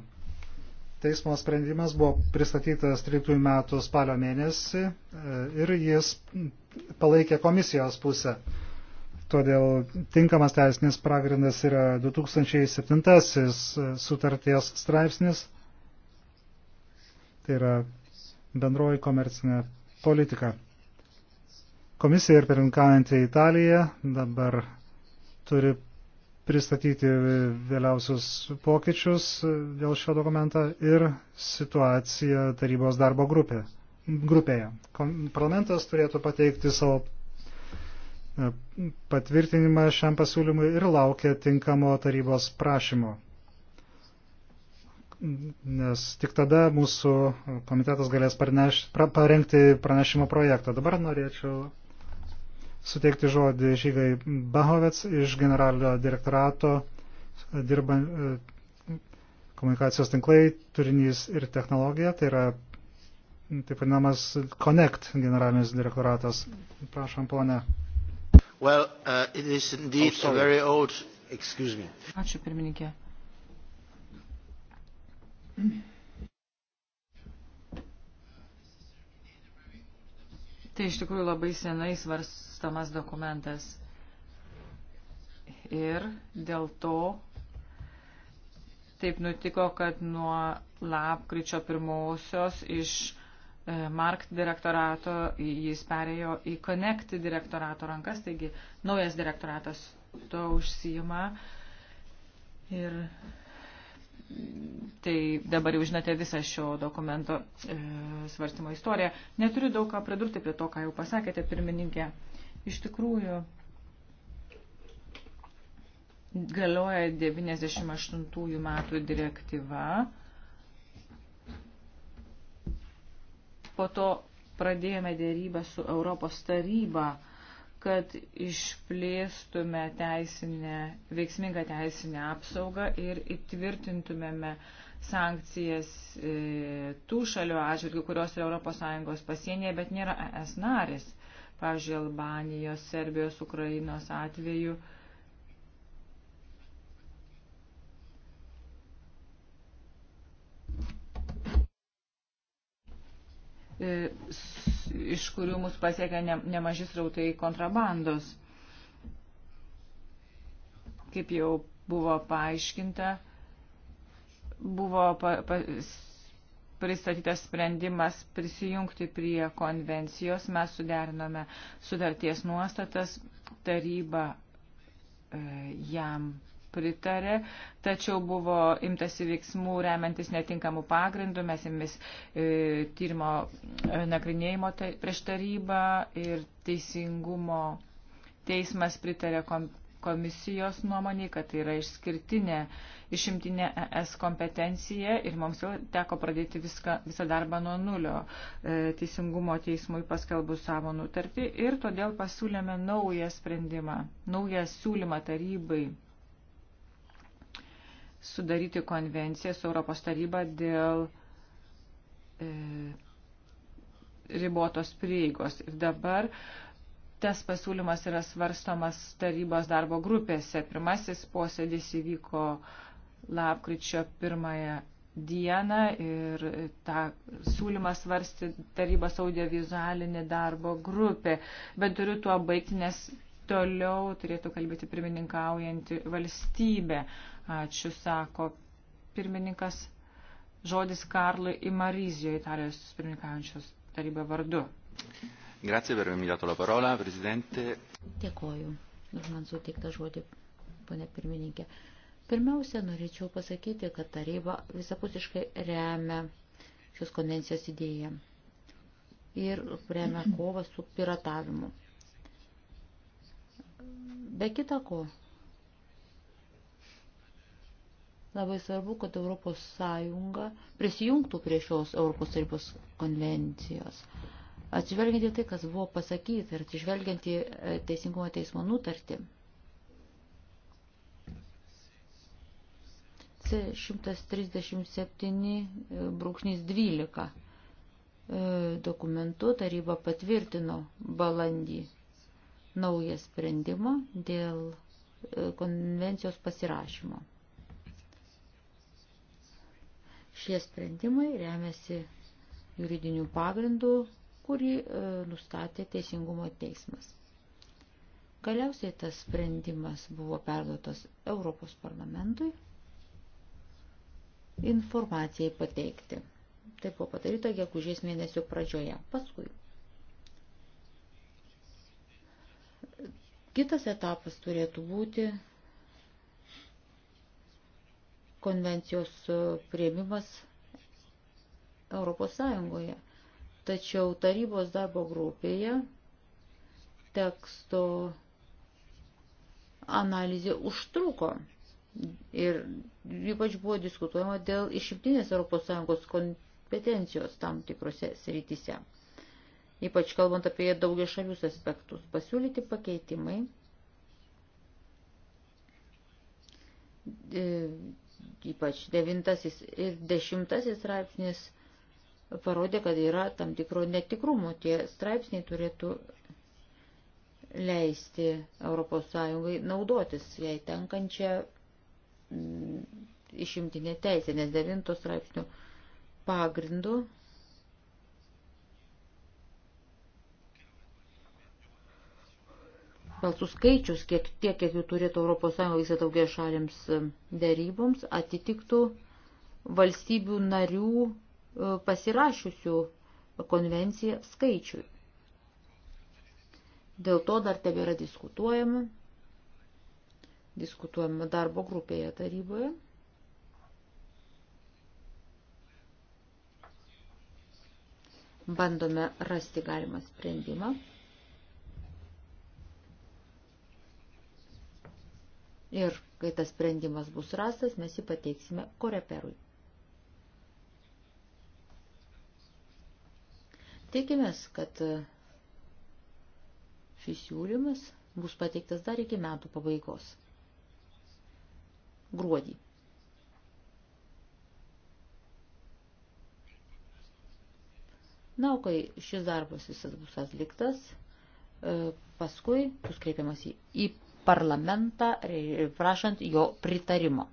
C: Teismo sprendimas buvo pristatytas 13 metų spalio mėnesį e, ir jis palaikė komisijos pusę. Todėl tinkamas teisinis pagrindas yra 2007 sutarties straipsnis. Tai yra bendroji komercinė politika. Komisija ir pirinkaujantį Italiją dabar turi pristatyti vėliausius pokyčius dėl šio dokumento ir situaciją tarybos darbo grupė, grupėje. Parlamentas turėtų pateikti savo e, patvirtinimą šiam pasiūlymui ir laukia tinkamo tarybos prašymo. Nes tik tada mūsų komitetas galės parneš, pra, parengti pranešimo projektą. Dabar norėčiau suteikti žodį Žygai Bahovec iš generalinio direktorato dirba e, komunikacijos tinklai, turinys ir technologija, tai yra taip vadinamas Connect generalinis direktoratas. Prašom, ponė.
A: Well, uh, it is indeed oh, very old. Excuse me.
B: Ačiū, pirmininkė. Tai iš tikrųjų labai senai svarstamas dokumentas. Ir dėl to taip nutiko, kad nuo lapkričio pirmosios iš e, Mark direktorato jis perėjo į Connect direktorato rankas, taigi naujas direktoratas to užsijima. Ir Tai dabar jau žinote visą šio dokumento e, svarstymo istoriją. Neturiu daug ką pridurti prie to, ką jau pasakėte, pirmininkė. Iš tikrųjų, galioja 98 metų direktyva. Po to pradėjome dėrybę su Europos taryba kad išplėstume teisinę, veiksmingą teisinę apsaugą ir įtvirtintumėme sankcijas e, tų šalių atžvilgių, kurios yra ES pasienyje, bet nėra ES narės. Pavyzdžiui, Albanijos, Serbijos, Ukrainos atveju. E, iš kurių mus pasiekia ne, nemaži srautai kontrabandos. Kaip jau buvo paaiškinta, buvo pa, pa, pristatytas sprendimas prisijungti prie konvencijos. Mes suderinome sudarties nuostatas, taryba e, jam pritarė, tačiau buvo imtasi veiksmų remiantis netinkamų pagrindų, mes ėmės e, tyrimo e, nagrinėjimo tai, prieš tarybą ir teisingumo teismas pritarė kom, komisijos nuomonį, kad tai yra išskirtinė, išimtinė ES kompetencija ir mums jau teko pradėti viską, visą darbą nuo nulio e, teisingumo teismui paskelbus savo nutartį ir todėl pasiūlėme naują sprendimą, naują siūlymą tarybai sudaryti konvenciją su Europos taryba dėl e, ribotos prieigos. Ir dabar tas pasiūlymas yra svarstomas tarybos darbo grupėse. Pirmasis posėdis įvyko lapkričio pirmąją dieną ir tą siūlymą svarsti tarybos audiovizualinė darbo grupė. Bet turiu tuo baigti, nes toliau turėtų kalbėti pirmininkaujanti valstybė. Ačiū, sako pirmininkas žodis Karlui Imarizijo, Italijos
D: pirmininkaujančios tarybą vardu.
E: Grazie per avermi dato la parola, prezidente.
D: Dėkoju už man suteiktą žodį, ponė pirmininkė. Pirmiausia, norėčiau pasakyti, kad taryba visapusiškai remia šios konvencijos idėją ir remia kovą su piratavimu. Be kita ko, labai svarbu, kad Europos Sąjunga prisijungtų prie šios Europos tarybos konvencijos. Atsižvelgiant į tai, kas buvo pasakyta ir atsižvelgiant į e, teisingumo teismo nutartį, 137.12 e, e, dokumentu taryba patvirtino balandį naują sprendimą dėl e, konvencijos pasirašymo. Šie sprendimai remiasi juridinių pagrindų, kurį e, nustatė Teisingumo teismas. Galiausiai tas sprendimas buvo perduotas Europos parlamentui informacijai pateikti. Tai buvo padaryta gegužės mėnesio pradžioje. Paskui Kitas etapas turėtų būti konvencijos prieimimas Europos Sąjungoje. Tačiau tarybos darbo grupėje teksto analizė užtruko ir ypač buvo diskutuojama dėl išimtinės ES kompetencijos tam tikrose srityse ypač kalbant apie daugia šalius aspektus. Pasiūlyti pakeitimai e, ypač devintasis ir dešimtasis straipsnis parodė, kad yra tam tikro netikrumo. Tie straipsniai turėtų leisti ES naudotis jai tenkančią mm, išimtinę teisę, nes devinto straipsnio pagrindu balsų skaičius, kiek tiek, kiek jų turėtų ES visą daugia šalėms e, dėryboms, atitiktų valstybių narių e, pasirašiusių konvenciją skaičiui. Dėl to dar tebėra diskutuojama, diskutuojama darbo grupėje taryboje. Bandome rasti galimą sprendimą. Ir kai tas sprendimas bus rastas, mes jį pateiksime koreperui. Tikimės, kad e, šis siūlymas bus pateiktas dar iki metų pabaigos. Gruodį. Na, o kai šis darbas visas bus atliktas, e, paskui bus kreipiamas į parlamentą, prašant jo pritarimo.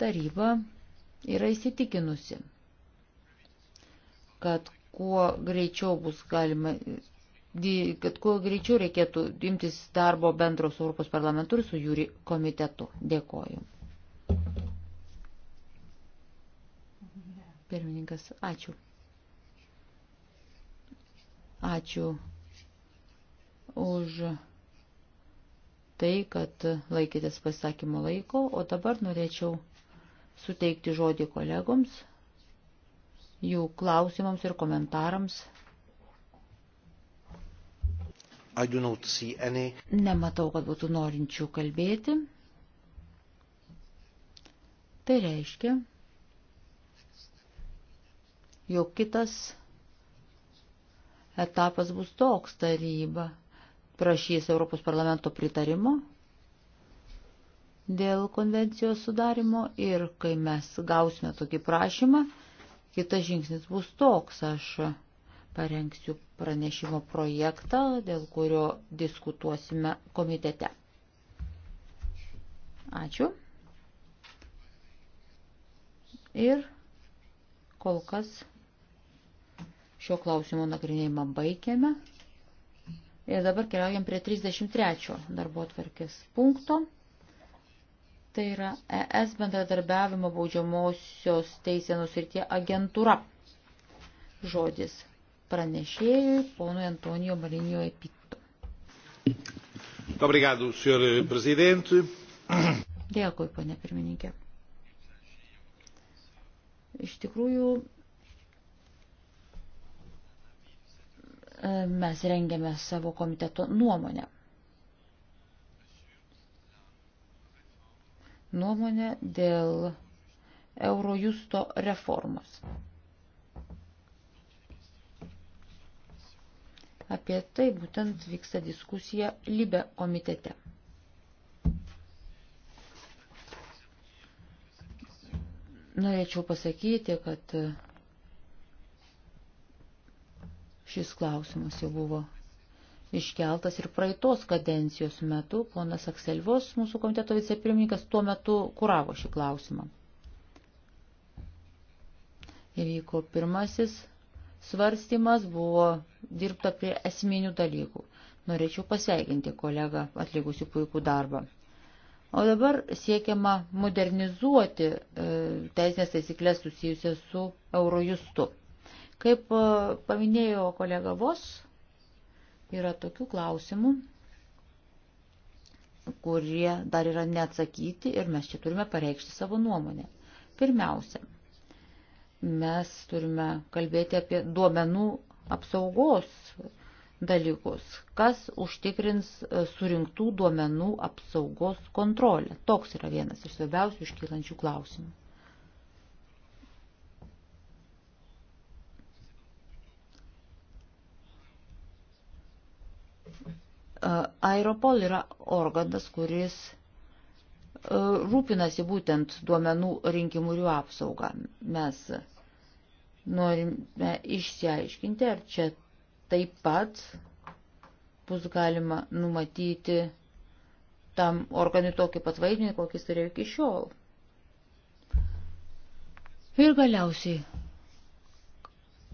D: Taryba yra įsitikinusi, kad kuo greičiau bus galima, kad kuo greičiau reikėtų imtis darbo bendro su Europos parlamentu ir su jūri komitetu. Dėkoju. Pirmininkas, ačiū. Ačiū už tai, kad laikytės pasakymo laiko, o dabar norėčiau suteikti žodį kolegoms, jų klausimams ir komentarams.
A: Any...
D: Nematau, kad būtų norinčių kalbėti. Tai reiškia, jog kitas etapas bus toks taryba prašys Europos parlamento pritarimo dėl konvencijos sudarimo ir kai mes gausime tokį prašymą, kitas žingsnis bus toks. Aš parengsiu pranešimo projektą, dėl kurio diskutuosime komitete. Ačiū. Ir kol kas šio klausimo nagrinėjimą baigėme. Ir dabar keliaujam prie 33 darbo atvarkės punkto. Tai yra ES bendradarbiavimo baudžiamosios teisėnus ir tie agentūra. Žodis pranešėjui ponui Antonijo Marinio Epito.
C: Obrigado, senhor presidente.
D: Dėkui, ponė pirmininkė. Iš tikrųjų, mes rengiame savo komiteto nuomonę. Nuomonę dėl Eurojusto reformos. Apie tai būtent vyksta diskusija Libe komitete. Norėčiau pasakyti, kad Šis klausimas jau buvo iškeltas ir praeitos kadencijos metu. Ponas Akselvos, mūsų komiteto vicepirmininkas, tuo metu kuravo šį klausimą. Įvyko pirmasis svarstymas, buvo dirbta prie esminių dalykų. Norėčiau pasveikinti kolegą atlikusių puikų darbą. O dabar siekiama modernizuoti e, teisinės taisyklės susijusias su Eurojustu. Kaip e, paminėjo kolega Vos, yra tokių klausimų, kurie dar yra neatsakyti ir mes čia turime pareikšti savo nuomonę. Pirmiausia, mes turime kalbėti apie duomenų apsaugos dalykus, kas užtikrins e, surinktų duomenų apsaugos kontrolę. Toks yra vienas iš svarbiausių iškylančių klausimų. Aeropol yra organas, kuris rūpinasi būtent duomenų rinkimų ir jų apsaugą. Mes norime išsiaiškinti, ar čia taip pat bus galima numatyti tam organui tokį pat vaidmenį, kokį jis turėjo iki šiol. Ir galiausiai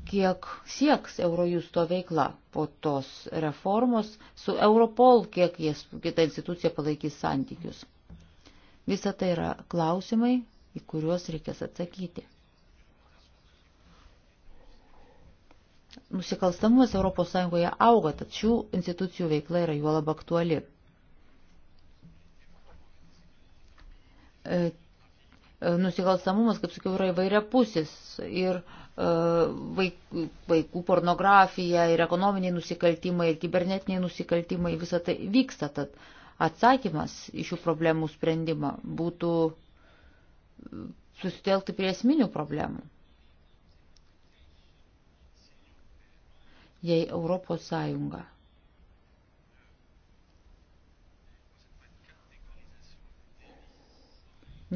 D: kiek sieks Eurojusto veikla po tos reformos, su Europol, kiek jis, kita institucija palaikys santykius. Visa tai yra klausimai, į kuriuos reikės atsakyti. Nusikalstamumas ES auga, tad šių institucijų veikla yra juolab aktuali. E, e, nusikalstamumas, kaip sakiau, yra įvairia pusis ir uh, vaikų pornografija ir ekonominiai nusikaltimai ir kibernetiniai nusikaltimai, visa tai vyksta. Tad atsakymas iš šių problemų sprendimą būtų susitelkti prie esminių problemų. Jei Europos Sąjunga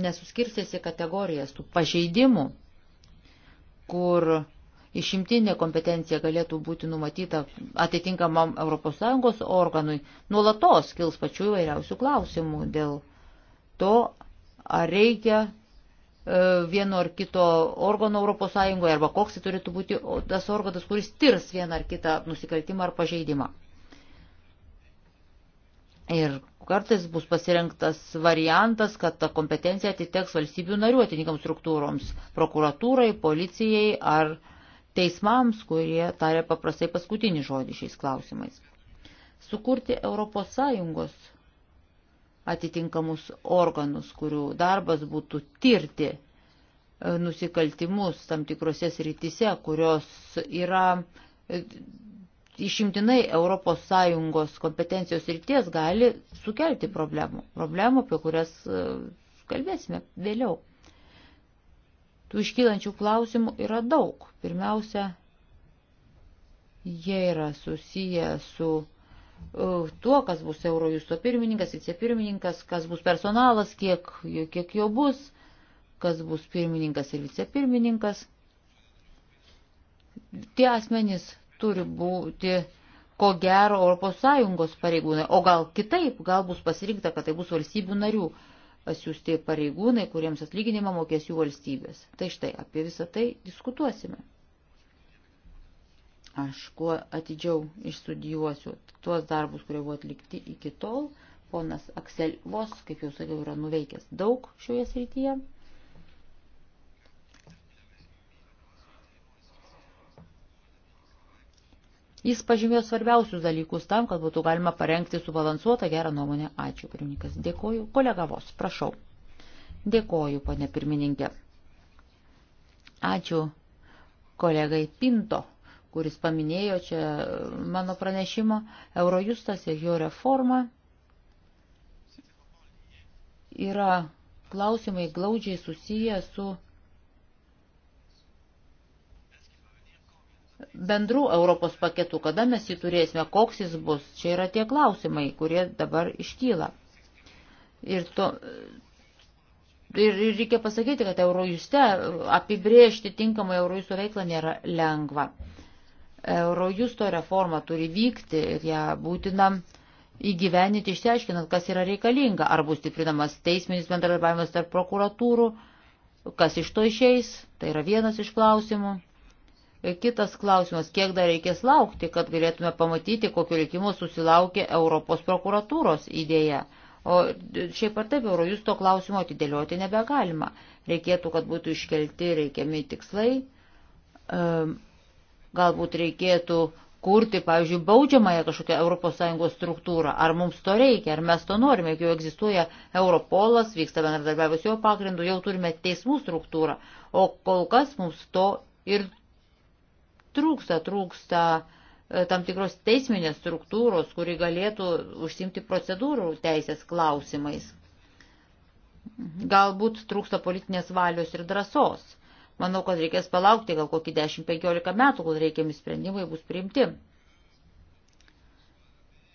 D: nesuskirstėsi kategorijas tų pažeidimų, kur išimtinė kompetencija galėtų būti numatyta atitinkamam ES organui, nuolatos kils pačių įvairiausių klausimų dėl to, ar reikia e, vieno ar kito organo ES arba koks tai turėtų būti tas organas, kuris tirs vieną ar kitą nusikaltimą ar pažeidimą. Ir kartais bus pasirinktas variantas, kad ta kompetencija atiteks valstybių narių atitinkams struktūroms - prokuratūrai, policijai ar teismams, kurie tarė paprastai paskutinį žodį šiais klausimais. Sukurti ES atitinkamus organus, kurių darbas būtų tirti e, nusikaltimus tam tikrose srityse, kurios yra e, išimtinai ES kompetencijos ryties gali sukelti problemų. Problemų, apie kurias e, kalbėsime vėliau. Tų iškylančių klausimų yra daug. Pirmiausia, jie yra susiję su e, tuo, kas bus Eurojusto pirmininkas, vicepirmininkas, kas bus personalas, kiek, kiek jo bus, kas bus pirmininkas ir vicepirmininkas. Tie asmenys turi būti, ko gero, ES pareigūnai. O gal kitaip, gal bus pasirinkta, kad tai bus valstybių narių pasiūsti pareigūnai, kuriems atlyginimą mokės jų valstybės. Tai štai, apie visą tai diskutuosime. Aš kuo atidžiau išstudijuosiu tuos darbus, kurie buvo atlikti iki tol. Ponas Aksel Vos, kaip jau sakiau, yra nuveikęs daug šioje srityje. Jis pažymėjo svarbiausius dalykus tam, kad būtų galima parengti subalansuotą gerą nuomonę. Ačiū, pirmininkas. Dėkoju. Kolega Vos, prašau. Dėkoju, ponė pirmininkė. Ačiū kolegai Pinto, kuris paminėjo čia mano pranešimo Eurojustas ir jo reforma. Yra klausimai glaudžiai susiję su bendrų Europos paketų, kada mes jį turėsime, koks jis bus. Čia yra tie klausimai, kurie dabar iškyla. Ir, to, ir, ir reikia pasakyti, kad Eurojuste apibriežti tinkamą Eurojusto veiklą nėra lengva. Eurojusto reforma turi vykti ir ją būtina įgyveninti išsiaiškinant, kas yra reikalinga, ar bus stiprinamas teisminis bendradarbiavimas tarp prokuratūrų, kas iš to išeis, tai yra vienas iš klausimų. E, kitas klausimas, kiek dar reikės laukti, kad galėtume pamatyti, kokio likimo susilaukė Europos prokuratūros idėja. O šiaip ar taip, Eurojusto klausimo atidėlioti nebegalima. Reikėtų, kad būtų iškelti reikiami tikslai. E, galbūt reikėtų kurti, pavyzdžiui, baudžiamąją kažkokią ES struktūrą. Ar mums to reikia, ar mes to norime, jeigu egzistuoja Europolas, vyksta bendradarbiavimas jo pagrindu, jau turime teismų struktūrą. O kol kas mums to ir trūksta, trūksta e, tam tikros teisminės struktūros, kuri galėtų užsimti procedūrų teisės klausimais. Galbūt trūksta politinės valios ir drąsos. Manau, kad reikės palaukti gal kokį 10-15 metų, kol reikiami sprendimai bus priimti,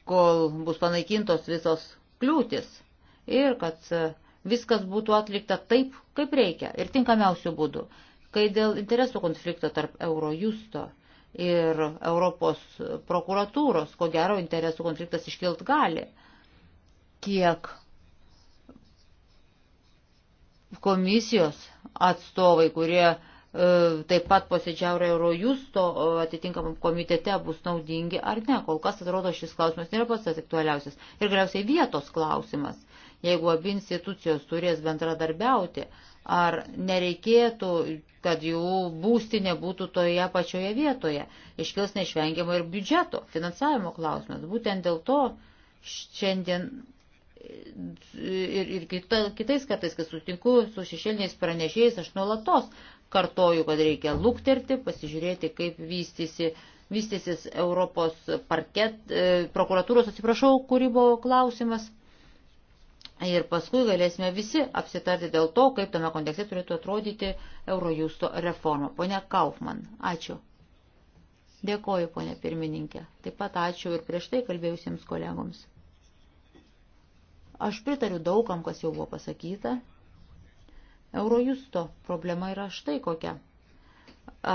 D: kol bus panaikintos visos kliūtis ir kad viskas būtų atlikta taip, kaip reikia ir tinkamiausių būdų. Kai dėl interesų konflikto tarp Eurojusto ir Europos prokuratūros, ko gero interesų konfliktas iškilt gali, kiek komisijos atstovai, kurie e, taip pat posėdžiauja Eurojusto e, atitinkamam komitete bus naudingi ar ne. Kol kas atrodo šis klausimas nėra pats aktualiausias. Ir galiausiai vietos klausimas. Jeigu abi institucijos turės bendradarbiauti, Ar nereikėtų, kad jų būstinė būtų toje pačioje vietoje? Iškils neišvengiamai ir biudžeto finansavimo klausimas. Būtent dėl to šiandien ir, ir kita, kitais kartais, kai sutinku su šešėliniais pranešėjais, aš nuolatos kartoju, kad reikia lukterti, pasižiūrėti, kaip vystysi, vystysis Europos parket, e, prokuratūros, atsiprašau, kuri buvo klausimas. Ir paskui galėsime visi apsitarti dėl to, kaip tame kontekste turėtų atrodyti Eurojusto reforma. Pone Kaufman, ačiū. Dėkoju, ponė pirmininkė. Taip pat ačiū ir prieš tai kalbėjusiems kolegoms. Aš pritariu daugam, kas jau buvo pasakyta. Eurojusto problema yra štai kokia.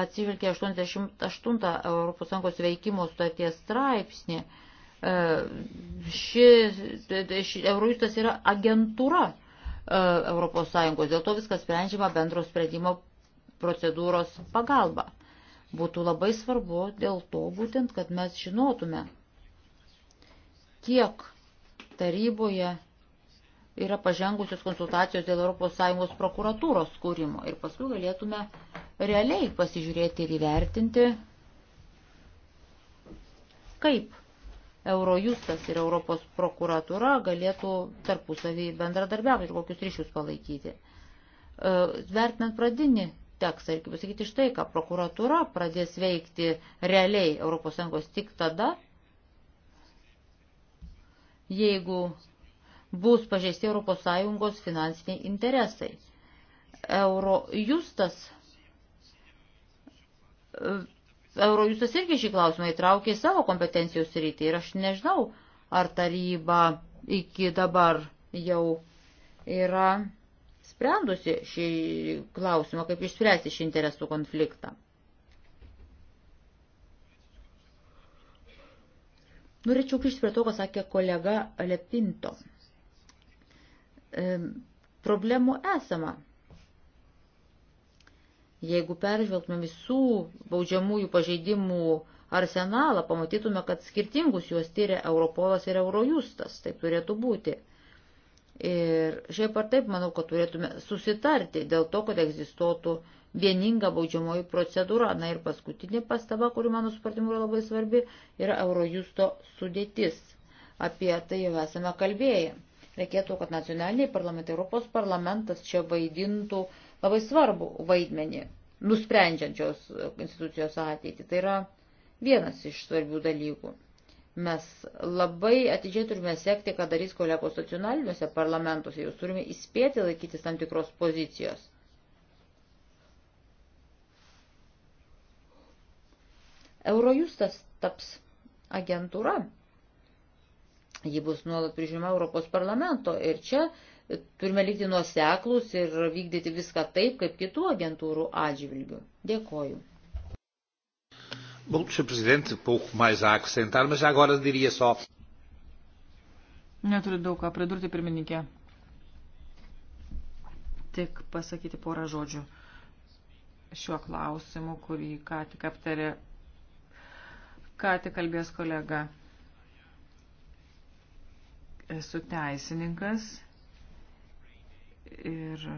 D: Atsižvelgia 88 ES veikimo sutarties straipsnį E, ši, ši Eurojustas yra agentūra e, Europos Sąjungos, dėl to viskas sprendžiama bendro sprendimo procedūros pagalba. Būtų labai svarbu dėl to būtent, kad mes žinotume, kiek taryboje yra pažengusios konsultacijos dėl ES prokuratūros skūrimo. Ir paskui galėtume realiai pasižiūrėti ir įvertinti, kaip Eurojustas ir Europos prokuratūra galėtų tarpusavį bendradarbiavimą ir kokius ryšius palaikyti. E, vertinant pradinį tekstą, reikia pasakyti štai, ką prokuratūra pradės veikti realiai ES tik tada, jeigu bus pažeisti ES finansiniai interesai. Eurojustas Eurojustas irgi šį klausimą įtraukė į savo kompetencijos rytį ir aš nežinau, ar taryba iki dabar jau yra sprendusi šį klausimą, kaip išspręsti šį interesų konfliktą. Norėčiau grįžti prie to, ką sakė kolega Lepinto. E, problemų esama Jeigu peržvelgtume visų baudžiamųjų pažeidimų arsenalą, pamatytume, kad skirtingus juos tyria Europolas ir Eurojustas. Taip turėtų būti. Ir šiaip ar taip, manau, kad turėtume susitarti dėl to, kad egzistuotų vieninga baudžiamoji procedūra. Na ir paskutinė pastaba, kuri mano supratimu yra labai svarbi, yra Eurojusto sudėtis. Apie tai jau esame kalbėję. Reikėtų, kad nacionaliniai parlamentai, Europos parlamentas čia vaidintų uh, labai svarbu vaidmenį nusprendžiančios institucijos ateitį. Tai yra vienas iš svarbių dalykų. Mes labai atidžiai turime sekti, ką darys kolegos nacionaliniuose parlamentuose. Jūs turime įspėti laikytis tam tikros pozicijos. Eurojustas taps agentūra. Ji bus nuolat prižiūrima Europos parlamento ir čia turime likti nuoseklus ir vykdyti viską taip, kaip kitų agentūrų atžvilgių. Dėkoju.
C: Bom, Sr. Presidente, pouco mais a acrescentar, mas agora diria só.
B: Neturiu daug ką pridurti, pirmininkė. Tik pasakyti porą žodžių šiuo klausimu, kurį ką tik aptarė, ką tik kalbės kolega. Esu teisininkas ir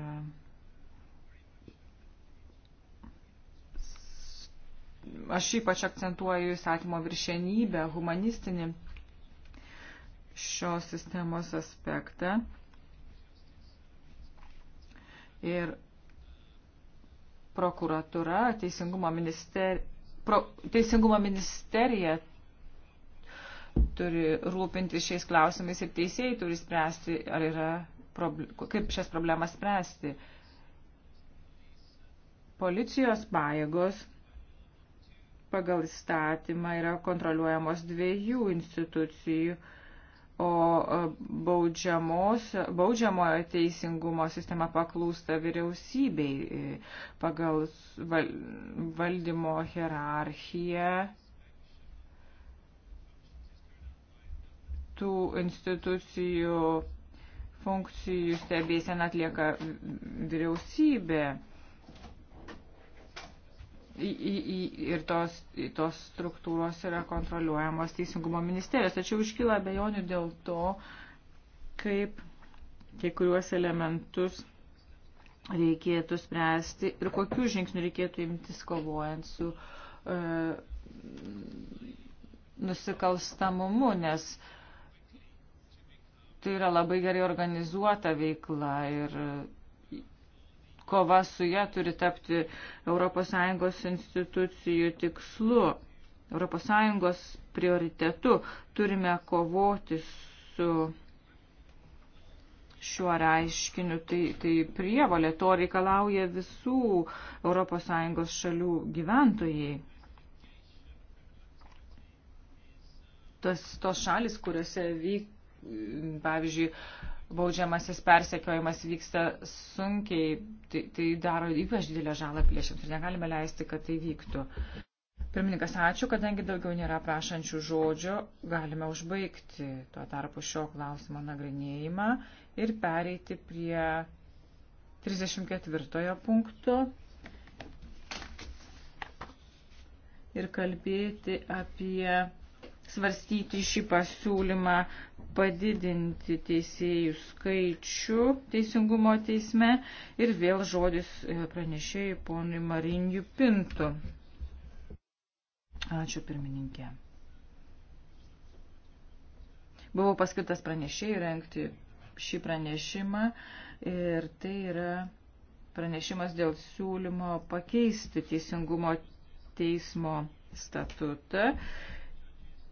B: aš ypač akcentuoju įstatymo viršenybę, humanistinį šios sistemos aspektą. Ir prokuratura, teisingumo, minister, pro, teisingumo ministerija turi rūpinti šiais klausimais ir teisėjai turi spręsti, ar yra kaip šias problemas spręsti. Policijos pajėgos pagal įstatymą yra kontroliuojamos dviejų institucijų, o e, baudžiamojo teisingumo sistema paklūsta vyriausybei e, pagal valdymo hierarchiją. Tų institucijų funkcijų stebėsien atlieka vyriausybė. I, i, i, ir tos, tos struktūros yra kontroliuojamos Teisingumo ministerijos. Tačiau iškyla bejonių dėl to, kaip kai kuriuos elementus reikėtų spręsti ir kokių žingsnių reikėtų imtis kovojant su e, nusikalstamumu, nes e, tai yra labai gerai organizuota veikla ir kova su ją turi tapti ES institucijų tikslu, ES prioritetu. Turime kovoti su šiuo reiškiniu, tai, tai prievalė, to reikalauja visų ES šalių gyventojai. Tas, tos šalis, kuriuose vyk, pavyzdžiui, baudžiamasis persekiojimas vyksta sunkiai, tai, tai daro ypač didelę žalą plėšiams ir negalime leisti, kad tai vyktų. Pirmininkas, ačiū, kadangi daugiau nėra prašančių žodžio, galime užbaigti tuo tarpu šio klausimo nagrinėjimą ir pereiti prie 34 punkto ir kalbėti apie svarstyti šį pasiūlymą padidinti teisėjų skaičių teisingumo teisme ir vėl žodis e, pranešėjai ponui Marinijų Pintu. Ačiū pirmininkė. Buvau paskirtas pranešėjai renkti šį pranešimą ir tai yra pranešimas dėl siūlymo pakeisti teisingumo teismo statutą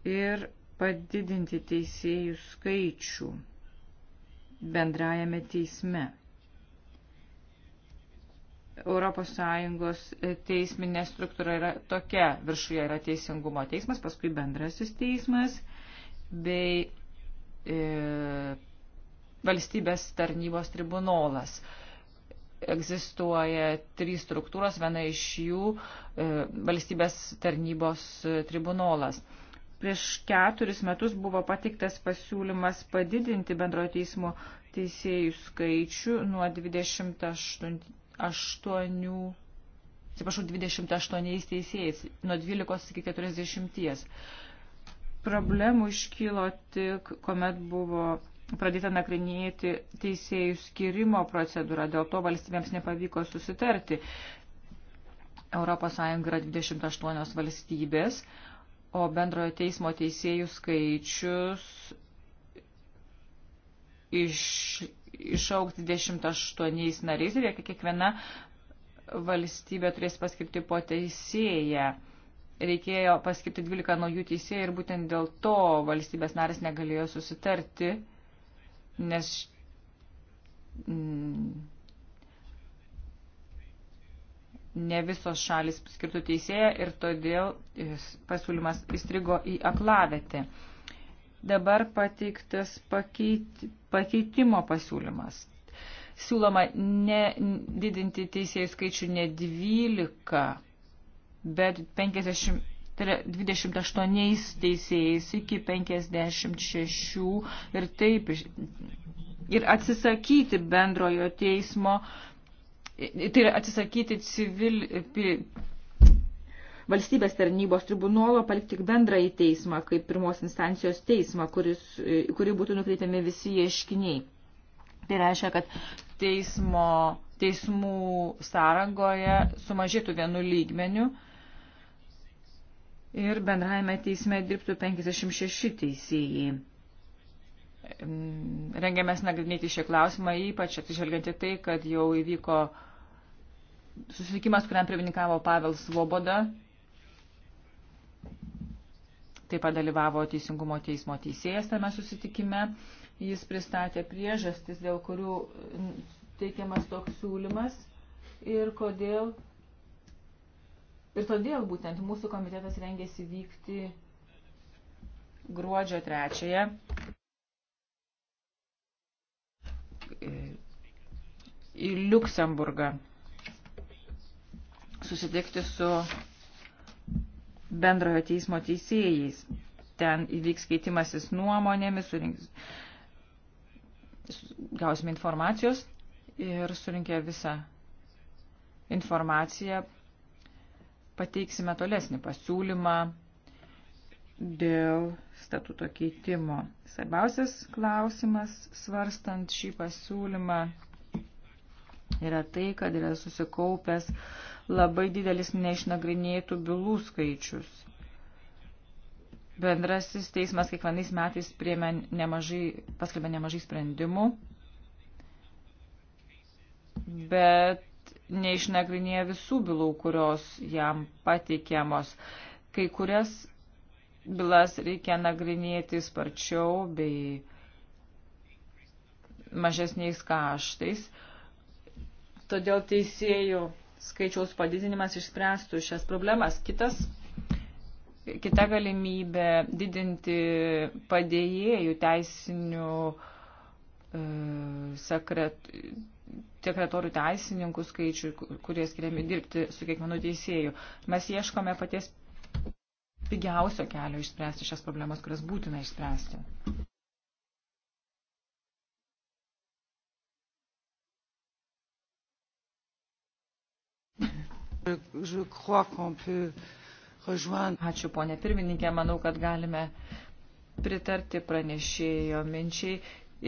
B: ir padidinti teisėjų skaičių bendrajame teisme. ES teisminė struktūra yra tokia. Viršuje yra teisingumo teismas, paskui bendrasis teismas bei e, valstybės tarnybos tribunolas. Egzistuoja trys struktūros, viena iš jų e, valstybės tarnybos tribunolas. E, Prieš keturis metus buvo patiktas pasiūlymas padidinti bendrojo teismo teisėjų skaičių nuo 28, 8, atsiprašau, 28 teisėjais, nuo 12 iki 40. Problemų iškylo tik, kuomet buvo pradėta nagrinėti teisėjų skirimo procedūrą, dėl to valstybėms nepavyko susitarti. ES yra 28 valstybės, o bendrojo teismo teisėjų skaičius iš, išaukti 28 nariais ir kiekviena valstybė turės paskirti po teisėją. Reikėjo paskirti 12 naujų teisėjų ir būtent dėl to valstybės narės negalėjo susitarti, nes mm, ne visos šalis skirtų teisėją ir todėl pasiūlymas įstrigo į aklavietę. Dabar pateiktas pakeit, pakeitimo pasiūlymas. Siūloma ne didinti teisėjų skaičių ne 12, bet 50, tai yra 28 teisėjais iki 56 ir taip ir atsisakyti bendrojo teismo uh, tai yra atsisakyti civil, pi, valstybės tarnybos tribunolo, palikti tik bendrąjį teismą, kaip pirmos instancijos teismą, kuris, e, kuri būtų nukreipiami visi ieškiniai. Tai reiškia, kad teismo, teismų sąrangoje sumažėtų vienu lygmeniu ir bendrajame teisme dirbtų 56 teisėjai rengiamės nagrinėti šį klausimą, ypač atsižvelgiant į tai, kad jau įvyko susitikimas, kuriam pirmininkavo Pavel Svoboda. Taip pat dalyvavo Teisingumo teismo teisėjas tame susitikime. Jis pristatė priežastis, dėl kurių teikiamas toks siūlymas ir kodėl. Ir todėl būtent mūsų komitetas rengėsi vykti gruodžio trečiąją į Luksemburgą susitikti su bendrojo teismo teisėjais. Ten įvyks keitimasis nuomonėmis, surinks, gausime informacijos ir surinkę visą informaciją pateiksime tolesnį pasiūlymą dėl statuto keitimo. Svarbiausias klausimas svarstant šį pasiūlymą yra tai, kad yra susikaupęs labai didelis neišnagrinėtų bylų skaičius. Bendrasis teismas kiekvienais metais nemažai, paskelbė nemažai sprendimų, bet neišnagrinėja visų bylų, kurios jam pateikiamos. Kai kurias bylas reikia nagrinėti sparčiau bei mažesniais kaštais. Todėl teisėjų skaičiaus padidinimas išspręstų šias problemas. Kitas, kita galimybė didinti padėjėjų teisinių e, sekret, sekretorių teisininkų skaičių, kurie skiriami dirbti su kiekvienu teisėju. Mes ieškome paties pigiausio kelio išspręsti šias problemas, kurias būtina išspręsti. Ačiū, ponė pirmininkė, manau, kad galime pritarti pranešėjo minčiai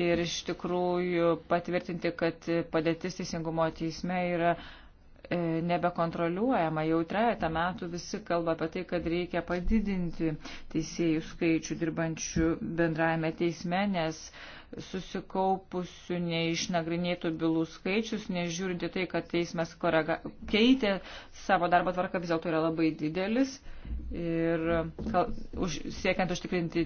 B: ir iš tikrųjų patvirtinti, kad padėtis teisingumo teisme yra uh, E, nebekontroliuojama. Jau trejata metų visi kalba apie tai, kad reikia padidinti teisėjų skaičių dirbančių bendrajame teisme, nes susikaupusių neišnagrinėtų bylų skaičius, nežiūrinti tai, kad teismas korega, keitė savo darbo tvarką, vis dėlto yra labai didelis. Ir kal, už, siekiant užtikrinti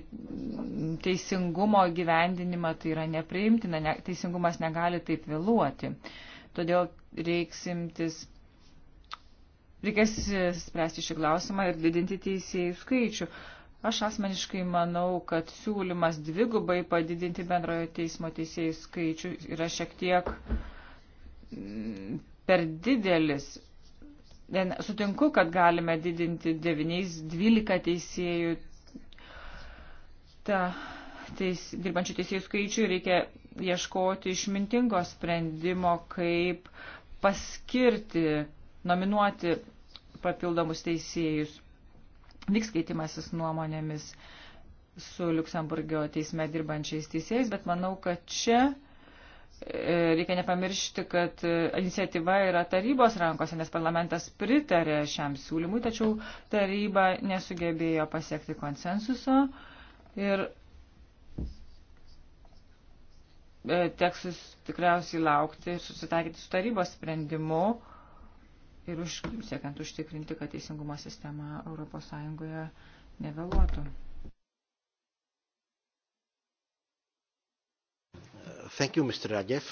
B: teisingumo gyvendinimą, tai yra nepriimtina, ne, teisingumas negali taip vėluoti. Uh, Todėl reiks imtis, reikės spręsti šį klausimą ir didinti teisėjų skaičių. Aš asmeniškai manau, kad siūlymas dvigubai padidinti bendrojo teismo teisėjų skaičių yra šiek tiek mm, per didelis. Sutinku, kad galime didinti 9-12 teisėjų. Ta, teis, dirbančių teisėjų skaičių reikia ieškoti išmintingo sprendimo, kaip paskirti, nominuoti papildomus teisėjus. Vyks keitimasis nuomonėmis su Luksemburgio teisme dirbančiais teisėjais, bet manau, kad čia e, reikia nepamiršti, kad e, iniciatyva yra tarybos rankose, nes parlamentas pritarė šiam siūlymui, tačiau taryba nesugebėjo pasiekti konsensuso ir E, teks tikriausiai laukti ir susitaikyti su tarybos sprendimu ir už, siekiant užtikrinti, kad teisingumo sistema ES nevėluotų.
A: Thank you, Mr. Radev.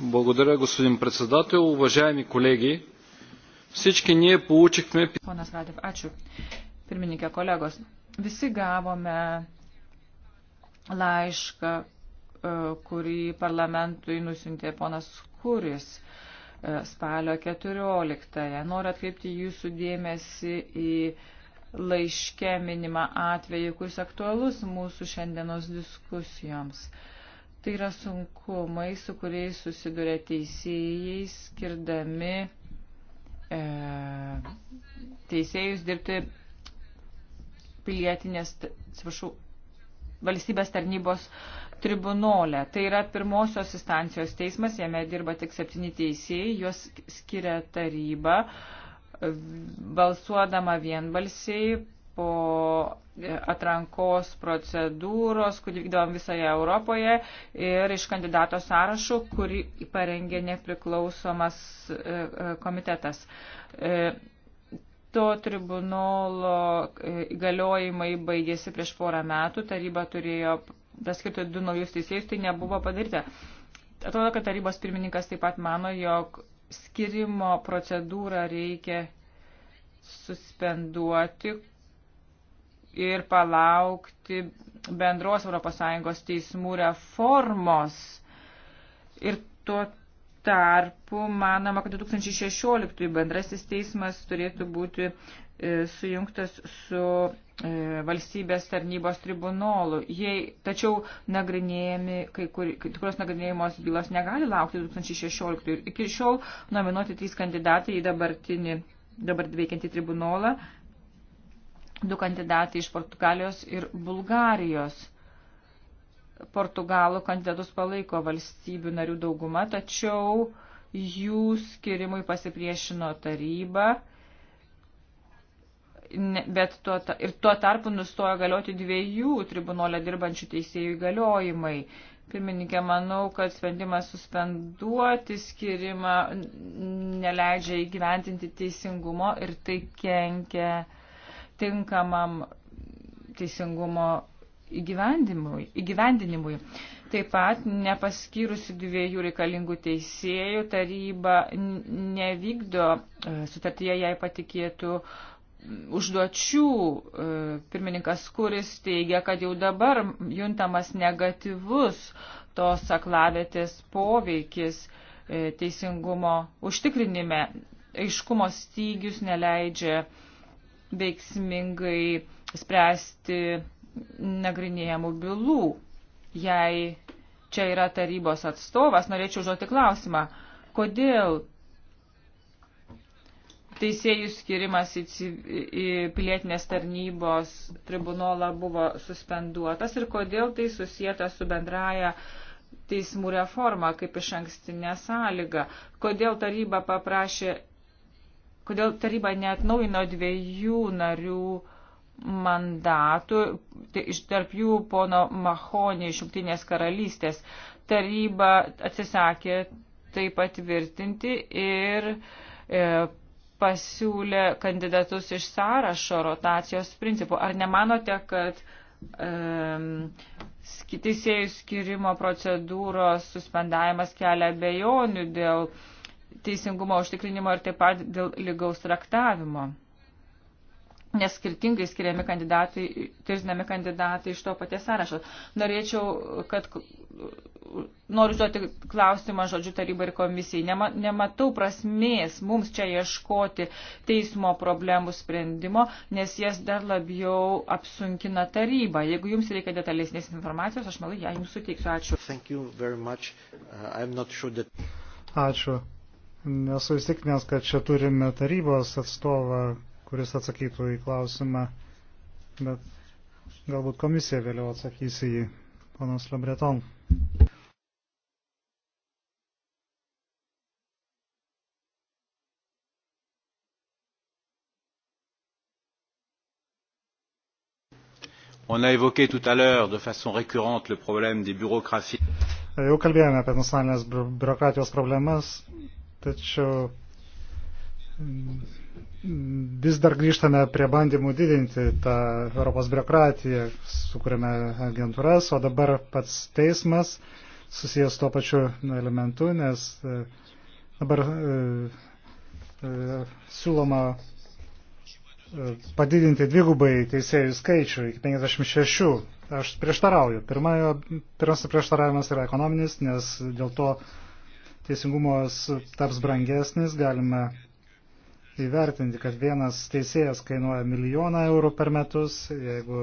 C: Благодаря, господин председател. Уважаеми колеги,
B: всички ние получихме... Понас Радев, ačiū. Pirmininkė, kolegos, visi gavome laišką, e, kurį parlamentui nusintė ponas Kuris e, spalio 14-ąją. Noriu atkreipti jūsų dėmesį į laiške minimą atvejį, kuris aktualus mūsų šiandienos diskusijoms. Tai yra sunkumai, su kuriais susiduria teisėjai, skirdami e, teisėjus dirbti pilietinės, atsiprašau, valstybės tarnybos tribunolę. Tai yra pirmosios instancijos teismas, jame dirba tik septyni teisėjai, juos skiria taryba, balsuodama vienbalsiai po atrankos procedūros, kurį vykdavom visoje Europoje ir iš kandidato sąrašų, kurį parengė nepriklausomas e, e, komitetas. E, To tribunolo e, įgaliojimai baigėsi prieš porą metų, taryba turėjo paskirti du naujus teisėjus, tai nebuvo padaryta. Atrodo, kad tarybos pirmininkas taip pat mano, jog skirimo procedūrą reikia suspenduoti ir palaukti bendros ES teismų reformos. Ir tuo tarpu manoma, kad 2016 bendrasis teismas turėtų būti e, sujungtas su e, valstybės tarnybos tribunolu. Jei, tačiau nagrinėjami, kai, kur, kai kurios nagrinėjimos bylos negali laukti 2016. Ir iki šiol nominuoti trys kandidatai į dabartinį, dabar veikiantį tribunolą. Du kandidatai iš Portugalijos ir Bulgarijos. Portugalų kandidatus palaiko valstybių narių dauguma, tačiau jų skirimui pasipriešino taryba. Bet tuo, ir tuo tarpu nustojo galioti dviejų tribunolę dirbančių teisėjų įgaliojimai. Pirmininkė, manau, kad sprendimas suspenduoti skirimą neleidžia įgyventinti teisingumo ir tai kenkia tinkamam teisingumo įgyvendinimui. Taip pat nepaskyrusi dviejų reikalingų teisėjų taryba nevykdo e, sutartyje jai patikėtų užduočių. E, pirmininkas Kuris teigia, kad jau dabar juntamas negatyvus tos aklavėtės poveikis e, teisingumo užtikrinime. Aiškumo stygius neleidžia veiksmingai spręsti nagrinėjamų bylų. Jei čia yra tarybos atstovas, norėčiau žodį klausimą, kodėl teisėjų skirimas į, į pilietinės tarnybos tribunolą buvo suspenduotas ir kodėl tai susijęta su bendraja teismų reforma kaip iš ankstinė sąlyga. Kodėl taryba paprašė, kodėl taryba neatnaujino dviejų narių uh, mandatų, tai iš tarp jų pono Mahonį iš Junktinės karalystės. Taryba atsisakė tai patvirtinti ir e, pasiūlė kandidatus iš sąrašo rotacijos principų. Ar nemanote, kad e, teisėjų skirimo procedūros suspendavimas kelia bejonių dėl teisingumo užtikrinimo ir taip pat dėl lygaus traktavimo? nes skirtingai skiriami kandidatai, tirzinami kandidatai iš to paties sąrašo. Norėčiau, kad noriu duoti klausimą žodžių tarybai ir komisijai. Nema, nematau prasmės mums čia ieškoti teismo problemų sprendimo, nes jas dar labiau apsunkina taryba. Jeigu jums reikia detalesnės informacijos, aš malai ją jums suteiksiu. Ačiū. Uh, sure that...
C: Ačiū. Nesu įsitikinęs, kad čia turime tarybos atstovą, kuris atsakytų į klausimą, bet galbūt komisija vėliau atsakys į jį. Panas Lebreton.
A: On a évoqué tout à l'heure de façon récurrente le problème des bureaucraties.
C: Jau kalbėjome apie nacionalinės biurokratijos problemas, tačiau vis dar grįžtame prie bandymų didinti tą Europos biurokratiją, sukūrėme agentūras, o dabar pats teismas susijęs tuo pačiu nu, elementu, nes e, dabar e, e, siūloma e, padidinti dvigubai teisėjų skaičių iki 56. Aš prieštarauju. Pirmajo, pirmasis prieštaravimas yra ekonominis, nes dėl to teisingumas taps brangesnis, galime įvertinti, kad vienas teisėjas kainuoja milijoną eurų per metus, jeigu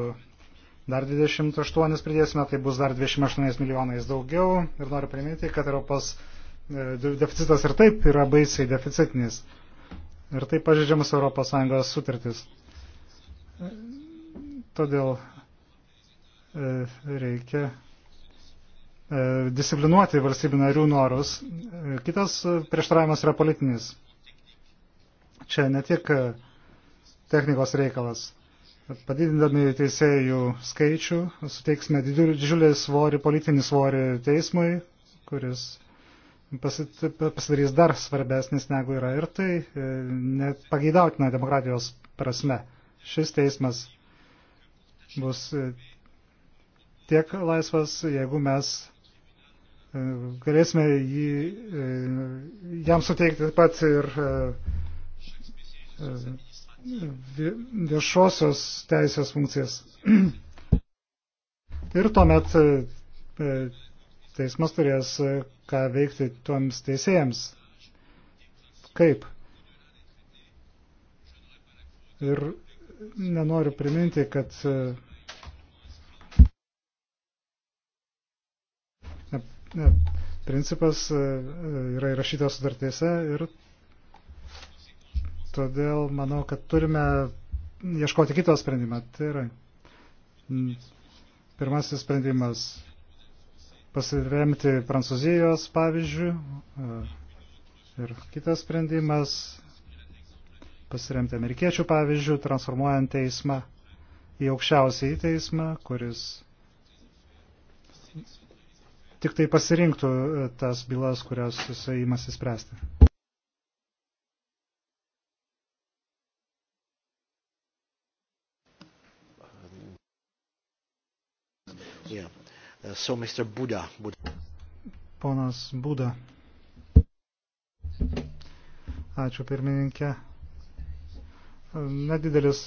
C: dar 28 pridėsime, tai bus dar 28 milijonais daugiau ir noriu priminti, kad Europos e, deficitas ir taip yra baisiai deficitinis ir taip pažydžiamas ES sutartis. E, todėl e, reikia disciplinuoti valstybių narių norus. Kitas prieštaravimas yra politinis čia ne tik e, technikos reikalas. Padidindami teisėjų skaičių suteiksime didžiulį svorį, politinį svorį teismui, kuris pasidarys dar svarbesnis negu yra ir tai e, nepageidautina demokratijos prasme. Šis teismas bus e, tiek laisvas, jeigu mes galėsime jį, jam suteikti taip pat ir viešosios teisės funkcijas. Ir tuomet e, teismas turės e, ką veikti tuoms teisėjams. Kaip? Ir nenoriu priminti, kad e, principas yra įrašytas sutartėse ir Todėl manau, kad turime ieškoti kito sprendimą. Tai yra pirmasis sprendimas pasiremti Prancūzijos pavyzdžių ir kitas sprendimas pasiremti amerikiečių pavyzdžių, transformuojant teismą į aukščiausiąjį teismą, kuris tik tai pasirinktų tas bylas, kurias jisai imasi spręsti.
A: Yeah. Uh, so, Mr. Buda. Buda.
C: Ponas Buda. Ačiū pirmininkė. Nedidelis,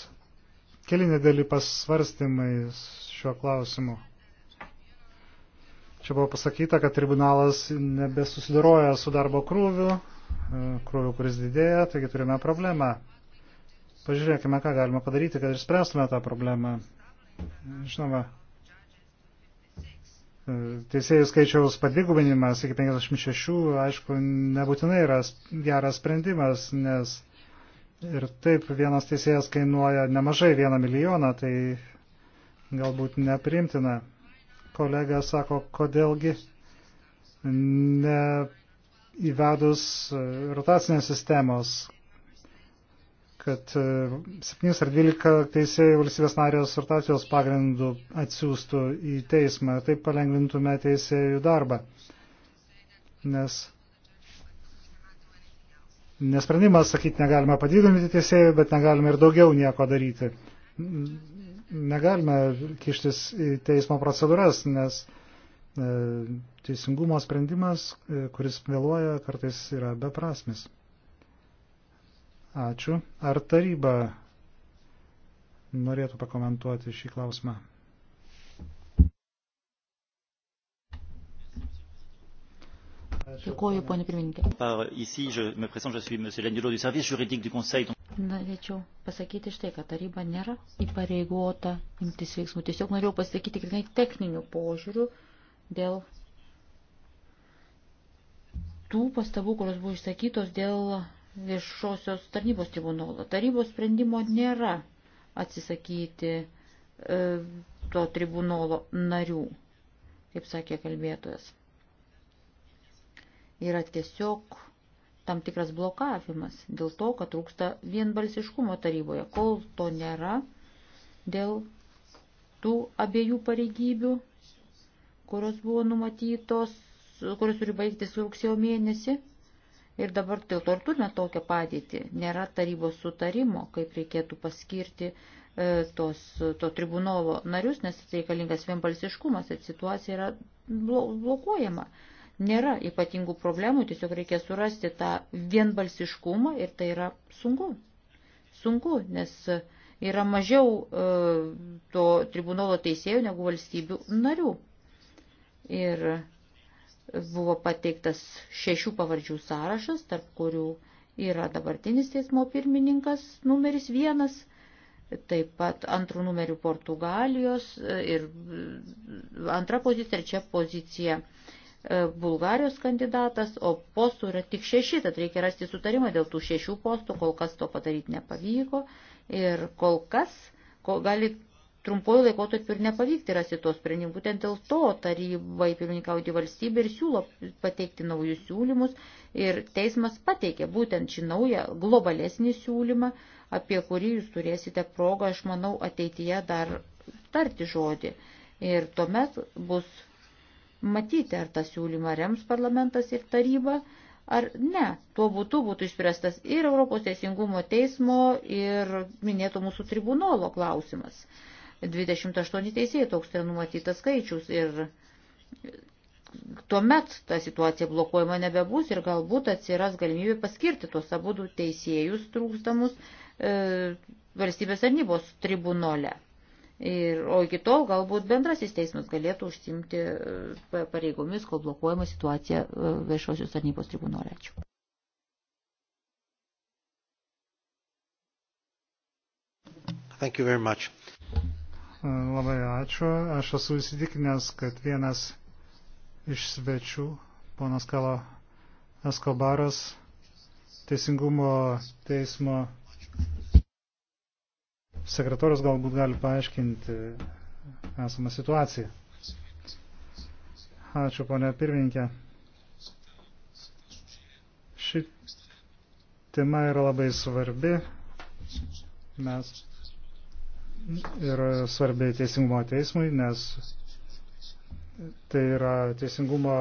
C: keli nedėlį pasvarstymai šiuo klausimu. Čia buvo pasakyta, kad tribunalas nebesusidaroja su darbo krūviu, e, krūviu, kuris didėja, taigi turime problemą. Pažiūrėkime, ką galima padaryti, kad išspręstume tą problemą. Žinoma, teisėjų skaičiaus padvigubinimas iki 56, aišku, nebūtinai yra geras sprendimas, nes ir taip vienas teisėjas kainuoja nemažai vieną milijoną, tai galbūt neprimtina. Kolega sako, kodėlgi ne įvedus rotacinės sistemos, kad 7 e, ar 12 teisėjų valstybės narės rotacijos pagrindų atsiųstų į teismą. Taip palengvintume teisėjų darbą. Nes nesprendimas, sakyti, negalime padidinti teisėjų, bet negalime ir daugiau nieko daryti. Negalime kištis į teismo procedūras, nes e, teisingumo sprendimas, e, kuris vėluoja, kartais yra beprasmis. Ačiū. Ar taryba norėtų pakomentuoti šį klausimą?
D: Dėkuoju, ponė pirmininkė. Norėčiau pasakyti štai, kad taryba nėra įpareigota imtis veiksmų. Tiesiog norėjau pasakyti tikrai techninių požiūrių dėl tų pastabų, kurios buvo išsakytos dėl viešosios tarnybos tribunolo. Tarybos sprendimo nėra atsisakyti e, to tribunolo narių, kaip sakė kalbėtojas. Yra tiesiog tam tikras blokavimas dėl to, kad trūksta vienbalsiškumo taryboje. Kol to nėra, dėl tų abiejų pareigybių, kurios buvo numatytos, kurios turi baigtis rugsėjo mėnesį, Ir dabar dėl to ir turime tokią padėtį. Nėra tarybos sutarimo, kaip reikėtų paskirti e, tos, to tribunolo narius, nes reikalingas vienbalsiškumas ir situacija yra blokuojama. Nėra ypatingų problemų, tiesiog reikia surasti tą vienbalsiškumą ir tai yra sunku. Sunku, nes yra mažiau e, to tribunolo teisėjų negu valstybių narių. Ir buvo pateiktas šešių pavardžių sąrašas, tarp kurių yra dabartinis teismo pirmininkas numeris vienas, taip pat antrų numerių Portugalijos e, ir e, antra pozicija, trečia pozicija e, Bulgarijos kandidatas, o postų yra tik šeši, tad reikia rasti sutarimą dėl tų šešių postų, kol kas to padaryti nepavyko ir kol kas, kol gali trumpuoju laikotarpiu ir nepavykti rasti to sprendimų. Būtent dėl to tarybai pirmininkauti valstybė ir siūlo pateikti naujus siūlymus ir teismas pateikė būtent šį naują globalesnį siūlymą, apie kurį jūs turėsite progą, aš manau, ateityje dar tarti žodį. Ir tuomet bus matyti, ar tą siūlymą rems parlamentas ir taryba. Ar ne, tuo būtų būtų išspręstas ir Europos Teisingumo teismo, ir minėto mūsų tribunolo klausimas. Uh, 28 teisėjai toks ten numatytas skaičius ir tuomet ta situacija blokuojama nebebus ir galbūt atsiras galimybė paskirti tuos abudu teisėjus trūkstamus e, valstybės tarnybos tribunole. Ir, o iki tol galbūt bendrasis teismas galėtų užsimti e, pareigomis, kol blokuojama situacija e, viešosios tarnybos tribunole. Ačiū.
A: Thank you very much.
D: Labai
C: ačiū. Aš esu įsitikinęs, kad vienas iš svečių, ponas Kalo Eskobaras, teisingumo teismo sekretorius galbūt gali paaiškinti esamą situaciją. Ačiū, ponia pirmininkė. Ši tema yra labai svarbi. Mes ir svarbi teisingumo teismui, nes tai yra teisingumo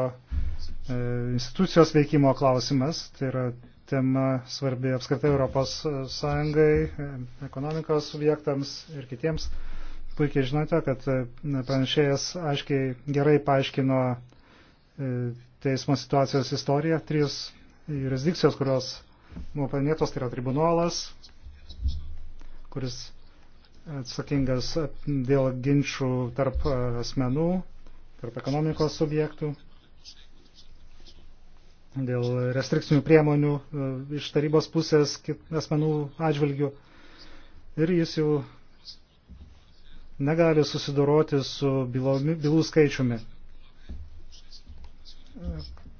C: e, institucijos veikimo klausimas, tai yra tema svarbi apskritai Europos Sąjungai, e, ekonomikos subjektams ir kitiems. Puikiai žinote, kad e, pranešėjas aiškiai gerai paaiškino teismo situacijos istoriją. Trys jurisdikcijos, kurios buvo paminėtos, tai yra tribunolas, kuris atsakingas dėl ginčių tarp e, asmenų, tarp ekonomikos subjektų, dėl restrikcinių priemonių e, iš tarybos pusės asmenų atžvilgių. Ir jis jau negali susidoroti su bylomi, bylų skaičiumi.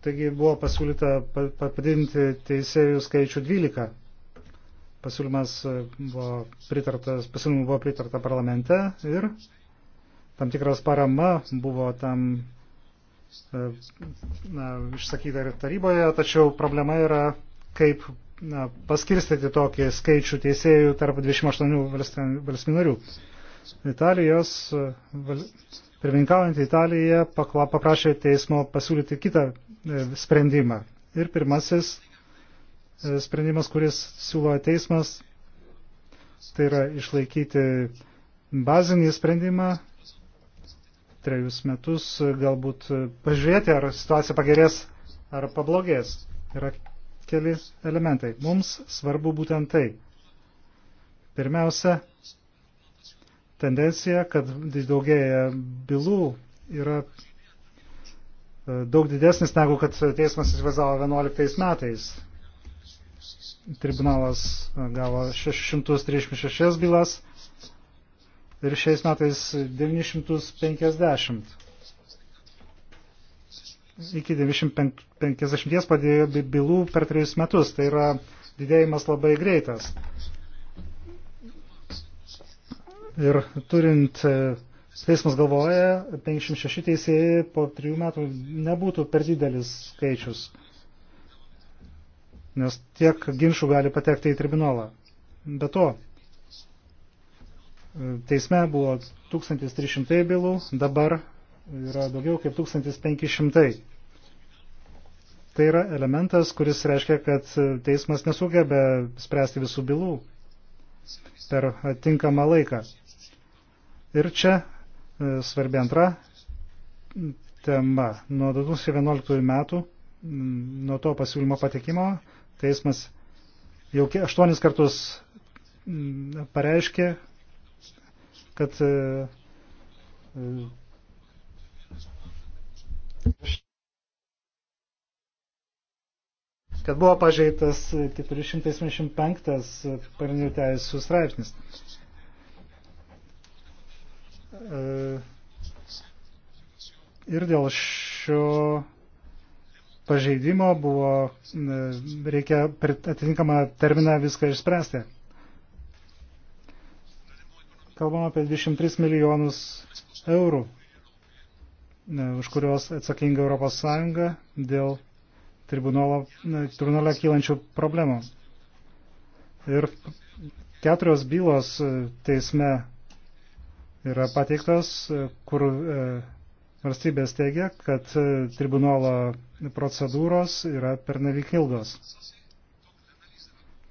C: Taigi buvo pasiūlyta padidinti teisėjų skaičių 12. Pasiūlymas e, buvo pritartas, pasiūlymų buvo pritarta parlamente ir tam tikras parama buvo tam e, na, išsakyta ir taryboje, tačiau problema yra, kaip na, paskirstyti tokį skaičių teisėjų tarp 28 valstybių narių. Italijos, e, val, pirminkaujant Italiją, pakla, paprašė teismo pasiūlyti kitą sprendimą. Ir pirmasis E, sprendimas, kuris siūlo teismas, tai yra išlaikyti bazinį sprendimą trejus metus, galbūt e, pažiūrėti, ar situacija pagerės ar pablogės. Yra keli elementai. Mums svarbu būtent tai. Pirmiausia, tendencija, kad daugėja bylų yra e, daug didesnis negu kad teismas įsivaizdavo 11 metais tribunolas e, gavo 636 bylas ir šiais metais 950. Iki 950 padėjo bylų per trejus metus, tai yra didėjimas labai greitas. Ir turint e, teismas galvoja, 56 teisėjai po trijų metų nebūtų per didelis skaičius nes tiek ginčių gali patekti į tribunolą. Be to, teisme buvo 1300 bylų, dabar yra daugiau kaip 1500. Tai yra elementas, kuris reiškia, kad teismas nesugebė spręsti visų bylų per tinkamą laiką. Ir čia e, svarbi antra tema. Nuo 2011 metų, nuo to pasiūlymo patekimo, Teismas jau aštuonis kartus mm, pareiškė, kad e, e, kad buvo pažeitas 475 pagrindinių teisų straipsnis. E, ir dėl šio pažeidimo buvo, reikia atitinkamą terminą viską išspręsti. Kalbam apie 23 milijonus eurų, už kurios atsakinga Europos Sąjunga dėl tribunolo, tribunolo kylančių problemų. Ir keturios bylos teisme yra pateiktos, kur e, Valstybės teigia, kad e, tribunolo procedūros yra pernelyg ilgos.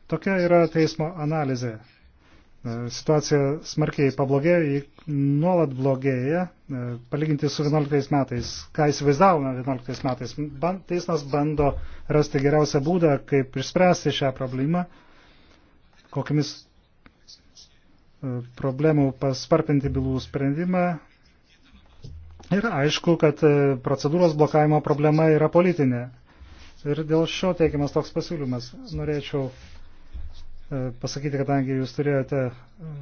C: Tokia yra teismo analizė. E, situacija smarkiai pablogėjo, nuolat blogėja, e, palyginti su 11 metais. Ką įsivaizdavome 11 metais? Ban, teismas bando rasti geriausią būdą, kaip išspręsti šią problemą, kokiamis problemų paspartinti bylų sprendimą, Ir aišku, kad e, procedūros blokavimo problema yra politinė. Ir dėl šio teikiamas toks pasiūlymas. Norėčiau e, pasakyti, kadangi jūs turėjote e,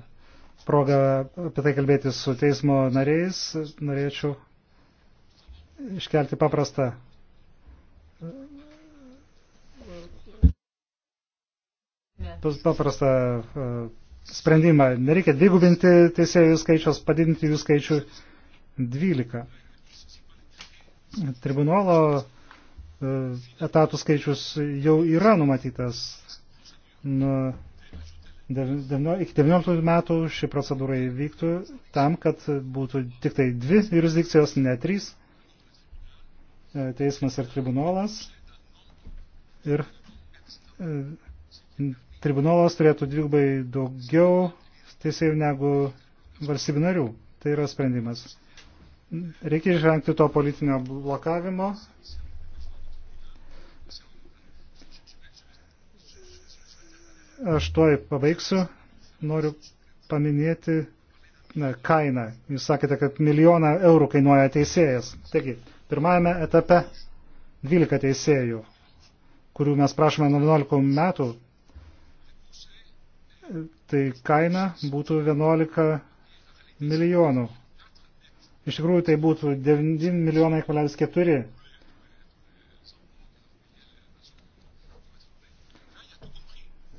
C: progą apie tai kalbėti su teismo nariais, norėčiau iškelti paprastą. Paprastą sprendimą. Nereikia dvigubinti teisėjų skaičios, padidinti jų skaičių 12. Tribunolo e, etatų skaičius jau yra numatytas. Nuo iki 19 metų ši procedūra įvyktų tam, kad būtų tik tai dvi jurisdikcijos, ne trys, e, teismas ir tribunolas. Ir e, tribunolas turėtų dvigubai daugiau teisėjų negu valstybinarių. Tai yra sprendimas. Reikia išvengti to politinio blokavimo. Aš tuoj pabaigsiu. Noriu paminėti na, kainą. Jūs sakėte, kad milijoną eurų kainuoja teisėjas. Taigi, pirmajame etape 12 teisėjų, kurių mes prašome nuo 11 metų, tai kaina būtų 11 milijonų Iš tikrųjų tai būtų 9 milijonai kvalis 4.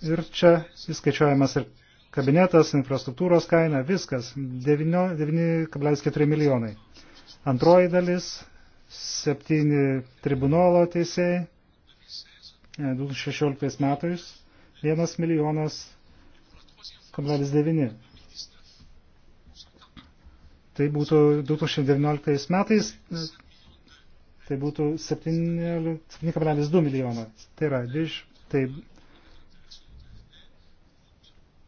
C: Ir čia įskaičiuojamas ir kabinetas, infrastruktūros kaina, viskas 9,4 milijonai. Antroji dalis, septyni tribunolo teisėjai, 2016 e, metais 1 milijonas 1,9 tai būtų 2019 metais, tai būtų 7,2 milijono. Tai yra, iš, tai,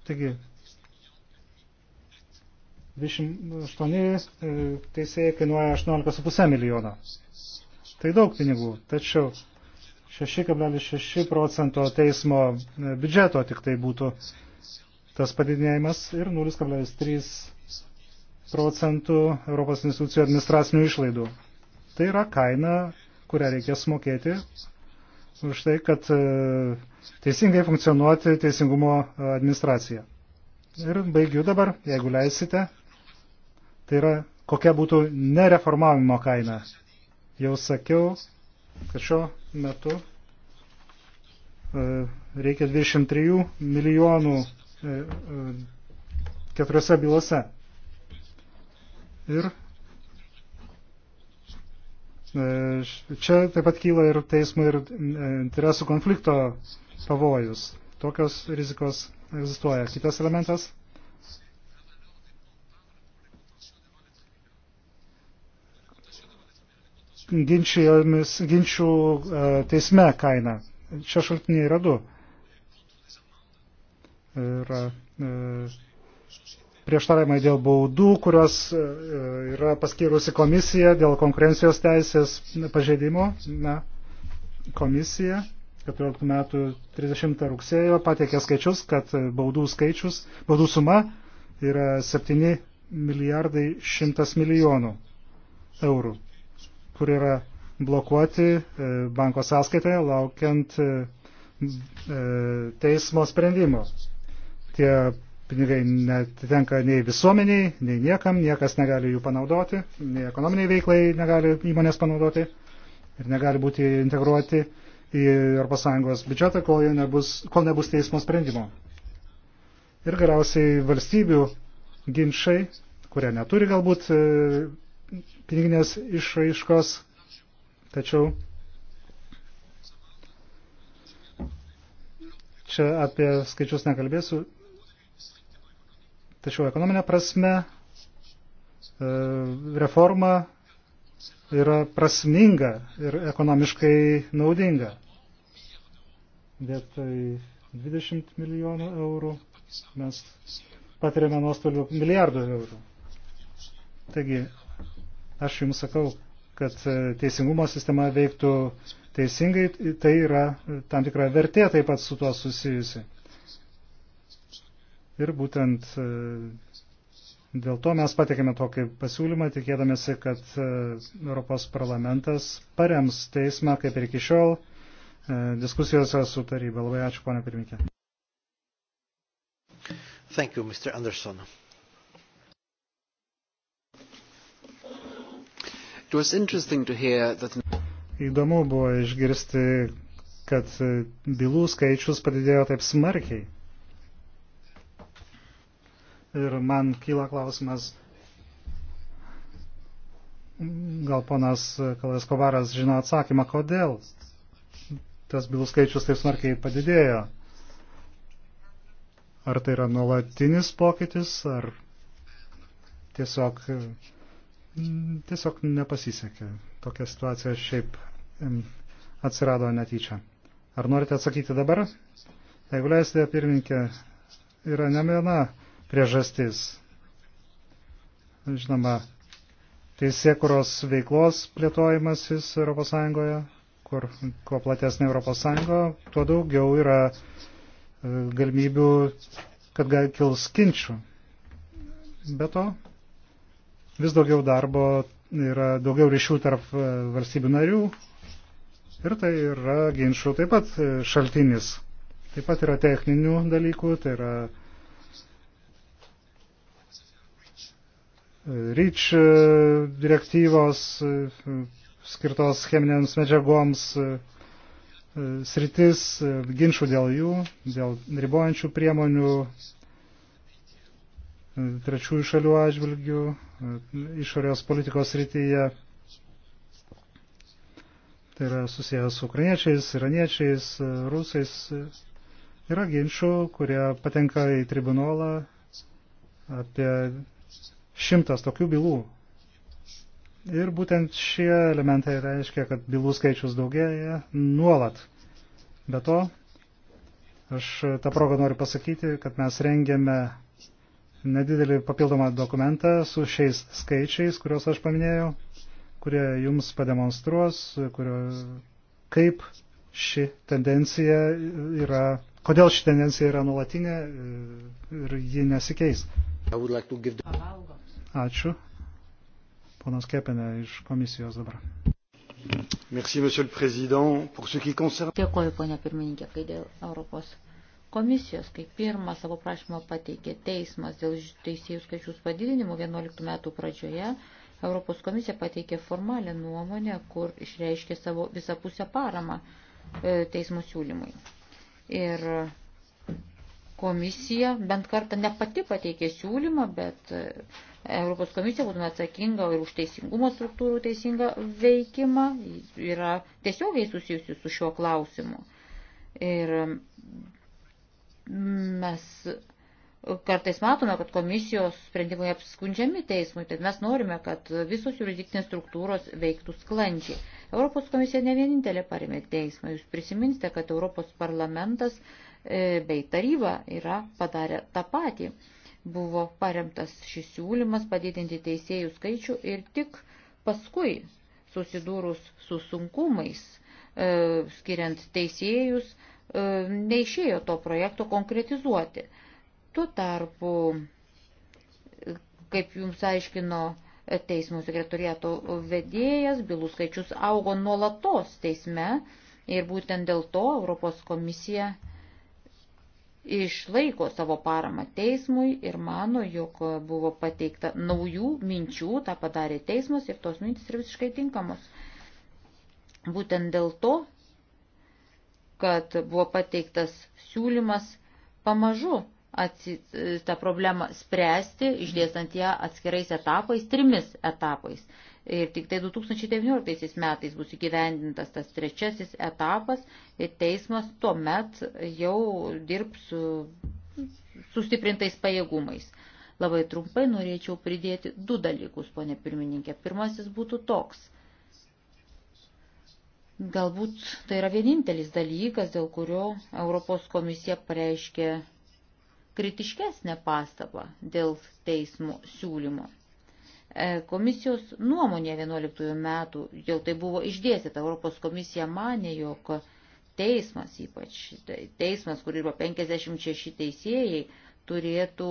C: taigi, 28 e, teisėjai kainuoja 18,5 milijono. Tai daug pinigų, tačiau 6,6 procento teismo e, biudžeto tik tai būtų tas padidinėjimas ir 0,3 procentų Europos institucijų administracinių išlaidų. Tai yra kaina, kurią reikės mokėti už tai, kad e, teisingai funkcionuoti teisingumo administracija. Ir baigiu dabar, jeigu leisite. Tai yra, kokia būtų nereformavimo kaina. Jau sakiau, kad šiuo metu e, reikia 23 milijonų e, keturiose bylose. Ir e, čia taip pat kyla ir teismo ir e, interesų konflikto pavojus. Tokios rizikos egzistuoja. Kitas elementas. Ginčių e, teisme kaina. Čia šaltiniai yra du. Yra e, prieštaravimai dėl baudų, kurios e, yra paskyrusi komisija dėl konkurencijos teisės pažeidimo. Na, komisija 14 metų 30 rugsėjo pateikė skaičius, kad baudų skaičius, baudų suma yra 7 milijardai 100 milijonų eurų, kur yra blokuoti e, banko sąskaitoje laukiant e, teismo sprendimo. Tie pinigai netitenka nei visuomeniai, nei niekam, niekas negali jų panaudoti, nei ekonominiai veiklai negali įmonės panaudoti ir negali būti integruoti į ES biudžetą, kol nebus, kol nebus teismo sprendimo. Ir galiausiai valstybių ginčiai, kurie neturi galbūt e, piniginės išraiškos, tačiau čia apie skaičius nekalbėsiu, Tačiau ekonominė prasme e, reforma yra prasminga ir ekonomiškai naudinga. Vietoj 20 milijonų eurų mes patiriame nuostolių milijardų eurų. Taigi, aš jums sakau, kad e, teisingumo sistema veiktų teisingai, tai yra tam tikra vertė taip pat su tuo susijusi. Ir būtent e, dėl to mes patikėme tokį pasiūlymą, tikėdamėsi, kad e, Europos parlamentas parems teismą, kaip ir iki šiol, e, diskusijose su taryba. Labai ačiū, ponia pirmininkė.
A: Thank you, Mr. Anderson. It was interesting to hear that...
C: Įdomu buvo išgirsti, kad bylų skaičius padidėjo taip smarkiai. Ir man kyla klausimas, gal ponas Kalas Kovaras žino atsakymą, kodėl tas bylų skaičius taip smarkiai padidėjo. Ar tai yra nuolatinis pokytis, ar tiesiog, tiesiog nepasisekė. Tokia situacija šiaip atsirado netyčia. Ar norite atsakyti dabar? Jeigu leisite, pirmininkė, yra ne viena priežastis. Žinoma, teisėkuros veiklos plėtojimasis ES, kur kuo platesnė ES, tuo daugiau yra e, galimybių, kad gal kils kinčių. Be to, vis daugiau darbo yra daugiau ryšių tarp e, valstybių narių ir tai yra ginčių taip pat e, šaltinis. Taip pat yra techninių dalykų, tai yra REACH e, direktyvos e, skirtos cheminėms medžiagoms e, sritis, ginčių dėl jų, dėl ribojančių priemonių trečiųjų šalių atžvilgių, išorės politikos srityje. Tai yra susijęs su ukrainiečiais, iraniečiais, rusais. Yra ginčių, kurie patenka į tribunolą apie šimtas tokių bylų. Ir būtent šie elementai reiškia, kad bylų skaičius daugėja nuolat. Be to, aš tą progą noriu pasakyti, kad mes rengiame nedidelį papildomą dokumentą su šiais skaičiais, kuriuos aš paminėjau, kurie jums pademonstruos, kurio, kaip ši tendencija yra, kodėl ši tendencija yra nuolatinė e, ir ji nesikeis.
A: I would like to give the...
C: Ačiū. Ponas Kepinė iš komisijos dabar.
A: Merci, monsieur le président. Pour
C: ce
D: qui concerne... Dėkuoju, ponia pirmininkė, kai dėl Europos komisijos, kai pirmą savo prašymą pateikė teismas dėl teisėjų skaičius padidinimų 11 metų pradžioje, Europos komisija pateikė formalią nuomonę, kur išreiškė savo visapusę paramą e, teismo siūlymui. Ir komisija bent kartą ne pati pateikė siūlymą, bet e, Europos komisija būtume atsakinga ir už teisingumo struktūrų teisingą veikimą, yra tiesiogiai susijusi su šiuo klausimu. Ir mm, mes kartais matome, kad komisijos sprendimai apskundžiami teismui, tad mes norime, kad visos jurisdikcinės struktūros veiktų sklandžiai. Europos komisija ne vienintelė parėmė teismą. Jūs prisiminsite, kad Europos parlamentas e, bei taryba yra padarę tą patį buvo paremtas šis siūlymas padidinti teisėjų skaičių ir tik paskui susidūrus su sunkumais, e, skiriant teisėjus, e, neišėjo to projekto konkretizuoti. Tuo tarpu, kaip jums aiškino teismų sekretoriato vedėjas, bylų skaičius augo nuolatos teisme ir būtent dėl to Europos komisija išlaiko savo paramą teismui ir mano, jog buvo pateikta naujų minčių, tą padarė teismas ir tos mintis yra visiškai tinkamos. Būtent dėl to, kad buvo pateiktas siūlymas pamažu atsi, tą problemą spręsti, išdėstant ją atskirais etapais, trimis etapais. Ir tik tai 2019 metais bus įgyvendintas tas trečiasis etapas ir teismas tuo met jau dirbs su sustiprintais pajėgumais. Labai trumpai norėčiau pridėti du dalykus, ponė pirmininkė. Pirmasis būtų toks. Galbūt tai yra vienintelis dalykas, dėl kurio Europos komisija pareiškė kritiškesnę pastabą dėl teismo siūlymo. E, komisijos nuomonė 11 metų jau tai buvo išdėstyta. Europos komisija manė, jog teismas, ypač teismas, kur yra 56 teisėjai, turėtų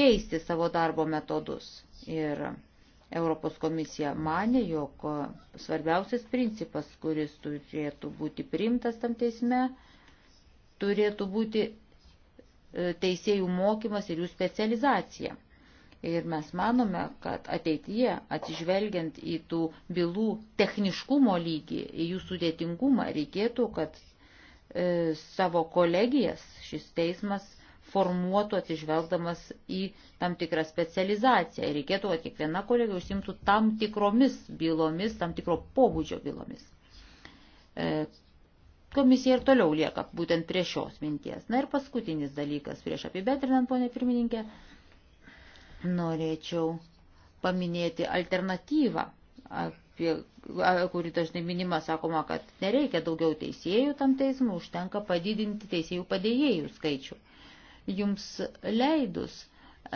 D: keisti savo darbo metodus. Ir Europos komisija manė, jog svarbiausias principas, kuris turėtų būti priimtas tam teisme, turėtų būti E, teisėjų mokymas ir jų specializacija. Ir mes manome, kad ateityje, atsižvelgiant į tų bylų techniškumo lygį, į jų sudėtingumą, reikėtų, kad e, savo kolegijas šis teismas formuotų atsižvelgdamas į tam tikrą specializaciją. Ir reikėtų, kad kiekviena kolegija užsimtų tam tikromis bylomis, tam tikro pobūdžio bylomis. E, komisija ir toliau lieka būtent prie šios minties. Na ir paskutinis dalykas prieš apibendrinant, ponė pirmininkė, norėčiau paminėti alternatyvą, apie, kuri dažnai minima, sakoma, kad nereikia daugiau teisėjų tam teismui, užtenka padidinti teisėjų padėjėjų skaičių. Jums leidus,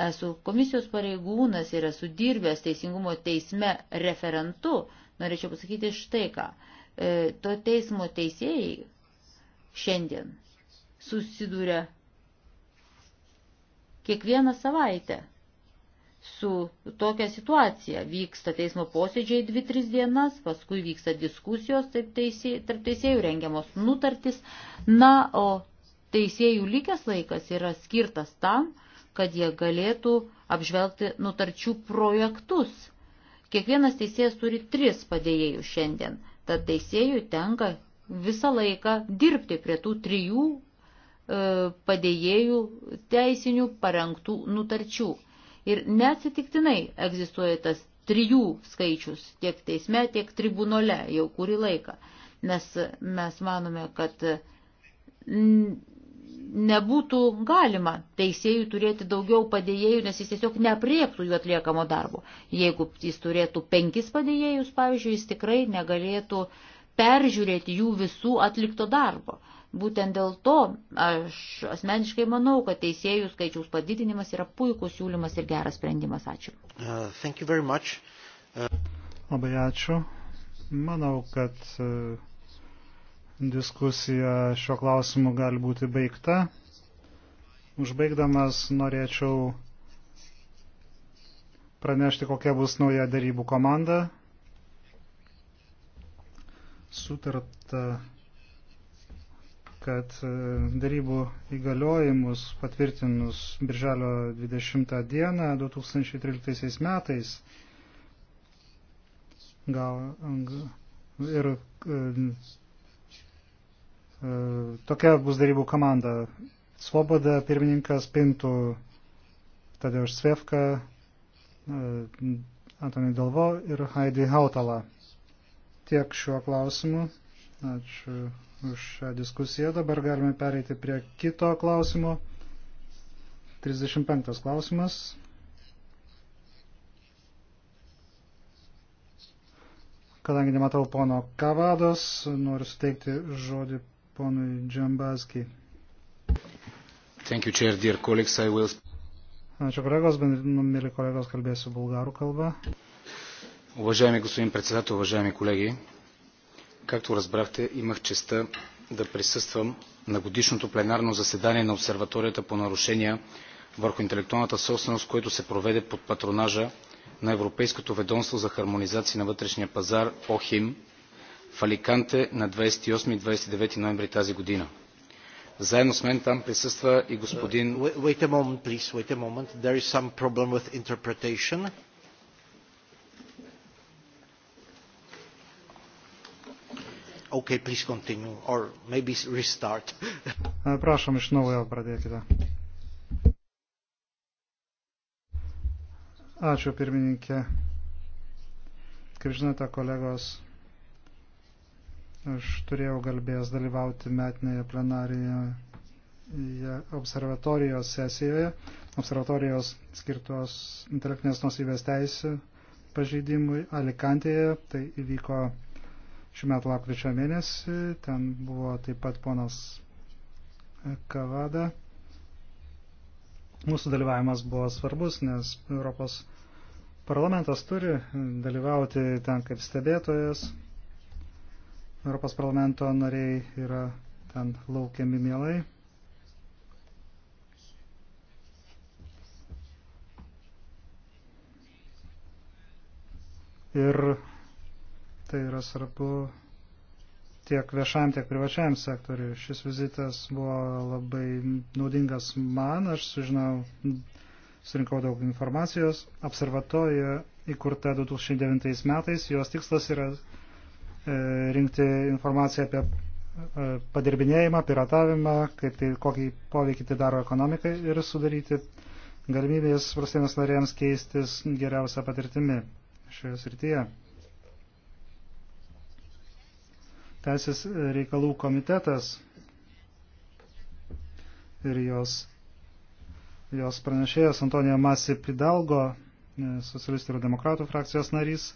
D: esu komisijos pareigūnas ir esu dirbęs teisingumo teisme referentu, norėčiau pasakyti štai ką. E, to teismo teisėjai šiandien susiduria kiekvieną savaitę su tokia situacija. Vyksta teismo posėdžiai 2-3 dienas, paskui vyksta diskusijos, taip teisėjų, tarp teisėjų rengiamos nutartis. Na, o teisėjų likęs laikas yra skirtas tam, kad jie galėtų apžvelgti nutarčių projektus. Kiekvienas teisėjas turi tris padėjėjus šiandien. Tad teisėjų tenka visą laiką dirbti prie tų trijų e, padėjėjų teisinių parengtų nutarčių. Ir neatsitiktinai egzistuoja tas trijų skaičius tiek teisme, tiek tribunole jau kurį laiką. Nes mes manome, kad nebūtų galima teisėjų turėti daugiau padėjėjų, nes jis tiesiog nepriektų jų atliekamo darbo. Jeigu jis turėtų penkis padėjėjus, pavyzdžiui, jis tikrai negalėtų peržiūrėti jų visų atlikto darbo. Būtent dėl to aš asmeniškai manau, kad teisėjų skaičiaus padidinimas yra puikus siūlymas ir geras sprendimas. Ačiū.
A: Uh, uh...
C: Labai ačiū. Manau, kad uh, diskusija šiuo klausimu gali būti baigta. Užbaigdamas norėčiau pranešti, kokia bus nauja darybų komanda. Sutarta, kad e, darybų įgaliojimus patvirtinus Birželio 20 dieną 2013 metais gal, ir e, E, tokia bus darybų komanda. Svoboda pirmininkas Pintų, Tadeuš Svefka, e, Antoni Dalvo ir Heidi Hautala. Tiek šiuo klausimu. Ačiū už šią diskusiją. Dabar galime pereiti prie kito klausimo. 35 klausimas. Kadangi nematau pono Kavados, noriu suteikti žodį ponui Džambaskiai. Will... Ačiū kolegos, nu, mėly kolegos, kalbėsiu bulgarų kalbą. Уважаеми господин председател, уважаеми колеги, както разбрахте, имах честа да присъствам на годишното пленарно заседание на обсерваторията по нарушения върху интелектуалната собственост, което се проведе под патронажа на Европейското ведомство за хармонизация на вътрешния пазар ОХИМ – в Аликанте на 28
A: и 29 ноември тази година. Заедно с мен там присъства и господин... Uh, wait a moment, please. Wait a moment. There is some problem with interpretation. Okay, please continue, or maybe restart.
C: Uh, prašom, iš naujo pradėkite. Ačiū, pirmininkė. Kaip žinote, kolegos, Aš turėjau galbėjęs dalyvauti metinėje plenarinėje observatorijos sesijoje, observatorijos skirtos intelektinės nusivės teisų pažeidimui Alikantėje. Tai įvyko šių metų lapkričio mėnesį. Ten buvo taip pat ponas Kavada. Mūsų dalyvavimas buvo svarbus, nes Europos parlamentas turi dalyvauti ten kaip stebėtojas Europos parlamento nariai yra ten laukiami mielai. Ir tai yra svarbu tiek viešam, tiek privačiam sektoriui. Šis vizitas buvo labai naudingas man, aš sužinau, surinkau daug informacijos. Observatorija įkurta 2009 metais, jos tikslas yra E, rinkti informaciją apie e, padirbinėjimą, piratavimą, kaip tai, kokį poveikį tai daro ekonomikai ir sudaryti galimybės valstybės narėms keistis geriausią patirtimi šioje srityje. Teisės reikalų komitetas ir jos, jos pranešėjas Antonija Masi Pidalgo, e, socialistų ir demokratų frakcijos narys,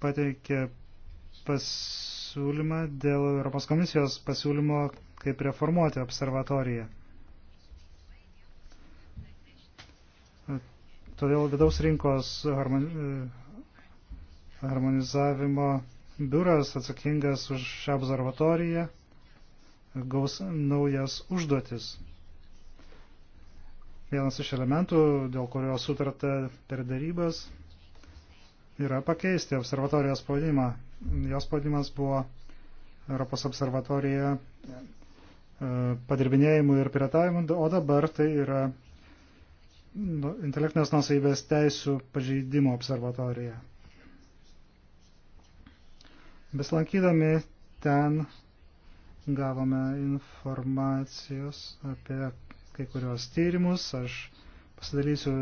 C: pateikė pasiūlymą dėl Europos komisijos pasiūlymo, kaip reformuoti observatoriją. Todėl vidaus rinkos harmonizavimo biuras atsakingas už šią observatoriją gaus naujas užduotis. Vienas iš elementų, dėl kurio sutarta per darybas, yra pakeisti observatorijos pavadinimą. Jos pavadinimas buvo Europos observatorija e, padirbinėjimų ir piratavimų, o dabar tai yra nu, intelektinės nusavybės teisų pažeidimo observatorija. Beslankydami ten gavome informacijos apie kai kurios tyrimus. Aš pasidalysiu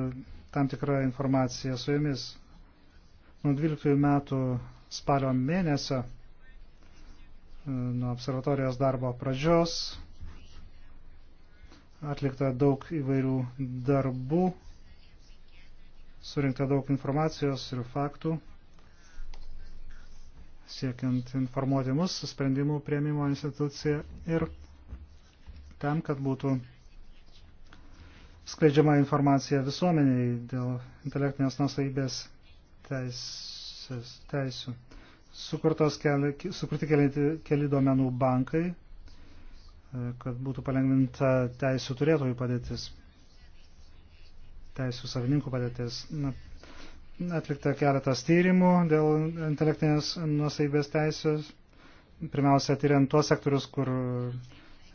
C: tam tikrą informaciją su jumis. Nuo 12 metų spalio mėnesio, e, nuo observatorijos darbo pradžios, atlikta daug įvairių darbų, surinkta daug informacijos ir faktų, siekiant informuoti mus sprendimų prieimimo instituciją ir tam, kad būtų skleidžiama informacija visuomeniai dėl intelektinės nusaibės teisės, teisų. Keli, sukurti keli, keli duomenų bankai, e, kad būtų palengvinta teisų turėtojų padėtis, teisų savininkų padėtis. Na, atlikta keletas tyrimų dėl intelektinės nusaibės teisės. Pirmiausia, tyriant tuos sektorius, kur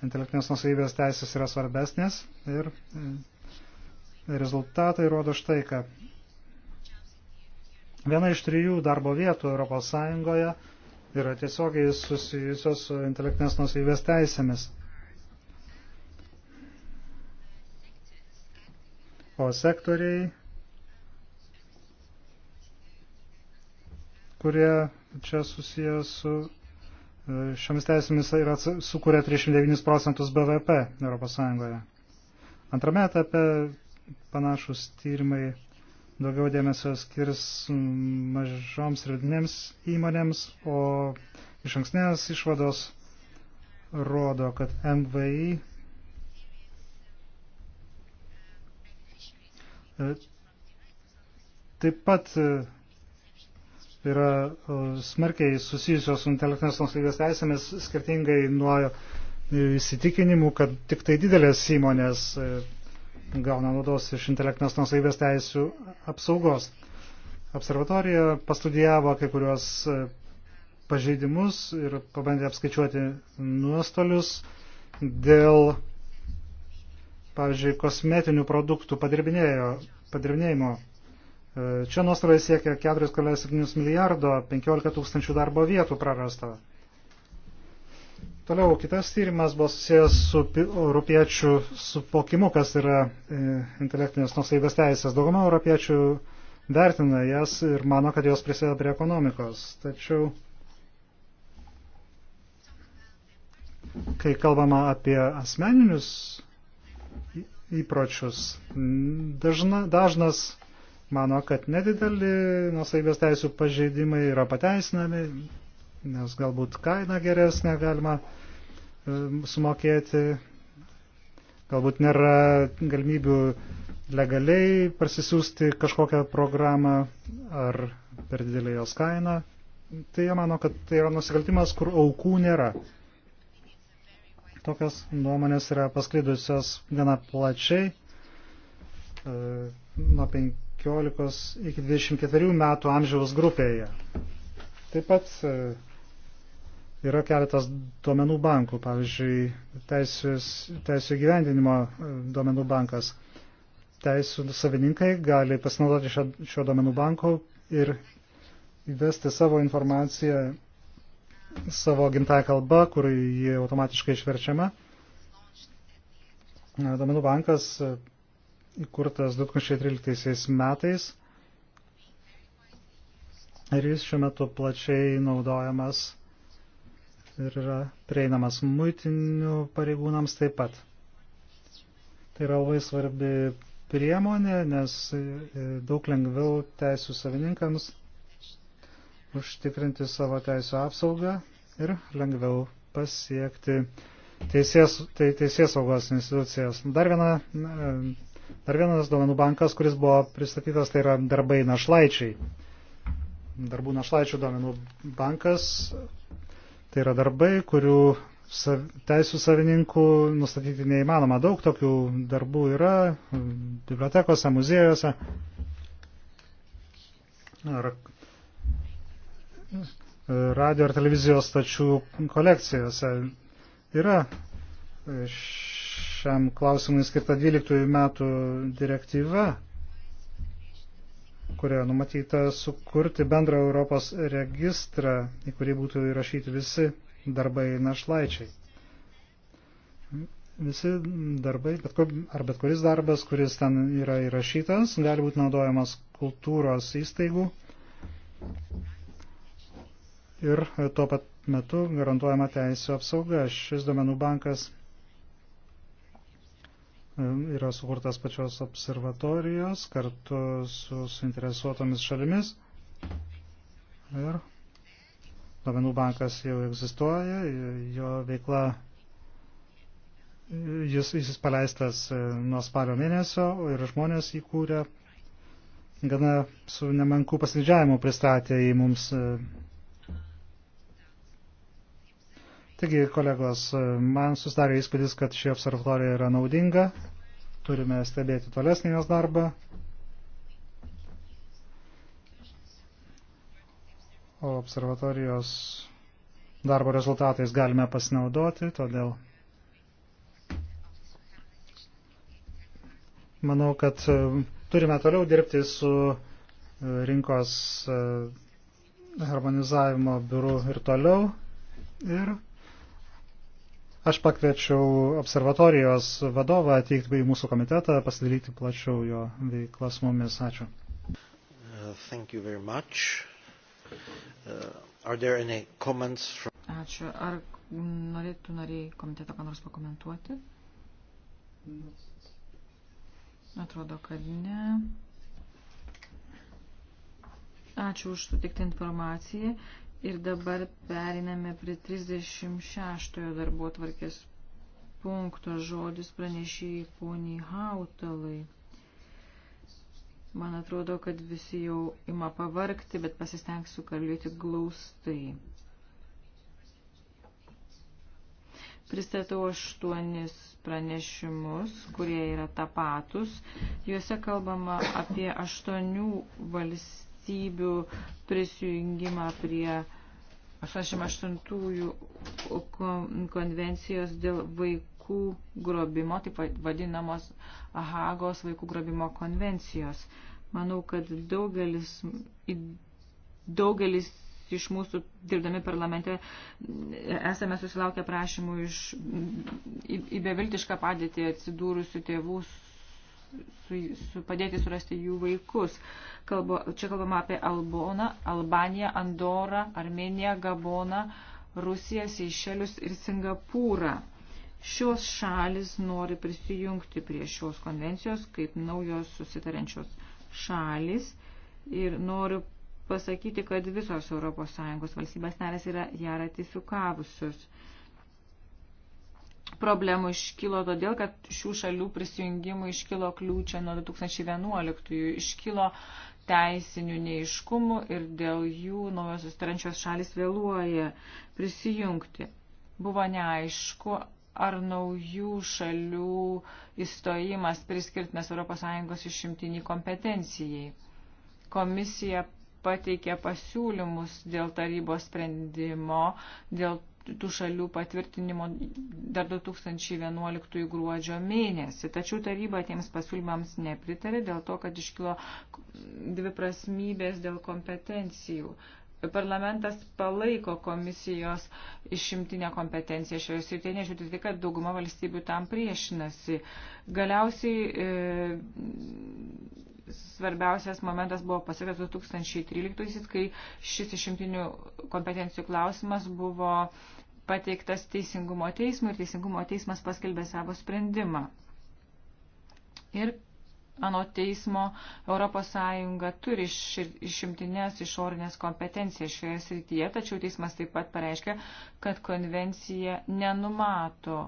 C: intelektinės nusaibės teisės yra svarbesnės ir e, rezultatai rodo štai, kad Viena iš trijų darbo vietų ES yra tiesiogiai susijusios su intelektinės nusivės teisėmis. O sektoriai, kurie čia susiję su e, šiomis teisėmis yra sukūrė 39 procentus BVP ES. Antrame etape panašus tyrimai daugiau dėmesio skirs mažoms ir vidinėms įmonėms, o iš anksnės išvados rodo, kad MVI e, taip pat e, yra e, smarkiai susijusios su intelektinės nusavybės teisėmis skirtingai nuo įsitikinimų, kad tik tai didelės įmonės gauna naudos iš intelektinės nusaivės teisų apsaugos. Observatorija pastudijavo kai kuriuos e, pažeidimus ir pabandė apskaičiuoti nuostolius dėl, pavyzdžiui, kosmetinių produktų padirbinėjimo. E, čia nuostoliai siekia 4,7 milijardo, 15 tūkstančių darbo vietų prarasta. Toliau kitas tyrimas buvo susijęs su europiečių supokimu, kas yra e, intelektinės nusaivės teisės. Dauguma europiečių vertina jas ir mano, kad jos prisideda prie ekonomikos. Tačiau, kai kalbama apie asmeninius įpročius, dažna, dažnas mano, kad nedideli nusaivės teisų pažeidimai yra pateisinami, nes galbūt kaina geresnė galima e, sumokėti, galbūt nėra galimybių legaliai parsisiųsti kažkokią programą ar per didelį jos kainą. Tai jie mano, kad tai yra nusikaltimas, kur aukų nėra. Tokios nuomonės yra pasklydusios gana plačiai e, nuo 15 iki 24 metų amžiaus grupėje. Taip pat e, Yra keletas duomenų bankų, pavyzdžiui, teisės, teisų gyvendinimo e, duomenų bankas. Teisų savininkai gali pasinaudoti šio, šio duomenų banko ir įvesti savo informaciją savo gimtąją kalbą, kur jį automatiškai išverčiama. E, Domenų bankas e, įkurtas 2013 metais ir jis šiuo metu plačiai naudojamas ir yra prieinamas muitinių pareigūnams taip pat. Tai yra labai svarbi priemonė, nes e, daug lengviau teisų savininkams užtikrinti savo teisų apsaugą ir lengviau pasiekti teisės, tai, teisės saugos institucijas. Dar, viena, e, dar vienas duomenų bankas, kuris buvo pristatytas, tai yra darbai našlaičiai. Darbų našlaičių duomenų bankas Tai yra darbai, kurių sav, teisų savininkų nustatyti neįmanoma. Daug tokių darbų yra bibliotekose, muziejose. Ar radio ir televizijos stačių kolekcijose. Yra e, šiam klausimui skirta 12 metų direktyva kurioje numatyta sukurti bendrą Europos registrą, į kurį būtų įrašyti visi darbai našlaičiai. Visi darbai, bet kur, ar bet kuris darbas, kuris ten yra įrašytas, gali būti naudojamas kultūros įstaigų ir tuo pat metu garantuojama teisų apsauga. Šis duomenų bankas yra sukurtas pačios observatorijos kartu su suinteresuotomis šalimis. Ir duomenų bankas jau egzistuoja, jo veikla, jis, jis paleistas e, nuo spalio mėnesio ir žmonės įkūrė gana su nemanku pasidžiavimu pristatė į mums e, Taigi, kolegos, man susidarė įspūdis, kad ši observatorija yra naudinga. Turime stebėti tolesnį jos darbą. O observatorijos darbo rezultatais galime pasinaudoti, todėl manau, kad e, turime toliau dirbti su e, rinkos e, harmonizavimo biuru ir toliau. Ir Aš pakviečiau observatorijos vadovą atvykti į mūsų komitetą, pasidalyti plačiau jo veiklą su mumis. Ačiū.
A: Uh, uh,
B: Ačiū. Ar norėtų nariai komiteto ką nors pakomentuoti? Atrodo, kad ne. Ačiū už sutiktą informaciją. Ir dabar periname prie 36 darbo tvarkės punkto žodis pranešėjai poniai Hautalai. Man atrodo, kad visi jau ima pavarkti, bet pasistengsiu kalbėti glaustai. Pristatau aštuonis pranešimus, kurie yra tapatus. Juose kalbama apie aštuonių valstybių valstybių prisijungimą prie 88-ųjų konvencijos dėl vaikų grobimo, taip vadinamos Hagos vaikų grobimo konvencijos. Manau, kad daugelis, daugelis iš mūsų dirbdami parlamente esame susilaukę prašymų iš į, į beviltišką padėtį atsidūrusių tėvų su, su, padėti surasti jų vaikus. Kalbu, čia kalbama apie Alboną, Albaniją, Andorą, Armeniją, Gaboną, Rusiją, Seišelius ir Singapūrą. Šios šalis nori prisijungti prie šios konvencijos kaip naujos susitarančios šalis ir noriu pasakyti, kad visos ES valstybės narės yra ją ratifikavusios problemų iškilo todėl, kad šių šalių prisijungimų iškilo kliūčia nuo 2011. Iškilo teisinių neiškumų ir dėl jų naujosios tarančios šalis vėluoja prisijungti. Buvo neaišku, ar naujų šalių įstojimas priskirtinas ES išimtiniai kompetencijai. Komisija pateikė pasiūlymus dėl tarybos sprendimo, dėl tų šalių patvirtinimo dar 2011 gruodžio mėnesį. Tačiau taryba tiems pasiūlymams nepritarė dėl to, kad iškilo dviprasmybės dėl kompetencijų. Parlamentas palaiko komisijos išimtinę kompetenciją šioje srityje, nežiūrint tai, kad dauguma valstybių tam priešinasi. Galiausiai e, svarbiausias momentas buvo pasiektas 2013, kai šis išimtinių kompetencijų klausimas buvo pateiktas Teisingumo teismui ir Teisingumo teismas paskelbė savo sprendimą. Ir anot teismo ES turi išimtinės išorinės kompetencijas šioje srityje, tačiau teismas taip pat pareiškia, kad konvencija nenumato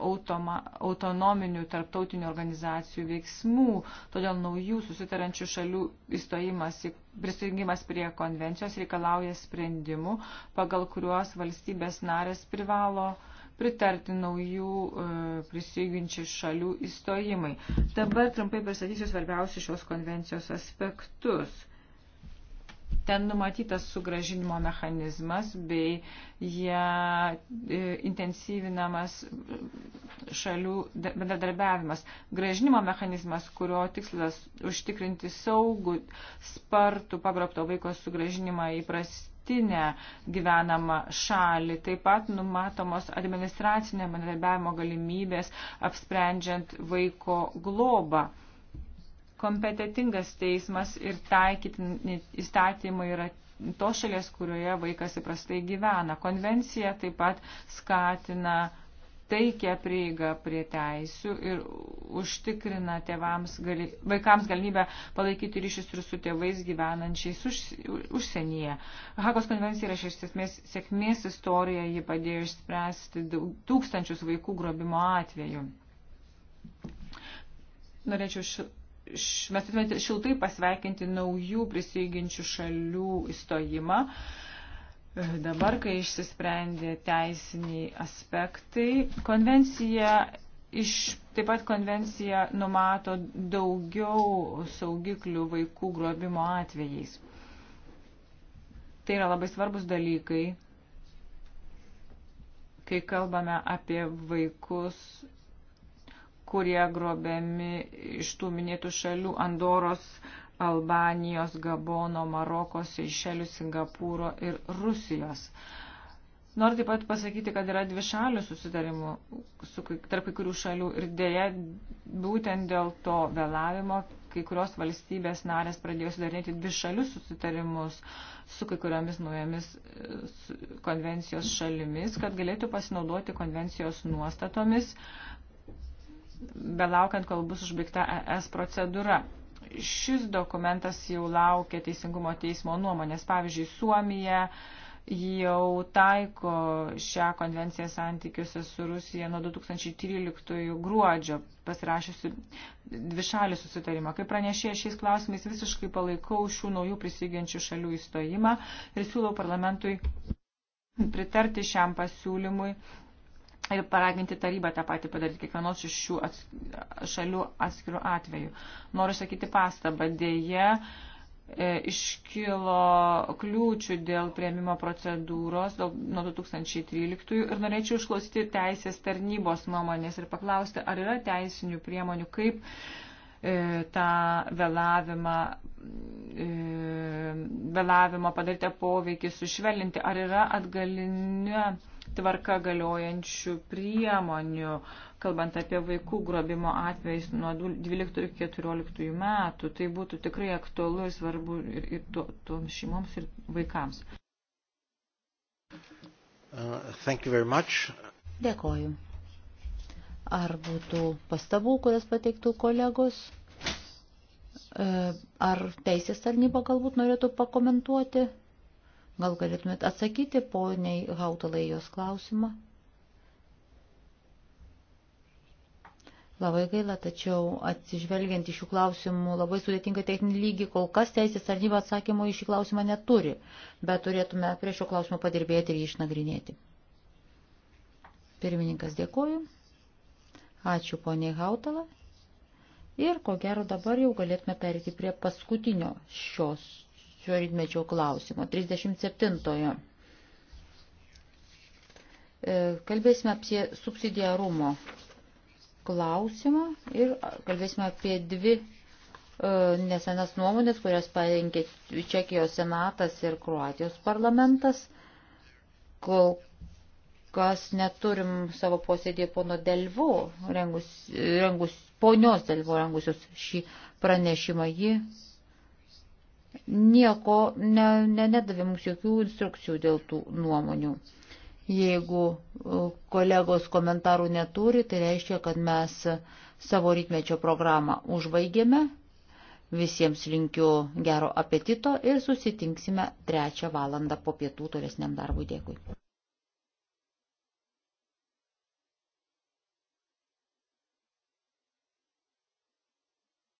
B: automa, autonominių tarptautinių organizacijų veiksmų. Todėl naujų susitarančių šalių įstojimas, prisijungimas prie konvencijos reikalauja sprendimų, pagal kuriuos valstybės narės privalo pritarti naujų e, prisijungiančių šalių įstojimai. Dabar trumpai pristatysiu svarbiausius šios konvencijos aspektus. Ten numatytas sugražinimo mechanizmas bei jie e, intensyvinamas šalių bendradarbiavimas. Gražinimo mechanizmas, kurio tikslas užtikrinti saugų, spartų pagrobto vaiko sugražinimą į prastinę gyvenamą šalį. Taip pat numatomos administracinė bendradarbiavimo galimybės apsprendžiant vaiko globą kompetitingas teismas ir taikyti įstatymai yra to šalies, kurioje vaikas įprastai gyvena. Konvencija taip pat skatina taikia prieiga prie teisių ir užtikrina tėvams, gali, vaikams galimybę palaikyti ryšius ir su tėvais gyvenančiais už, užsienyje. Hakos konvencija yra iš esmės sėkmės istorija, ji padėjo išspręsti tūkstančius vaikų grobimo atvejų. Norėčiau mes turime šiltai pasveikinti naujų prisijungiančių šalių įstojimą. E, dabar, kai išsisprendė teisiniai aspektai, konvencija iš, taip pat konvencija numato daugiau saugiklių vaikų grobimo atvejais. Tai yra labai svarbus dalykai, kai kalbame apie vaikus kurie grobiami iš tų minėtų šalių Andoros, Albanijos, Gabono, Maroko, Seišelių, Singapūro ir Rusijos. Noriu taip pat pasakyti, kad yra dvi šalių susitarimų su, tarp kai kurių šalių ir dėja būtent dėl to vėlavimo kai kurios valstybės narės pradėjo sudarinėti dvi šalius susitarimus su kai kuriomis naujomis e, konvencijos šalimis, kad galėtų pasinaudoti konvencijos nuostatomis, belaukiant, kol bus užbaigta ES procedūra. Šis dokumentas jau laukia Teisingumo teismo nuomonės. Pavyzdžiui, Suomija jau taiko šią konvenciją santykiuose su Rusija nuo 2013 gruodžio pasirašiusi dvišalį susitarimą. Kaip pranešė šiais klausimais, visiškai palaikau šių naujų prisigenčių šalių įstojimą ir siūlau parlamentui pritarti šiam pasiūlymui ir paraginti tarybą tą patį padaryti kiekvienos iš šių ats, šalių atskirų atvejų. Noriu sakyti pastabą, dėje e, iškilo kliūčių dėl prieimimo procedūros dėl, nuo 2013 ir norėčiau išklausyti teisės tarnybos nuomonės ir paklausti, ar yra teisinių priemonių, kaip e, tą vėlavimą, e, vėlavimo padarytą poveikį sušvelninti, ar yra atgalinė tvarka galiojančių priemonių, kalbant apie vaikų grobimo atvejais nuo 12 iki 14 metų. Tai būtų tikrai aktualu ir svarbu ir, ir to, toms šeimoms ir vaikams.
A: Uh,
D: Dėkoju. Ar būtų pastabų, kurias pateiktų kolegos? Uh, ar teisės tarnyba galbūt norėtų pakomentuoti? Gal galėtumėt atsakyti poniai Hautalai jos klausimą? Labai gaila, tačiau atsižvelgiant iš šių klausimų labai sudėtinga techninį lygį, kol kas teisės tarnyba atsakymo į šį klausimą neturi, bet turėtume prie šio klausimo padirbėti ir jį išnagrinėti. Pirmininkas dėkoju. Ačiū poniai Hautala. Ir ko gero dabar jau galėtume perėti prie paskutinio šios šio rytmečio klausimo, 37-ojo. E, kalbėsime apie subsidiarumo klausimą ir kalbėsime apie dvi e, nesenas nuomonės, kurias parengė Čekijos senatas ir Kroatijos parlamentas. Kol kas neturim savo posėdėje pono Delvo, rengus, rengus, ponios Delvo rengusios šį pranešimą. Ji nieko ne, ne, nedavė mums jokių instrukcijų dėl tų nuomonių. Jeigu e, kolegos komentarų neturi, tai reiškia, kad mes savo rytmečio programą užbaigėme. Visiems linkiu gero apetito ir susitinksime trečią valandą po pietų tolesniam darbui. Dėkui.